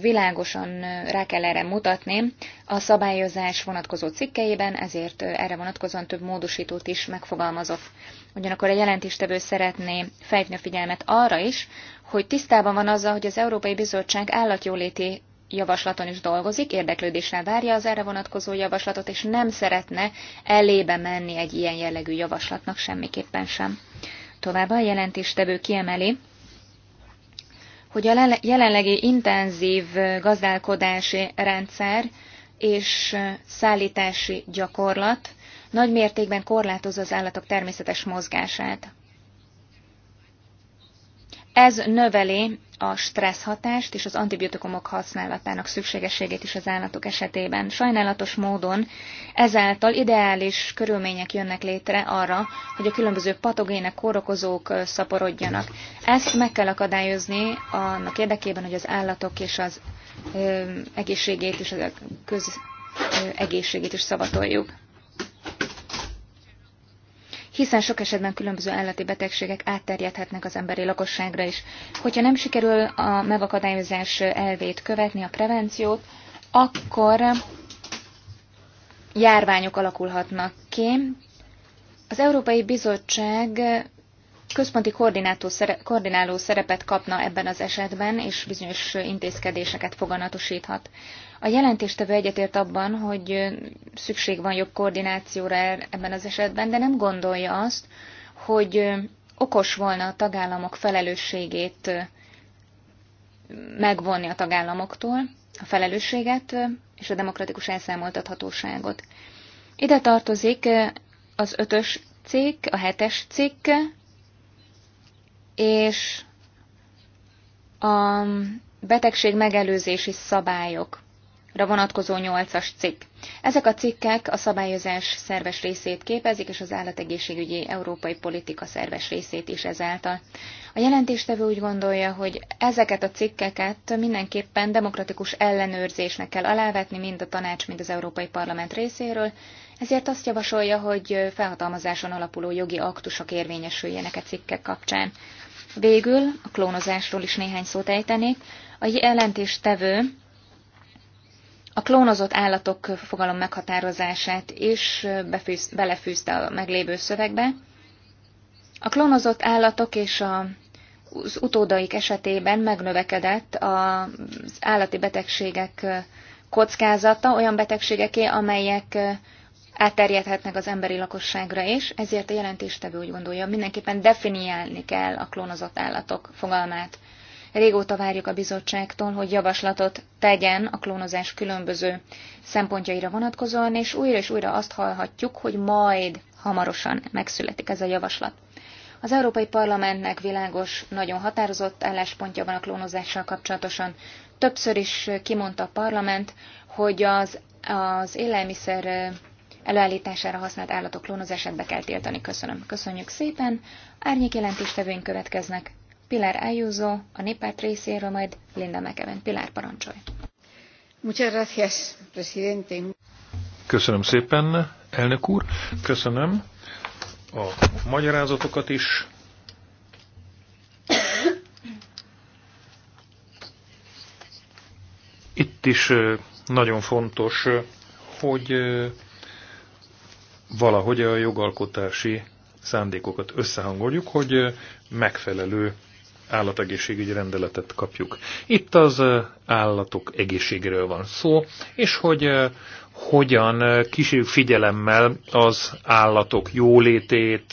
világosan rá kell erre mutatni a szabályozás vonatkozó cikkeiben, ezért erre vonatkozóan több módosítót is megfogalmazott. Ugyanakkor a jelentéstevő szeretné fejtni a figyelmet arra is, hogy tisztában van azzal, hogy az Európai Bizottság állatjóléti javaslaton is dolgozik, érdeklődéssel várja az erre vonatkozó javaslatot, és nem szeretne elébe menni egy ilyen jellegű javaslatnak semmiképpen sem. Továbbá a jelentéstevő kiemeli, hogy a jelenlegi intenzív gazdálkodási rendszer és szállítási gyakorlat nagy mértékben korlátozza az állatok természetes mozgását. Ez növeli a stressz hatást és az antibiotikumok használatának szükségességét is az állatok esetében. Sajnálatos módon ezáltal ideális körülmények jönnek létre arra, hogy a különböző patogének kórokozók szaporodjanak. Ezt meg kell akadályozni annak érdekében, hogy az állatok és az ö, egészségét és a köz ö, egészségét is szavatoljuk hiszen sok esetben különböző állati betegségek átterjedhetnek az emberi lakosságra is. Hogyha nem sikerül a megakadályozás elvét követni, a prevenciót, akkor járványok alakulhatnak ki. Az Európai Bizottság központi koordináló szerepet kapna ebben az esetben, és bizonyos intézkedéseket foganatosíthat. A jelentéstevő egyetért abban, hogy szükség van jobb koordinációra e-, ebben az esetben, de nem gondolja azt, hogy okos volna a tagállamok felelősségét megvonni a tagállamoktól, a felelősséget és a demokratikus elszámoltathatóságot. Ide tartozik az ötös cikk, a hetes cikk, és a betegség megelőzési szabályokra vonatkozó nyolcas cikk. Ezek a cikkek a szabályozás szerves részét képezik, és az állategészségügyi európai politika szerves részét is ezáltal. A jelentéstevő úgy gondolja, hogy ezeket a cikkeket mindenképpen demokratikus ellenőrzésnek kell alávetni mind a tanács, mind az Európai Parlament részéről, ezért azt javasolja, hogy felhatalmazáson alapuló jogi aktusok érvényesüljenek a e cikkek kapcsán. Végül a klónozásról is néhány szót ejtenék. A jelentéstevő a klónozott állatok fogalom meghatározását is befűz, belefűzte a meglévő szövegbe. A klónozott állatok és a, az utódaik esetében megnövekedett az állati betegségek kockázata, olyan betegségeké, amelyek átterjedhetnek az emberi lakosságra is, ezért a jelentéstevő úgy gondolja, mindenképpen definiálni kell a klónozott állatok fogalmát. Régóta várjuk a bizottságtól, hogy javaslatot tegyen a klónozás különböző szempontjaira vonatkozóan, és újra és újra azt hallhatjuk, hogy majd hamarosan megszületik ez a javaslat. Az Európai Parlamentnek világos, nagyon határozott álláspontja van a klónozással kapcsolatosan. Többször is kimondta a parlament, hogy az, az élelmiszer előállítására használt állatok klónozását be kell tiltani. Köszönöm. Köszönjük szépen. Árnyék jelentéstevőink következnek. Pilar Ayuso, a néppárt részéről majd Linda McEwen. Pilar, parancsolj! Muchas gracias, presidente. Köszönöm szépen, elnök úr. Köszönöm a magyarázatokat is. Itt is nagyon fontos, hogy valahogy a jogalkotási szándékokat összehangoljuk, hogy megfelelő állategészségügyi rendeletet kapjuk. Itt az állatok egészségéről van szó, és hogy hogyan kísérjük figyelemmel az állatok jólétét,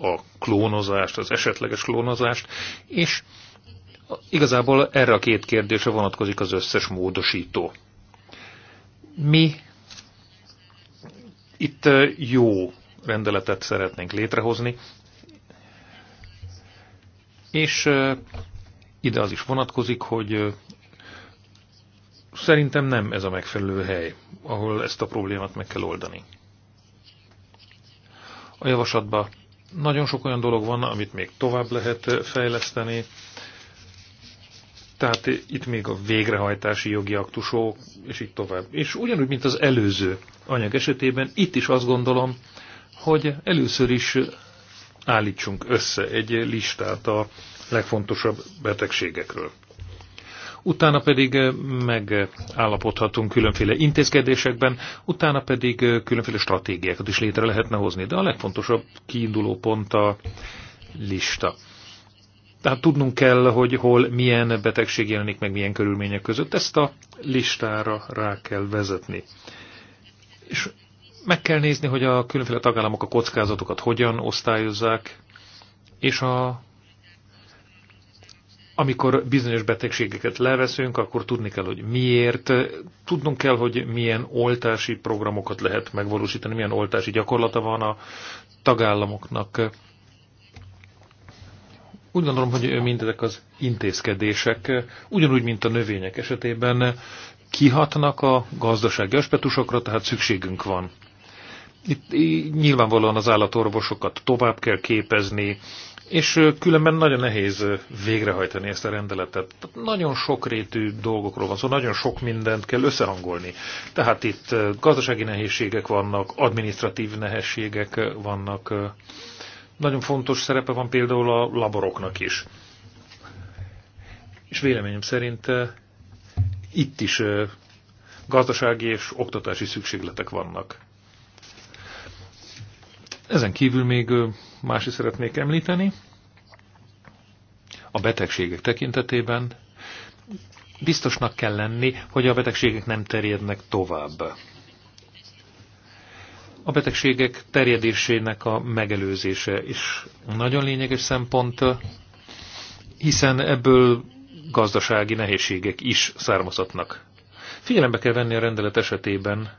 a klónozást, az esetleges klónozást, és igazából erre a két kérdésre vonatkozik az összes módosító. Mi itt jó rendeletet szeretnénk létrehozni, és ide az is vonatkozik, hogy szerintem nem ez a megfelelő hely, ahol ezt a problémát meg kell oldani. A javaslatban nagyon sok olyan dolog van, amit még tovább lehet fejleszteni, tehát itt még a végrehajtási jogi aktusok, és így tovább. És ugyanúgy, mint az előző anyag esetében, itt is azt gondolom, hogy először is állítsunk össze egy listát a legfontosabb betegségekről. Utána pedig eh, megállapodhatunk különféle intézkedésekben, utána pedig eh, különféle stratégiákat is létre lehetne hozni, de a legfontosabb kiinduló pont a lista. Tehát tudnunk kell, hogy hol milyen betegség jelenik meg, milyen körülmények között. Ezt a listára rá kell vezetni. És meg kell nézni, hogy a különféle tagállamok a kockázatokat hogyan osztályozzák, és a, amikor bizonyos betegségeket leveszünk, akkor tudni kell, hogy miért, tudnunk kell, hogy milyen oltási programokat lehet megvalósítani, milyen oltási gyakorlata van a tagállamoknak. Úgy gondolom, hogy mindezek az intézkedések, ugyanúgy, mint a növények esetében, kihatnak a gazdasági aspektusokra, tehát szükségünk van itt nyilvánvalóan az állatorvosokat tovább kell képezni, és különben nagyon nehéz végrehajtani ezt a rendeletet. Nagyon sokrétű dolgokról van szó, szóval nagyon sok mindent kell összehangolni. Tehát itt gazdasági nehézségek vannak, administratív nehézségek vannak. Nagyon fontos szerepe van például a laboroknak is. És véleményem szerint itt is gazdasági és oktatási szükségletek vannak. Ezen kívül még más is szeretnék említeni. A betegségek tekintetében biztosnak kell lenni, hogy a betegségek nem terjednek tovább. A betegségek terjedésének a megelőzése is nagyon lényeges szempont, hiszen ebből gazdasági nehézségek is származhatnak. Figyelembe kell venni a rendelet esetében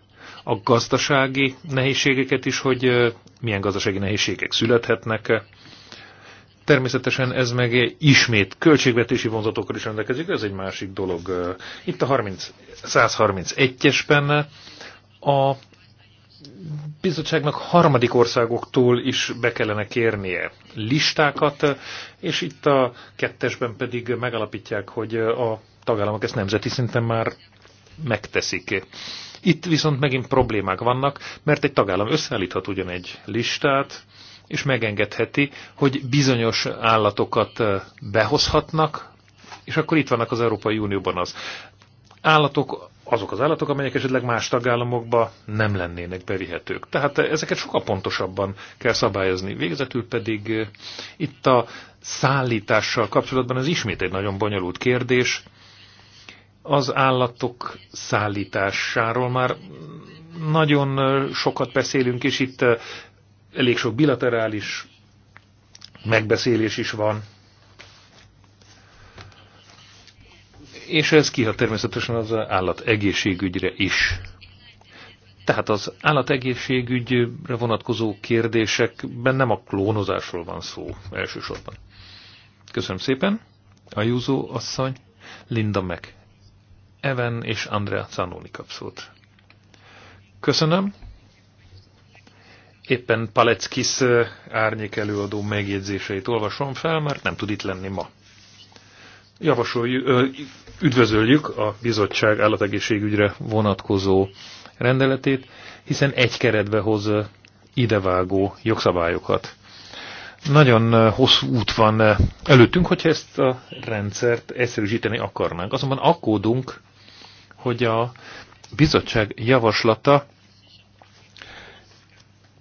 a gazdasági nehézségeket is, hogy milyen gazdasági nehézségek születhetnek. Természetesen ez meg ismét költségvetési vonzatokkal is rendelkezik, ez egy másik dolog. Itt a 131-esben a bizottságnak harmadik országoktól is be kellene kérnie listákat, és itt a kettesben pedig megalapítják, hogy a tagállamok ezt nemzeti szinten már megteszik. Itt viszont megint problémák vannak, mert egy tagállam összeállíthat ugyan egy listát, és megengedheti, hogy bizonyos állatokat behozhatnak, és akkor itt vannak az Európai Unióban az állatok, azok az állatok, amelyek esetleg más tagállamokba nem lennének bevihetők. Tehát ezeket sokkal pontosabban kell szabályozni. Végezetül pedig itt a szállítással kapcsolatban ez ismét egy nagyon bonyolult kérdés az állatok szállításáról már nagyon sokat beszélünk, és itt elég sok bilaterális megbeszélés is van. És ez kihat természetesen az állat egészségügyre is. Tehát az állategészségügyre vonatkozó kérdésekben nem a klónozásról van szó elsősorban. Köszönöm szépen. a júzó asszony, Linda meg. Evan és Andrea Zanoni kapszót. Köszönöm. Éppen Paleckis árnyék előadó megjegyzéseit olvasom fel, mert nem tud itt lenni ma. Javasoljuk, üdvözöljük a bizottság állategészségügyre vonatkozó rendeletét, hiszen egy keretbe hoz idevágó jogszabályokat. Nagyon hosszú út van előttünk, hogyha ezt a rendszert egyszerűsíteni akarnánk. Azonban akkódunk, hogy a bizottság javaslata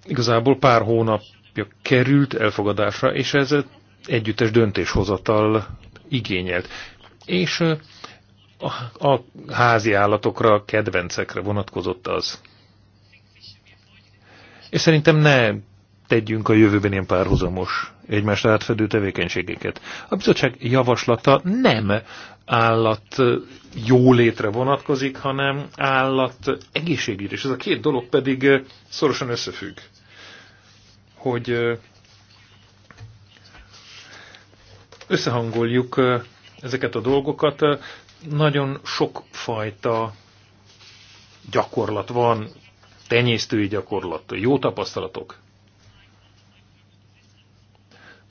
igazából pár hónapja került elfogadásra, és ez együttes döntéshozatal igényelt. És a, házi állatokra, kedvencekre vonatkozott az. És szerintem ne tegyünk a jövőben ilyen párhuzamos, egymást átfedő tevékenységeket. A bizottság javaslata nem állat jólétre vonatkozik, hanem állat egészségére. És ez a két dolog pedig szorosan összefügg. Hogy összehangoljuk ezeket a dolgokat. Nagyon sokfajta gyakorlat van, tenyésztői gyakorlat, jó tapasztalatok.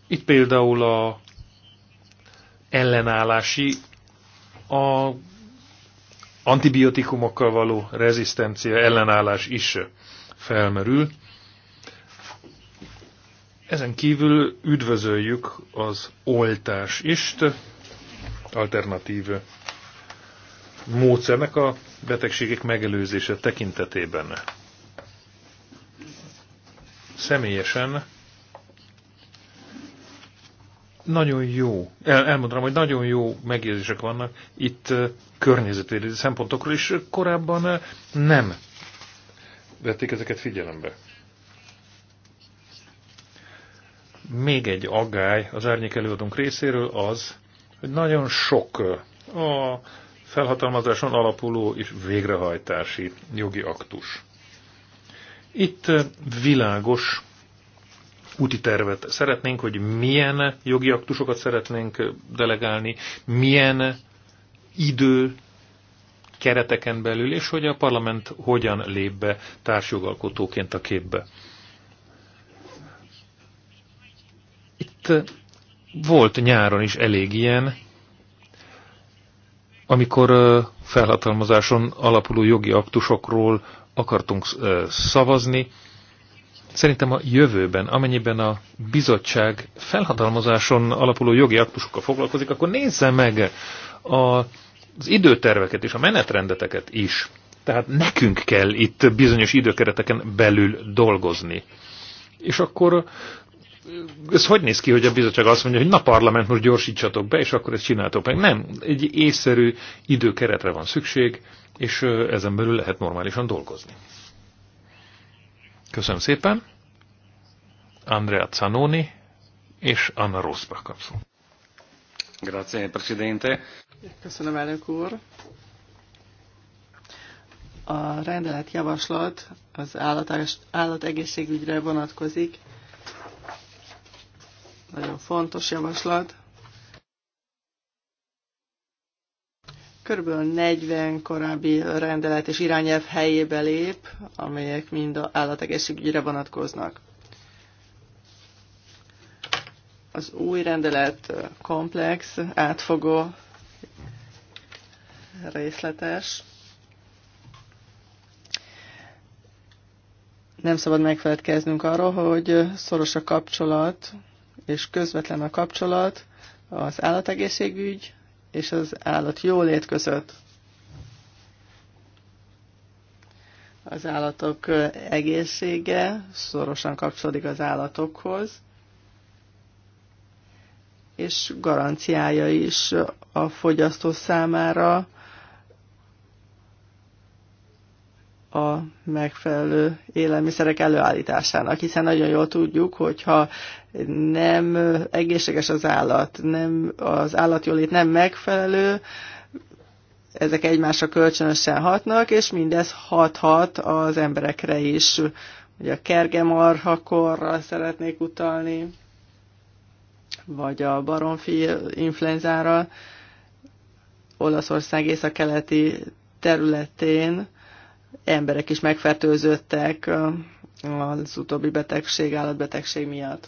Itt például a ellenállási, a antibiotikumokkal való rezisztencia ellenállás is felmerül. Ezen kívül üdvözöljük az oltás ist, alternatív módszernek a betegségek megelőzése tekintetében. Személyesen nagyon jó, el, elmondanám, hogy nagyon jó megjegyzések vannak itt környezetvédelmi szempontokról, és korábban nem vették ezeket figyelembe. Még egy aggály az árnyék előadónk részéről az, hogy nagyon sok a felhatalmazáson alapuló és végrehajtási jogi aktus. Itt világos úti tervet szeretnénk, hogy milyen jogi aktusokat szeretnénk delegálni, milyen idő kereteken belül, és hogy a parlament hogyan lép be társjogalkotóként a képbe. Itt volt nyáron is elég ilyen, amikor felhatalmazáson alapuló jogi aktusokról akartunk szavazni, Szerintem a jövőben, amennyiben a bizottság felhatalmazáson alapuló jogi aktusokkal foglalkozik, akkor nézze meg a, az időterveket és a menetrendeteket is. Tehát nekünk kell itt bizonyos időkereteken belül dolgozni. És akkor ez hogy néz ki, hogy a bizottság azt mondja, hogy na parlament, most gyorsítsatok be, és akkor ezt csináltok meg. Nem, egy észszerű időkeretre van szükség, és ezen belül lehet normálisan dolgozni. Köszönöm szépen. Andrea Zanoni és Anna Rosbach kapszó. Grazie, Presidente. Köszönöm, elnök úr. A rendelet javaslat az állategészségügyre vonatkozik. Nagyon fontos javaslat. Körülbelül 40 korábbi rendelet és irányelv helyébe lép, amelyek mind a állategészségügyre vonatkoznak. Az új rendelet komplex, átfogó, részletes. Nem szabad megfeledkeznünk arról, hogy szoros a kapcsolat, és közvetlen a kapcsolat az állategészségügy és az állat jólét között. Az állatok egészsége szorosan kapcsolódik az állatokhoz, és garanciája is a fogyasztó számára a megfelelő élelmiszerek előállításának, hiszen nagyon jól tudjuk, hogyha nem egészséges az állat, nem, az állatjólét nem megfelelő, ezek egymásra kölcsönösen hatnak, és mindez hathat az emberekre is. Ugye a kergemarha korra szeretnék utalni, vagy a baromfi influenzára, Olaszország keleti területén emberek is megfertőzöttek az utóbbi betegség, állatbetegség miatt.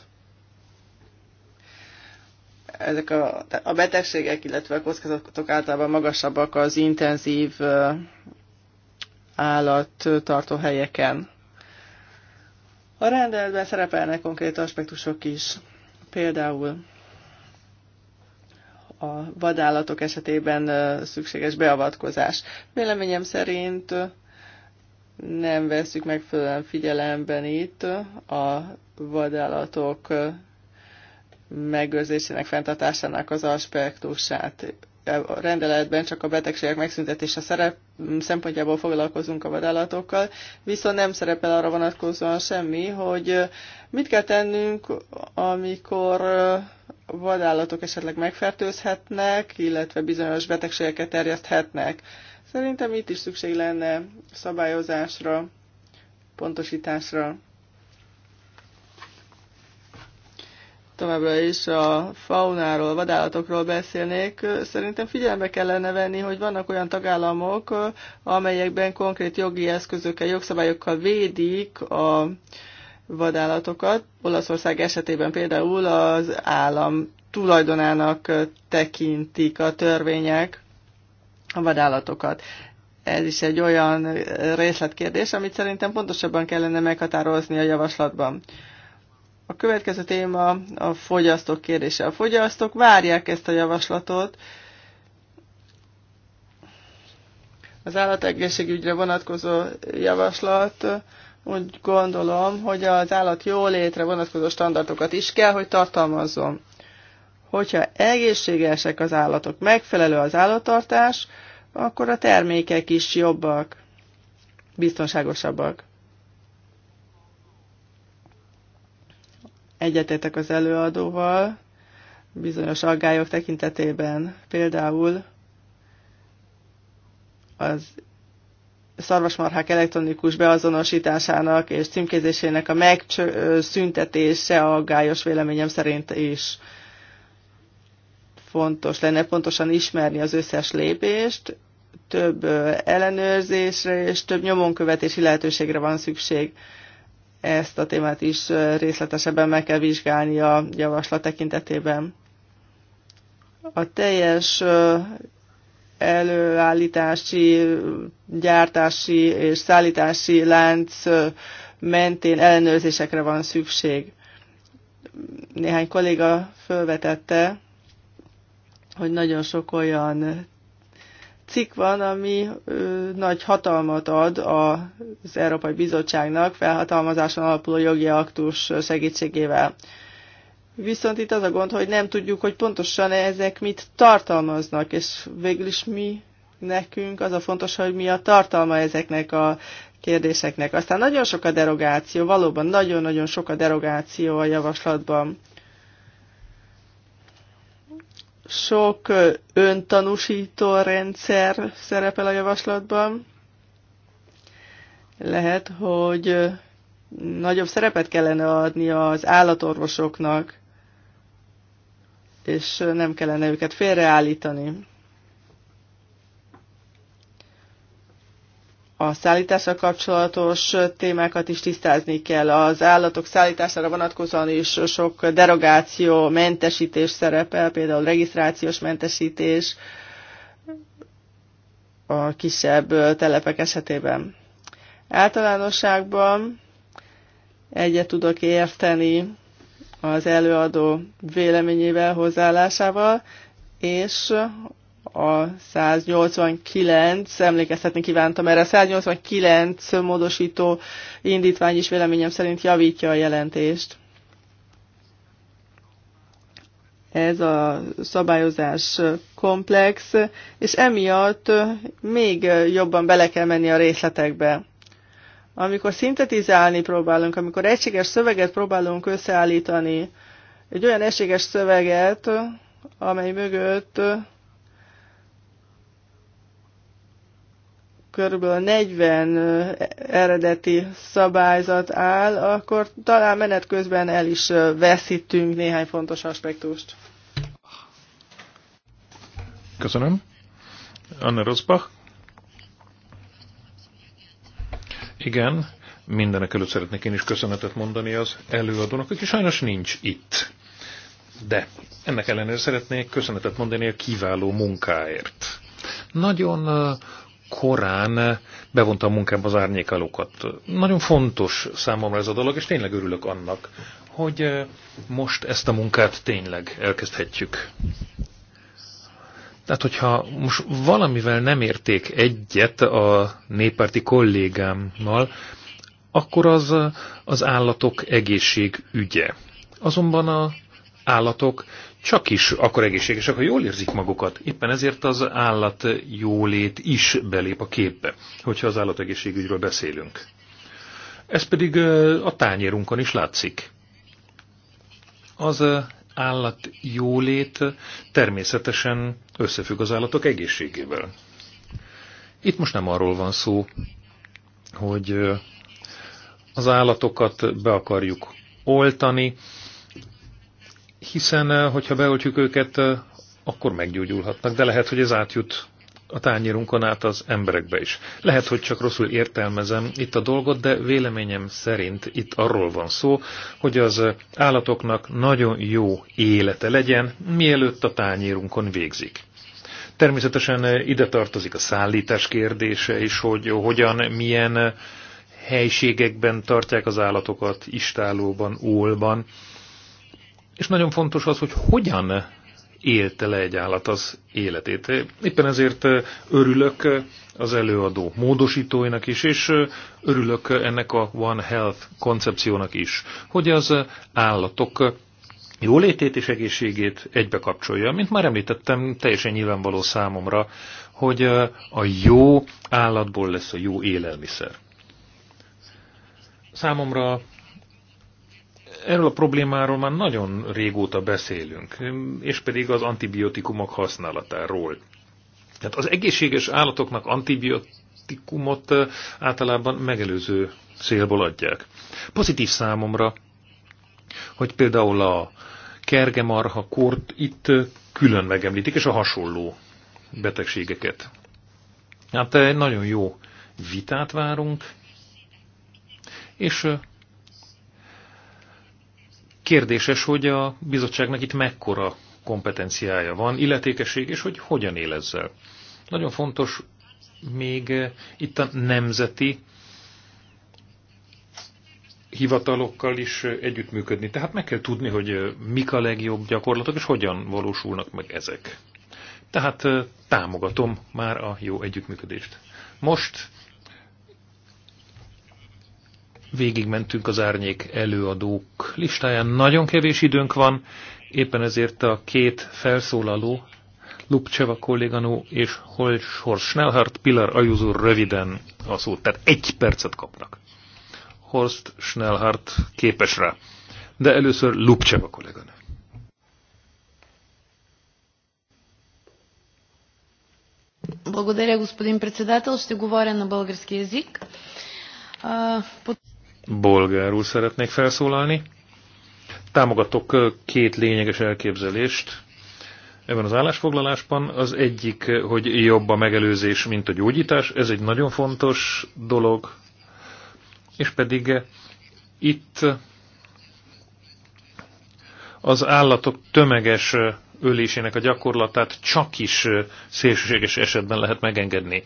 Ezek a, a betegségek, illetve a kockázatok általában magasabbak az intenzív állattartó helyeken. A rendeletben szerepelnek konkrét aspektusok is. Például a vadállatok esetében szükséges beavatkozás. Véleményem szerint nem veszük megfelelően figyelemben itt a vadállatok megőrzésének, fenntartásának az aspektusát. A rendeletben csak a betegségek megszüntetése szerep, szempontjából foglalkozunk a vadállatokkal, viszont nem szerepel arra vonatkozóan semmi, hogy mit kell tennünk, amikor vadállatok esetleg megfertőzhetnek, illetve bizonyos betegségeket terjeszthetnek Szerintem itt is szükség lenne szabályozásra, pontosításra. Továbbra is a faunáról, vadállatokról beszélnék. Szerintem figyelembe kellene venni, hogy vannak olyan tagállamok, amelyekben konkrét jogi eszközökkel, jogszabályokkal védik a vadállatokat. Olaszország esetében például az állam tulajdonának tekintik a törvények a vadállatokat. Ez is egy olyan részletkérdés, amit szerintem pontosabban kellene meghatározni a javaslatban. A következő téma a fogyasztók kérdése. A fogyasztók várják ezt a javaslatot. Az állategészségügyre vonatkozó javaslat úgy gondolom, hogy az állat jólétre vonatkozó standardokat is kell, hogy tartalmazzon. Hogyha egészségesek az állatok, megfelelő az állattartás, akkor a termékek is jobbak, biztonságosabbak. Egyetétek az előadóval bizonyos aggályok tekintetében, például az szarvasmarhák elektronikus beazonosításának és címkézésének a megszüntetése aggályos véleményem szerint is fontos lenne pontosan ismerni az összes lépést, több ellenőrzésre és több nyomonkövetési lehetőségre van szükség. Ezt a témát is részletesebben meg kell vizsgálni a javaslat tekintetében. A teljes előállítási, gyártási és szállítási lánc mentén ellenőrzésekre van szükség. Néhány kolléga felvetette, hogy nagyon sok olyan cikk van, ami ö, nagy hatalmat ad az Európai Bizottságnak felhatalmazáson alapuló jogi aktus segítségével. Viszont itt az a gond, hogy nem tudjuk, hogy pontosan ezek mit tartalmaznak, és végül is mi nekünk az a fontos, hogy mi a tartalma ezeknek a kérdéseknek. Aztán nagyon sok a derogáció, valóban nagyon-nagyon sok a derogáció a javaslatban. Sok öntanúsító rendszer szerepel a javaslatban. Lehet, hogy nagyobb szerepet kellene adni az állatorvosoknak, és nem kellene őket félreállítani. a szállítással kapcsolatos témákat is tisztázni kell. Az állatok szállítására vonatkozóan is sok derogáció, mentesítés szerepel, például regisztrációs mentesítés a kisebb telepek esetében. Általánosságban egyet tudok érteni az előadó véleményével, hozzáállásával, és a 189, emlékeztetni kívántam erre, a 189 módosító indítvány is véleményem szerint javítja a jelentést. Ez a szabályozás komplex, és emiatt még jobban bele kell menni a részletekbe. Amikor szintetizálni próbálunk, amikor egységes szöveget próbálunk összeállítani, egy olyan egységes szöveget, amely mögött körülbelül 40 eredeti szabályzat áll, akkor talán menet közben el is veszítünk néhány fontos aspektust. Köszönöm. Anna Rosbach. Igen, mindenek előtt szeretnék én is köszönetet mondani az előadónak, aki sajnos nincs itt. De ennek ellenére szeretnék köszönetet mondani a kiváló munkáért. Nagyon korán bevonta a munkába az árnyékalókat. Nagyon fontos számomra ez a dolog, és tényleg örülök annak, hogy eh, most ezt a munkát tényleg elkezdhetjük. Tehát, hogyha most valamivel nem érték egyet a néppárti kollégámmal, akkor az eh, az állatok egészség ügye. Azonban a állatok csak is akkor egészségesek, ha jól érzik magukat. Éppen ezért az állat jólét is belép a képbe, hogyha az állategészségügyről beszélünk. Ez pedig a tányérunkon is látszik. Az állat jólét természetesen összefügg az állatok egészségével. Itt most nem arról van szó, hogy az állatokat be akarjuk oltani, hiszen eh, hogyha beoltjuk őket, eh, akkor meggyógyulhatnak, de lehet, hogy ez átjut a tányérunkon át az emberekbe is. Lehet, hogy csak rosszul értelmezem itt a dolgot, de véleményem szerint itt arról van szó, hogy az eh, állatoknak nagyon jó élete legyen, mielőtt a tányérunkon végzik. Természetesen ide tartozik a szállítás kérdése is, hogy hogyan, milyen helységekben tartják az állatokat, istálóban, ólban és nagyon fontos az, hogy hogyan élte le egy állat az életét. Éppen ezért örülök az előadó módosítóinak is, és örülök ennek a One Health koncepciónak is, hogy az állatok jólétét és egészségét egybe kapcsolja. Mint már említettem, teljesen nyilvánvaló számomra, hogy a jó állatból lesz a jó élelmiszer. Számomra Erről a problémáról már nagyon régóta beszélünk, és pedig az antibiotikumok használatáról. Tehát az egészséges állatoknak antibiotikumot általában megelőző célból adják. Pozitív számomra, hogy például a kergemarha kort itt külön megemlítik, és a hasonló betegségeket. Hát egy nagyon jó vitát várunk, és Kérdéses, hogy a bizottságnak itt mekkora kompetenciája van, illetékesség, és hogy hogyan él ezzel. Nagyon fontos még eh, itt a nemzeti hivatalokkal is eh, együttműködni. Tehát meg kell tudni, hogy eh, mik a legjobb gyakorlatok, és hogyan valósulnak meg ezek. Tehát támogatom már a jó együttműködést. Most végigmentünk az árnyék előadók listáján. Nagyon kevés időnk van, éppen ezért a két felszólaló, Lupcseva kolléganó és Horst Schnellhardt, Pilar Ajuzur röviden a szót, tehát egy percet kapnak. Horst Schnellhardt képes rá. De először Lupcseva kolléganő. Благодаря, господин председател. Ще говоря на български язик. Bolgárul szeretnék felszólalni. Támogatok két lényeges elképzelést ebben az állásfoglalásban. Az egyik, hogy jobb a megelőzés, mint a gyógyítás. Ez egy nagyon fontos dolog. És pedig itt az állatok tömeges ölésének a gyakorlatát csak is szélsőséges esetben lehet megengedni.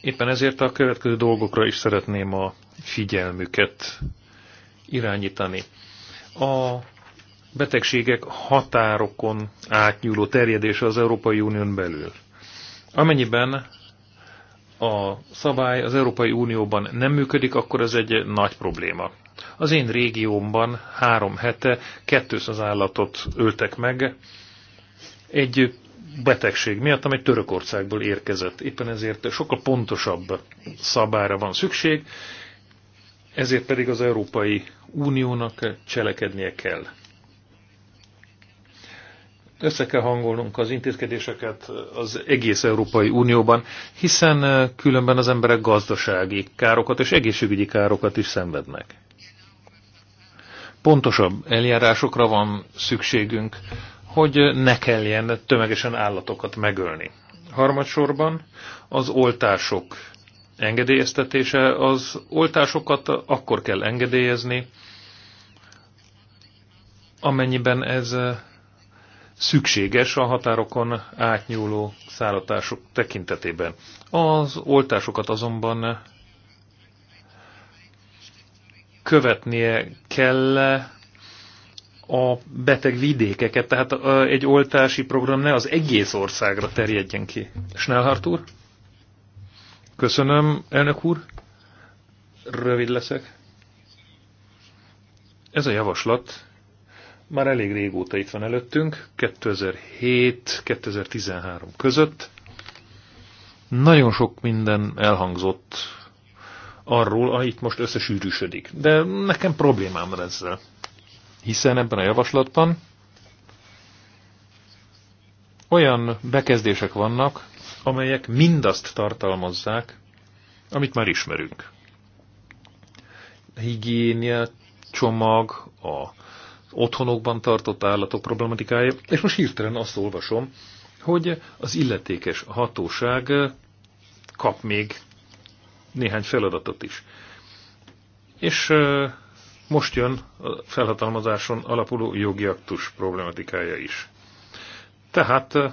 Éppen ezért a következő dolgokra is szeretném a figyelmüket irányítani. A betegségek határokon átnyúló terjedése az Európai Unión belül. Amennyiben a szabály az Európai Unióban nem működik, akkor ez egy nagy probléma. Az én régiómban három hete 200 állatot öltek meg egy betegség miatt, amely Törökországból érkezett. Éppen ezért sokkal pontosabb szabára van szükség, ezért pedig az Európai Uniónak cselekednie kell. Össze kell hangolnunk az intézkedéseket az egész Európai Unióban, hiszen eh, különben az emberek gazdasági károkat és egészségügyi károkat is szenvednek. Pontosabb eljárásokra van szükségünk, hogy ne kelljen tömegesen állatokat megölni. Harmadsorban az oltások engedélyeztetése. Az oltásokat akkor kell engedélyezni, amennyiben ez eh, szükséges a határokon átnyúló szállatások tekintetében. Az oltásokat azonban követnie kell a beteg vidékeket, tehát egy oltási program ne az egész országra terjedjen ki. Snellhart úr? Köszönöm, elnök úr. Rövid leszek. Ez a javaslat már elég régóta itt van előttünk, 2007-2013 között. Nagyon sok minden elhangzott arról, ahit most összesűrűsödik. De nekem problémám van ezzel hiszen ebben a javaslatban olyan bekezdések vannak, amelyek mindazt tartalmazzák, amit már ismerünk. A higiénia csomag, a otthonokban tartott állatok problematikája, és most hirtelen azt olvasom, hogy az illetékes hatóság kap még néhány feladatot is. És most jön a felhatalmazáson alapuló jogi aktus problematikája is. Tehát eh,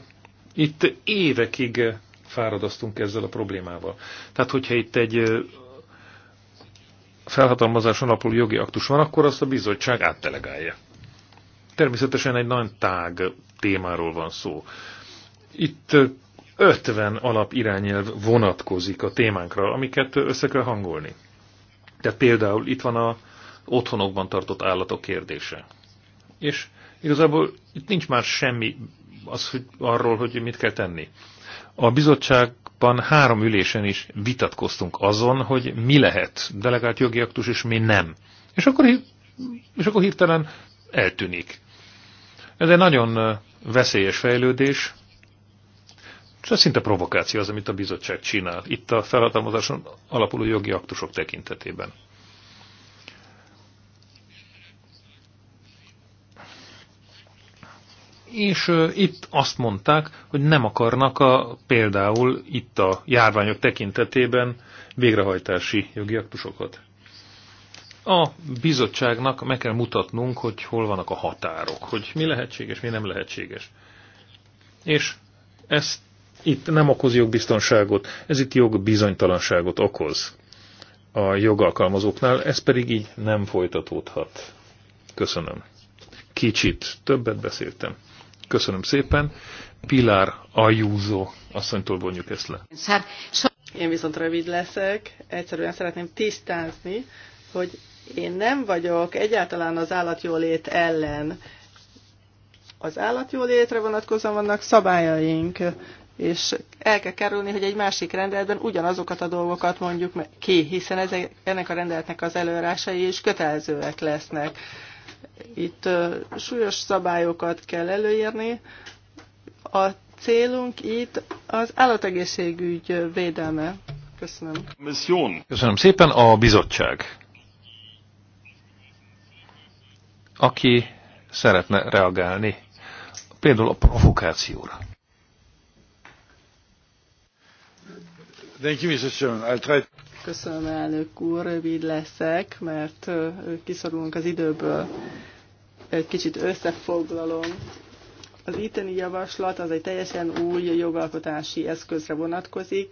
itt évekig eh, fáradoztunk ezzel a problémával. Tehát, hogyha itt egy eh, felhatalmazáson alapuló jogi aktus van, akkor azt a bizottság áttelegálja. Természetesen egy nagyon tág témáról van szó. Itt 50 alap irányelv vonatkozik a témánkra, amiket össze kell hangolni. Tehát például itt van a otthonokban tartott állatok kérdése. És igazából itt nincs már semmi az, hogy arról, hogy mit kell tenni. A bizottságban három ülésen is vitatkoztunk azon, hogy mi lehet delegált jogi aktus, és mi nem. És akkor, és akkor hirtelen eltűnik. Ez egy nagyon veszélyes fejlődés, és ez szinte provokáció az, amit a bizottság csinál, itt a felhatalmazáson alapuló jogi aktusok tekintetében. és itt azt mondták, hogy nem akarnak a, például itt a járványok tekintetében végrehajtási jogi aktusokat. A bizottságnak meg kell mutatnunk, hogy hol vannak a határok, hogy mi lehetséges, mi nem lehetséges. És ezt itt nem okoz jogbiztonságot, ez itt jogbizonytalanságot okoz a jogalkalmazóknál, ez pedig így nem folytatódhat. Köszönöm. Kicsit többet beszéltem. Köszönöm szépen. Pilar Ajúzó asszonytól vonjuk ezt le. Én viszont rövid leszek. Egyszerűen szeretném tisztázni, hogy én nem vagyok egyáltalán az állatjólét ellen. Az állatjólétre vonatkozóan vannak szabályaink, és el kell kerülni, hogy egy másik rendeletben ugyanazokat a dolgokat mondjuk ki, hiszen ezek, ennek a rendeletnek az előrásai is kötelezőek lesznek itt súlyos szabályokat kell előírni. A célunk itt az állategészségügy védelme. Köszönöm. Mission. Köszönöm szépen. A bizottság, aki szeretne reagálni például a provokációra. Thank you, Mr. Chairman. I'll try... Köszönöm, elnök úr, rövid leszek, mert kiszorulunk az időből. Egy kicsit összefoglalom. Az itteni javaslat az egy teljesen új jogalkotási eszközre vonatkozik.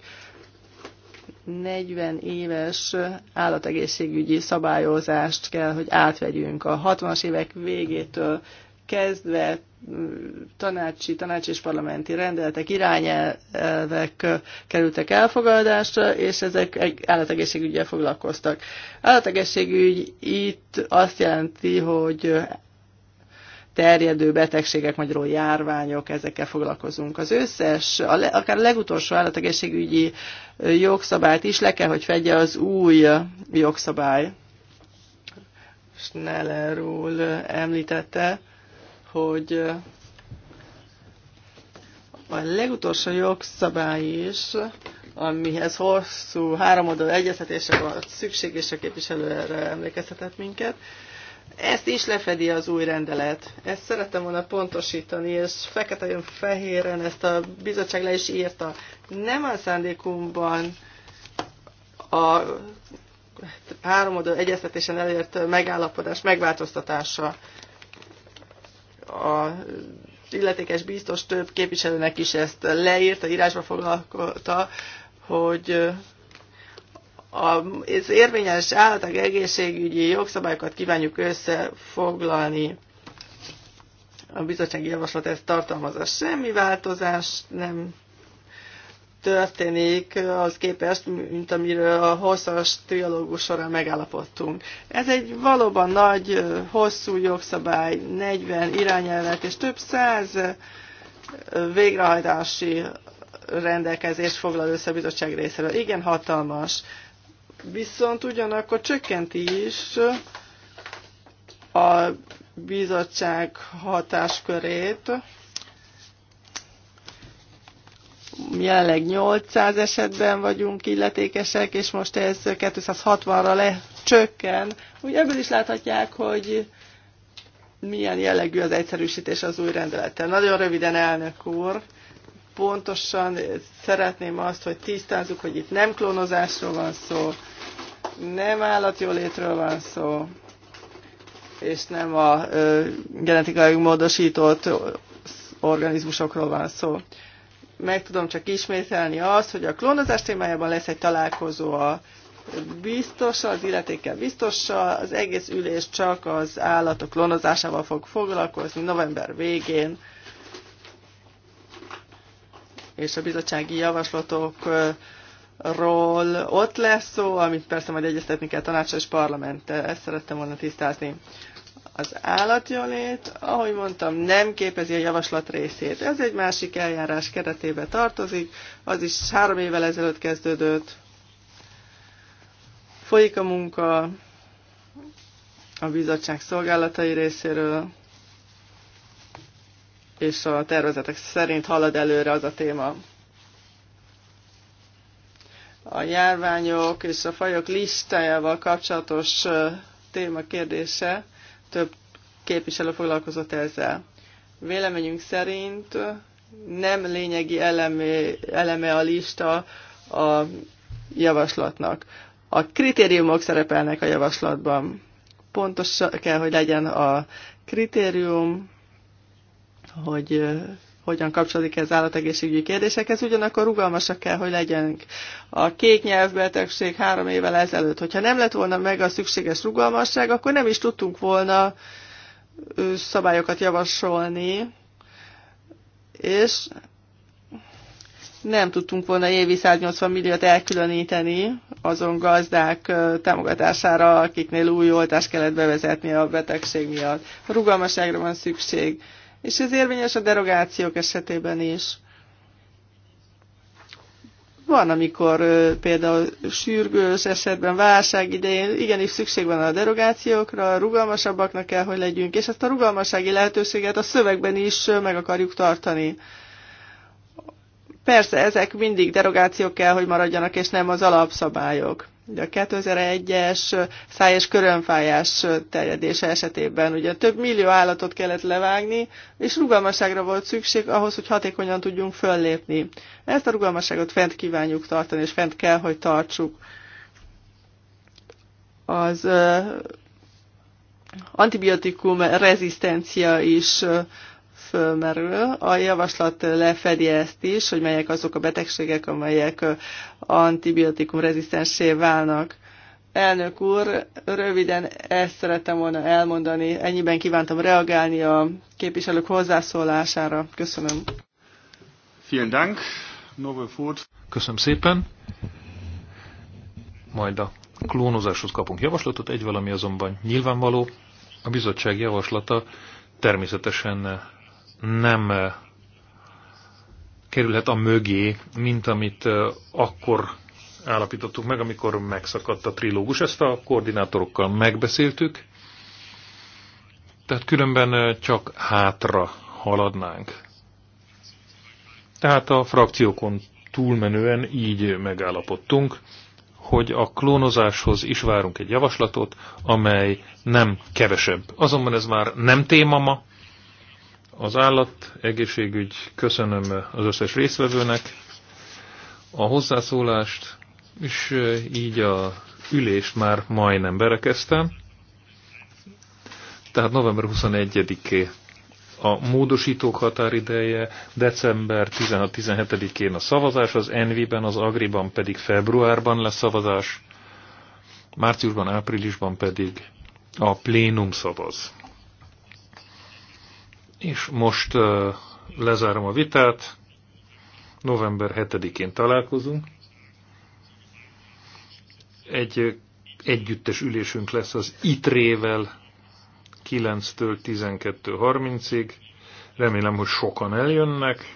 40 éves állategészségügyi szabályozást kell, hogy átvegyünk. A 60-as évek végétől kezdve tanácsi, tanácsi és parlamenti rendeletek, irányelvek kerültek elfogadásra, és ezek állategészségügyel foglalkoztak. Állategészségügy itt azt jelenti, hogy terjedő betegségek, magyarul járványok, ezekkel foglalkozunk. Az összes, a le, akár a legutolsó állategészségügyi jogszabályt is le kell, hogy fedje az új jogszabály. Schneller említette, hogy a legutolsó jogszabály is, amihez hosszú háromadó egyeztetésre volt szükség, és a képviselő erre emlékeztetett minket, ezt is lefedi az új rendelet. Ezt szerettem volna pontosítani, és jön fehéren ezt a bizottság le is írta. Nem a szándékunkban a háromadó egyeztetésen elért megállapodás megváltoztatása a illetékes biztos több képviselőnek is ezt leírta, írásba foglalkozta, hogy az érvényes állatok egészségügyi jogszabályokat kívánjuk összefoglalni. A bizottsági javaslat ezt tartalmazza. Semmi változás nem történik az képest, mint amiről a hosszas trialógus során megállapodtunk. Ez egy valóban nagy, hosszú jogszabály, 40 irányelvet és több száz végrehajtási rendelkezés foglal össze a bizottság részéről. Igen, hatalmas. Viszont ugyanakkor csökkenti is a bizottság hatáskörét, jelenleg 800 esetben vagyunk illetékesek, és most ez 260-ra lecsökken. Úgy ebből is láthatják, hogy milyen jellegű az egyszerűsítés az új rendelettel. Nagyon röviden, elnök úr, pontosan szeretném azt, hogy tisztázzuk, hogy itt nem klónozásról van szó, nem állatjólétről van szó, és nem a ö, genetikailag módosított organizmusokról van szó meg tudom csak ismételni azt, hogy a klónozás témájában lesz egy találkozó a biztossal, az illetékkel biztossal, az egész ülés csak az állatok klónozásával fog foglalkozni november végén, és a bizottsági javaslatokról ott lesz szó, amit persze majd egyeztetni kell tanácsos parlamenttel, ezt szerettem volna tisztázni. Az állatjólét, ahogy mondtam, nem képezi a javaslat részét. Ez egy másik eljárás keretébe tartozik, az is három évvel ezelőtt kezdődött. Folyik a munka a bizottság szolgálatai részéről, és a tervezetek szerint halad előre az a téma. A járványok és a fajok listájával kapcsolatos téma kérdése több képviselő foglalkozott ezzel. Véleményünk szerint nem lényegi eleme, eleme a lista a javaslatnak. A kritériumok szerepelnek a javaslatban. Pontos kell, hogy legyen a kritérium, hogy hogyan kapcsolódik ez állategészségügyi kérdésekhez, ugyanakkor rugalmasak kell, hogy legyenek. A kék nyelvbetegség három évvel ezelőtt, hogyha nem lett volna meg a szükséges rugalmasság, akkor nem is tudtunk volna szabályokat javasolni, és nem tudtunk volna évi 180 milliót elkülöníteni azon gazdák támogatására, akiknél új oltást kellett bevezetni a betegség miatt. Rugalmaságra van szükség és ez érvényes a derogációk esetében is. Van, amikor például sürgős esetben, válság idején igenis szükség van a derogációkra, rugalmasabbaknak kell, hogy legyünk, és ezt a rugalmassági lehetőséget a szövegben is meg akarjuk tartani. Persze, ezek mindig derogációk kell, hogy maradjanak, és nem az alapszabályok. Ugye a 2001-es száj és körönfájás terjedése esetében ugye több millió állatot kellett levágni, és rugalmasságra volt szükség ahhoz, hogy hatékonyan tudjunk föllépni. Ezt a rugalmasságot fent kívánjuk tartani, és fent kell, hogy tartsuk. Az uh, antibiotikum rezisztencia is uh, fölmerül. A javaslat lefedi ezt is, hogy melyek azok a betegségek, amelyek antibiotikum rezisztensé válnak. Elnök úr, röviden ezt szerettem volna elmondani. Ennyiben kívántam reagálni a képviselők hozzászólására. Köszönöm. Vielen Dank. Köszönöm szépen. Majd a klónozáshoz kapunk javaslatot, egy valami azonban nyilvánvaló, a bizottság javaslata természetesen nem eh, kerülhet a mögé, mint amit eh, akkor állapítottuk meg, amikor megszakadt a trilógus. Ezt a koordinátorokkal megbeszéltük, tehát különben eh, csak hátra haladnánk. Tehát a frakciókon túlmenően így megállapodtunk, hogy a klónozáshoz is várunk egy javaslatot, amely nem kevesebb. Azonban ez már nem téma ma, az állat egészségügy, köszönöm az összes részvevőnek a hozzászólást, és így a ülést már majdnem berekeztem. Tehát november 21-é a módosítók határideje, december 16-17-én a szavazás, az Envi-ben, az Agriban pedig februárban lesz szavazás, márciusban, áprilisban pedig a plénum szavaz. És most lezárom a vitát. November 7-én találkozunk. Egy együttes ülésünk lesz az ITRÉ-vel 9-től 12.30-ig. Remélem, hogy sokan eljönnek.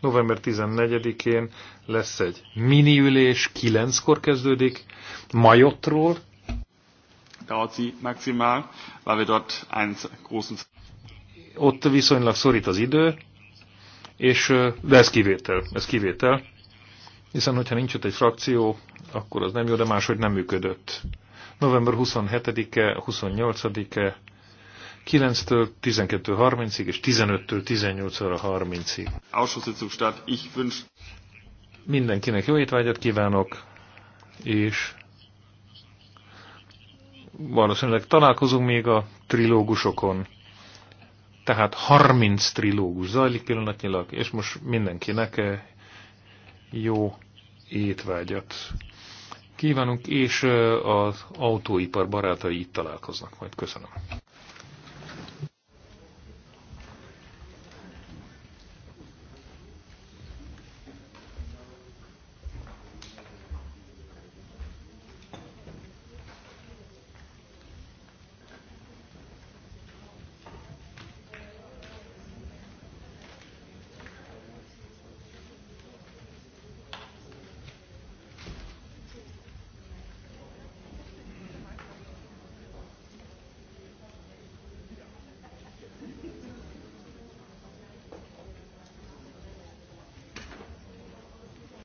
November 14-én lesz egy mini ülés, 9-kor kezdődik, Majotról. Dauci, maximál, maximal, weil wir dort einen großen ott viszonylag szorít az idő, és, de ez kivétel, ez kivétel, hiszen hogyha nincs ott egy frakció, akkor az nem jó, de máshogy nem működött. November 27-e, 28-e, 9-től 12.30-ig és 15-től 18 30-ig. ich wünsch... Mindenkinek jó étvágyat kívánok, és valószínűleg találkozunk még a trilógusokon. Tehát 30 trilógus zajlik pillanatnyilag, és most mindenkinek eh, jó étvágyat kívánunk, és eh, az autóipar barátai itt találkoznak majd. Köszönöm.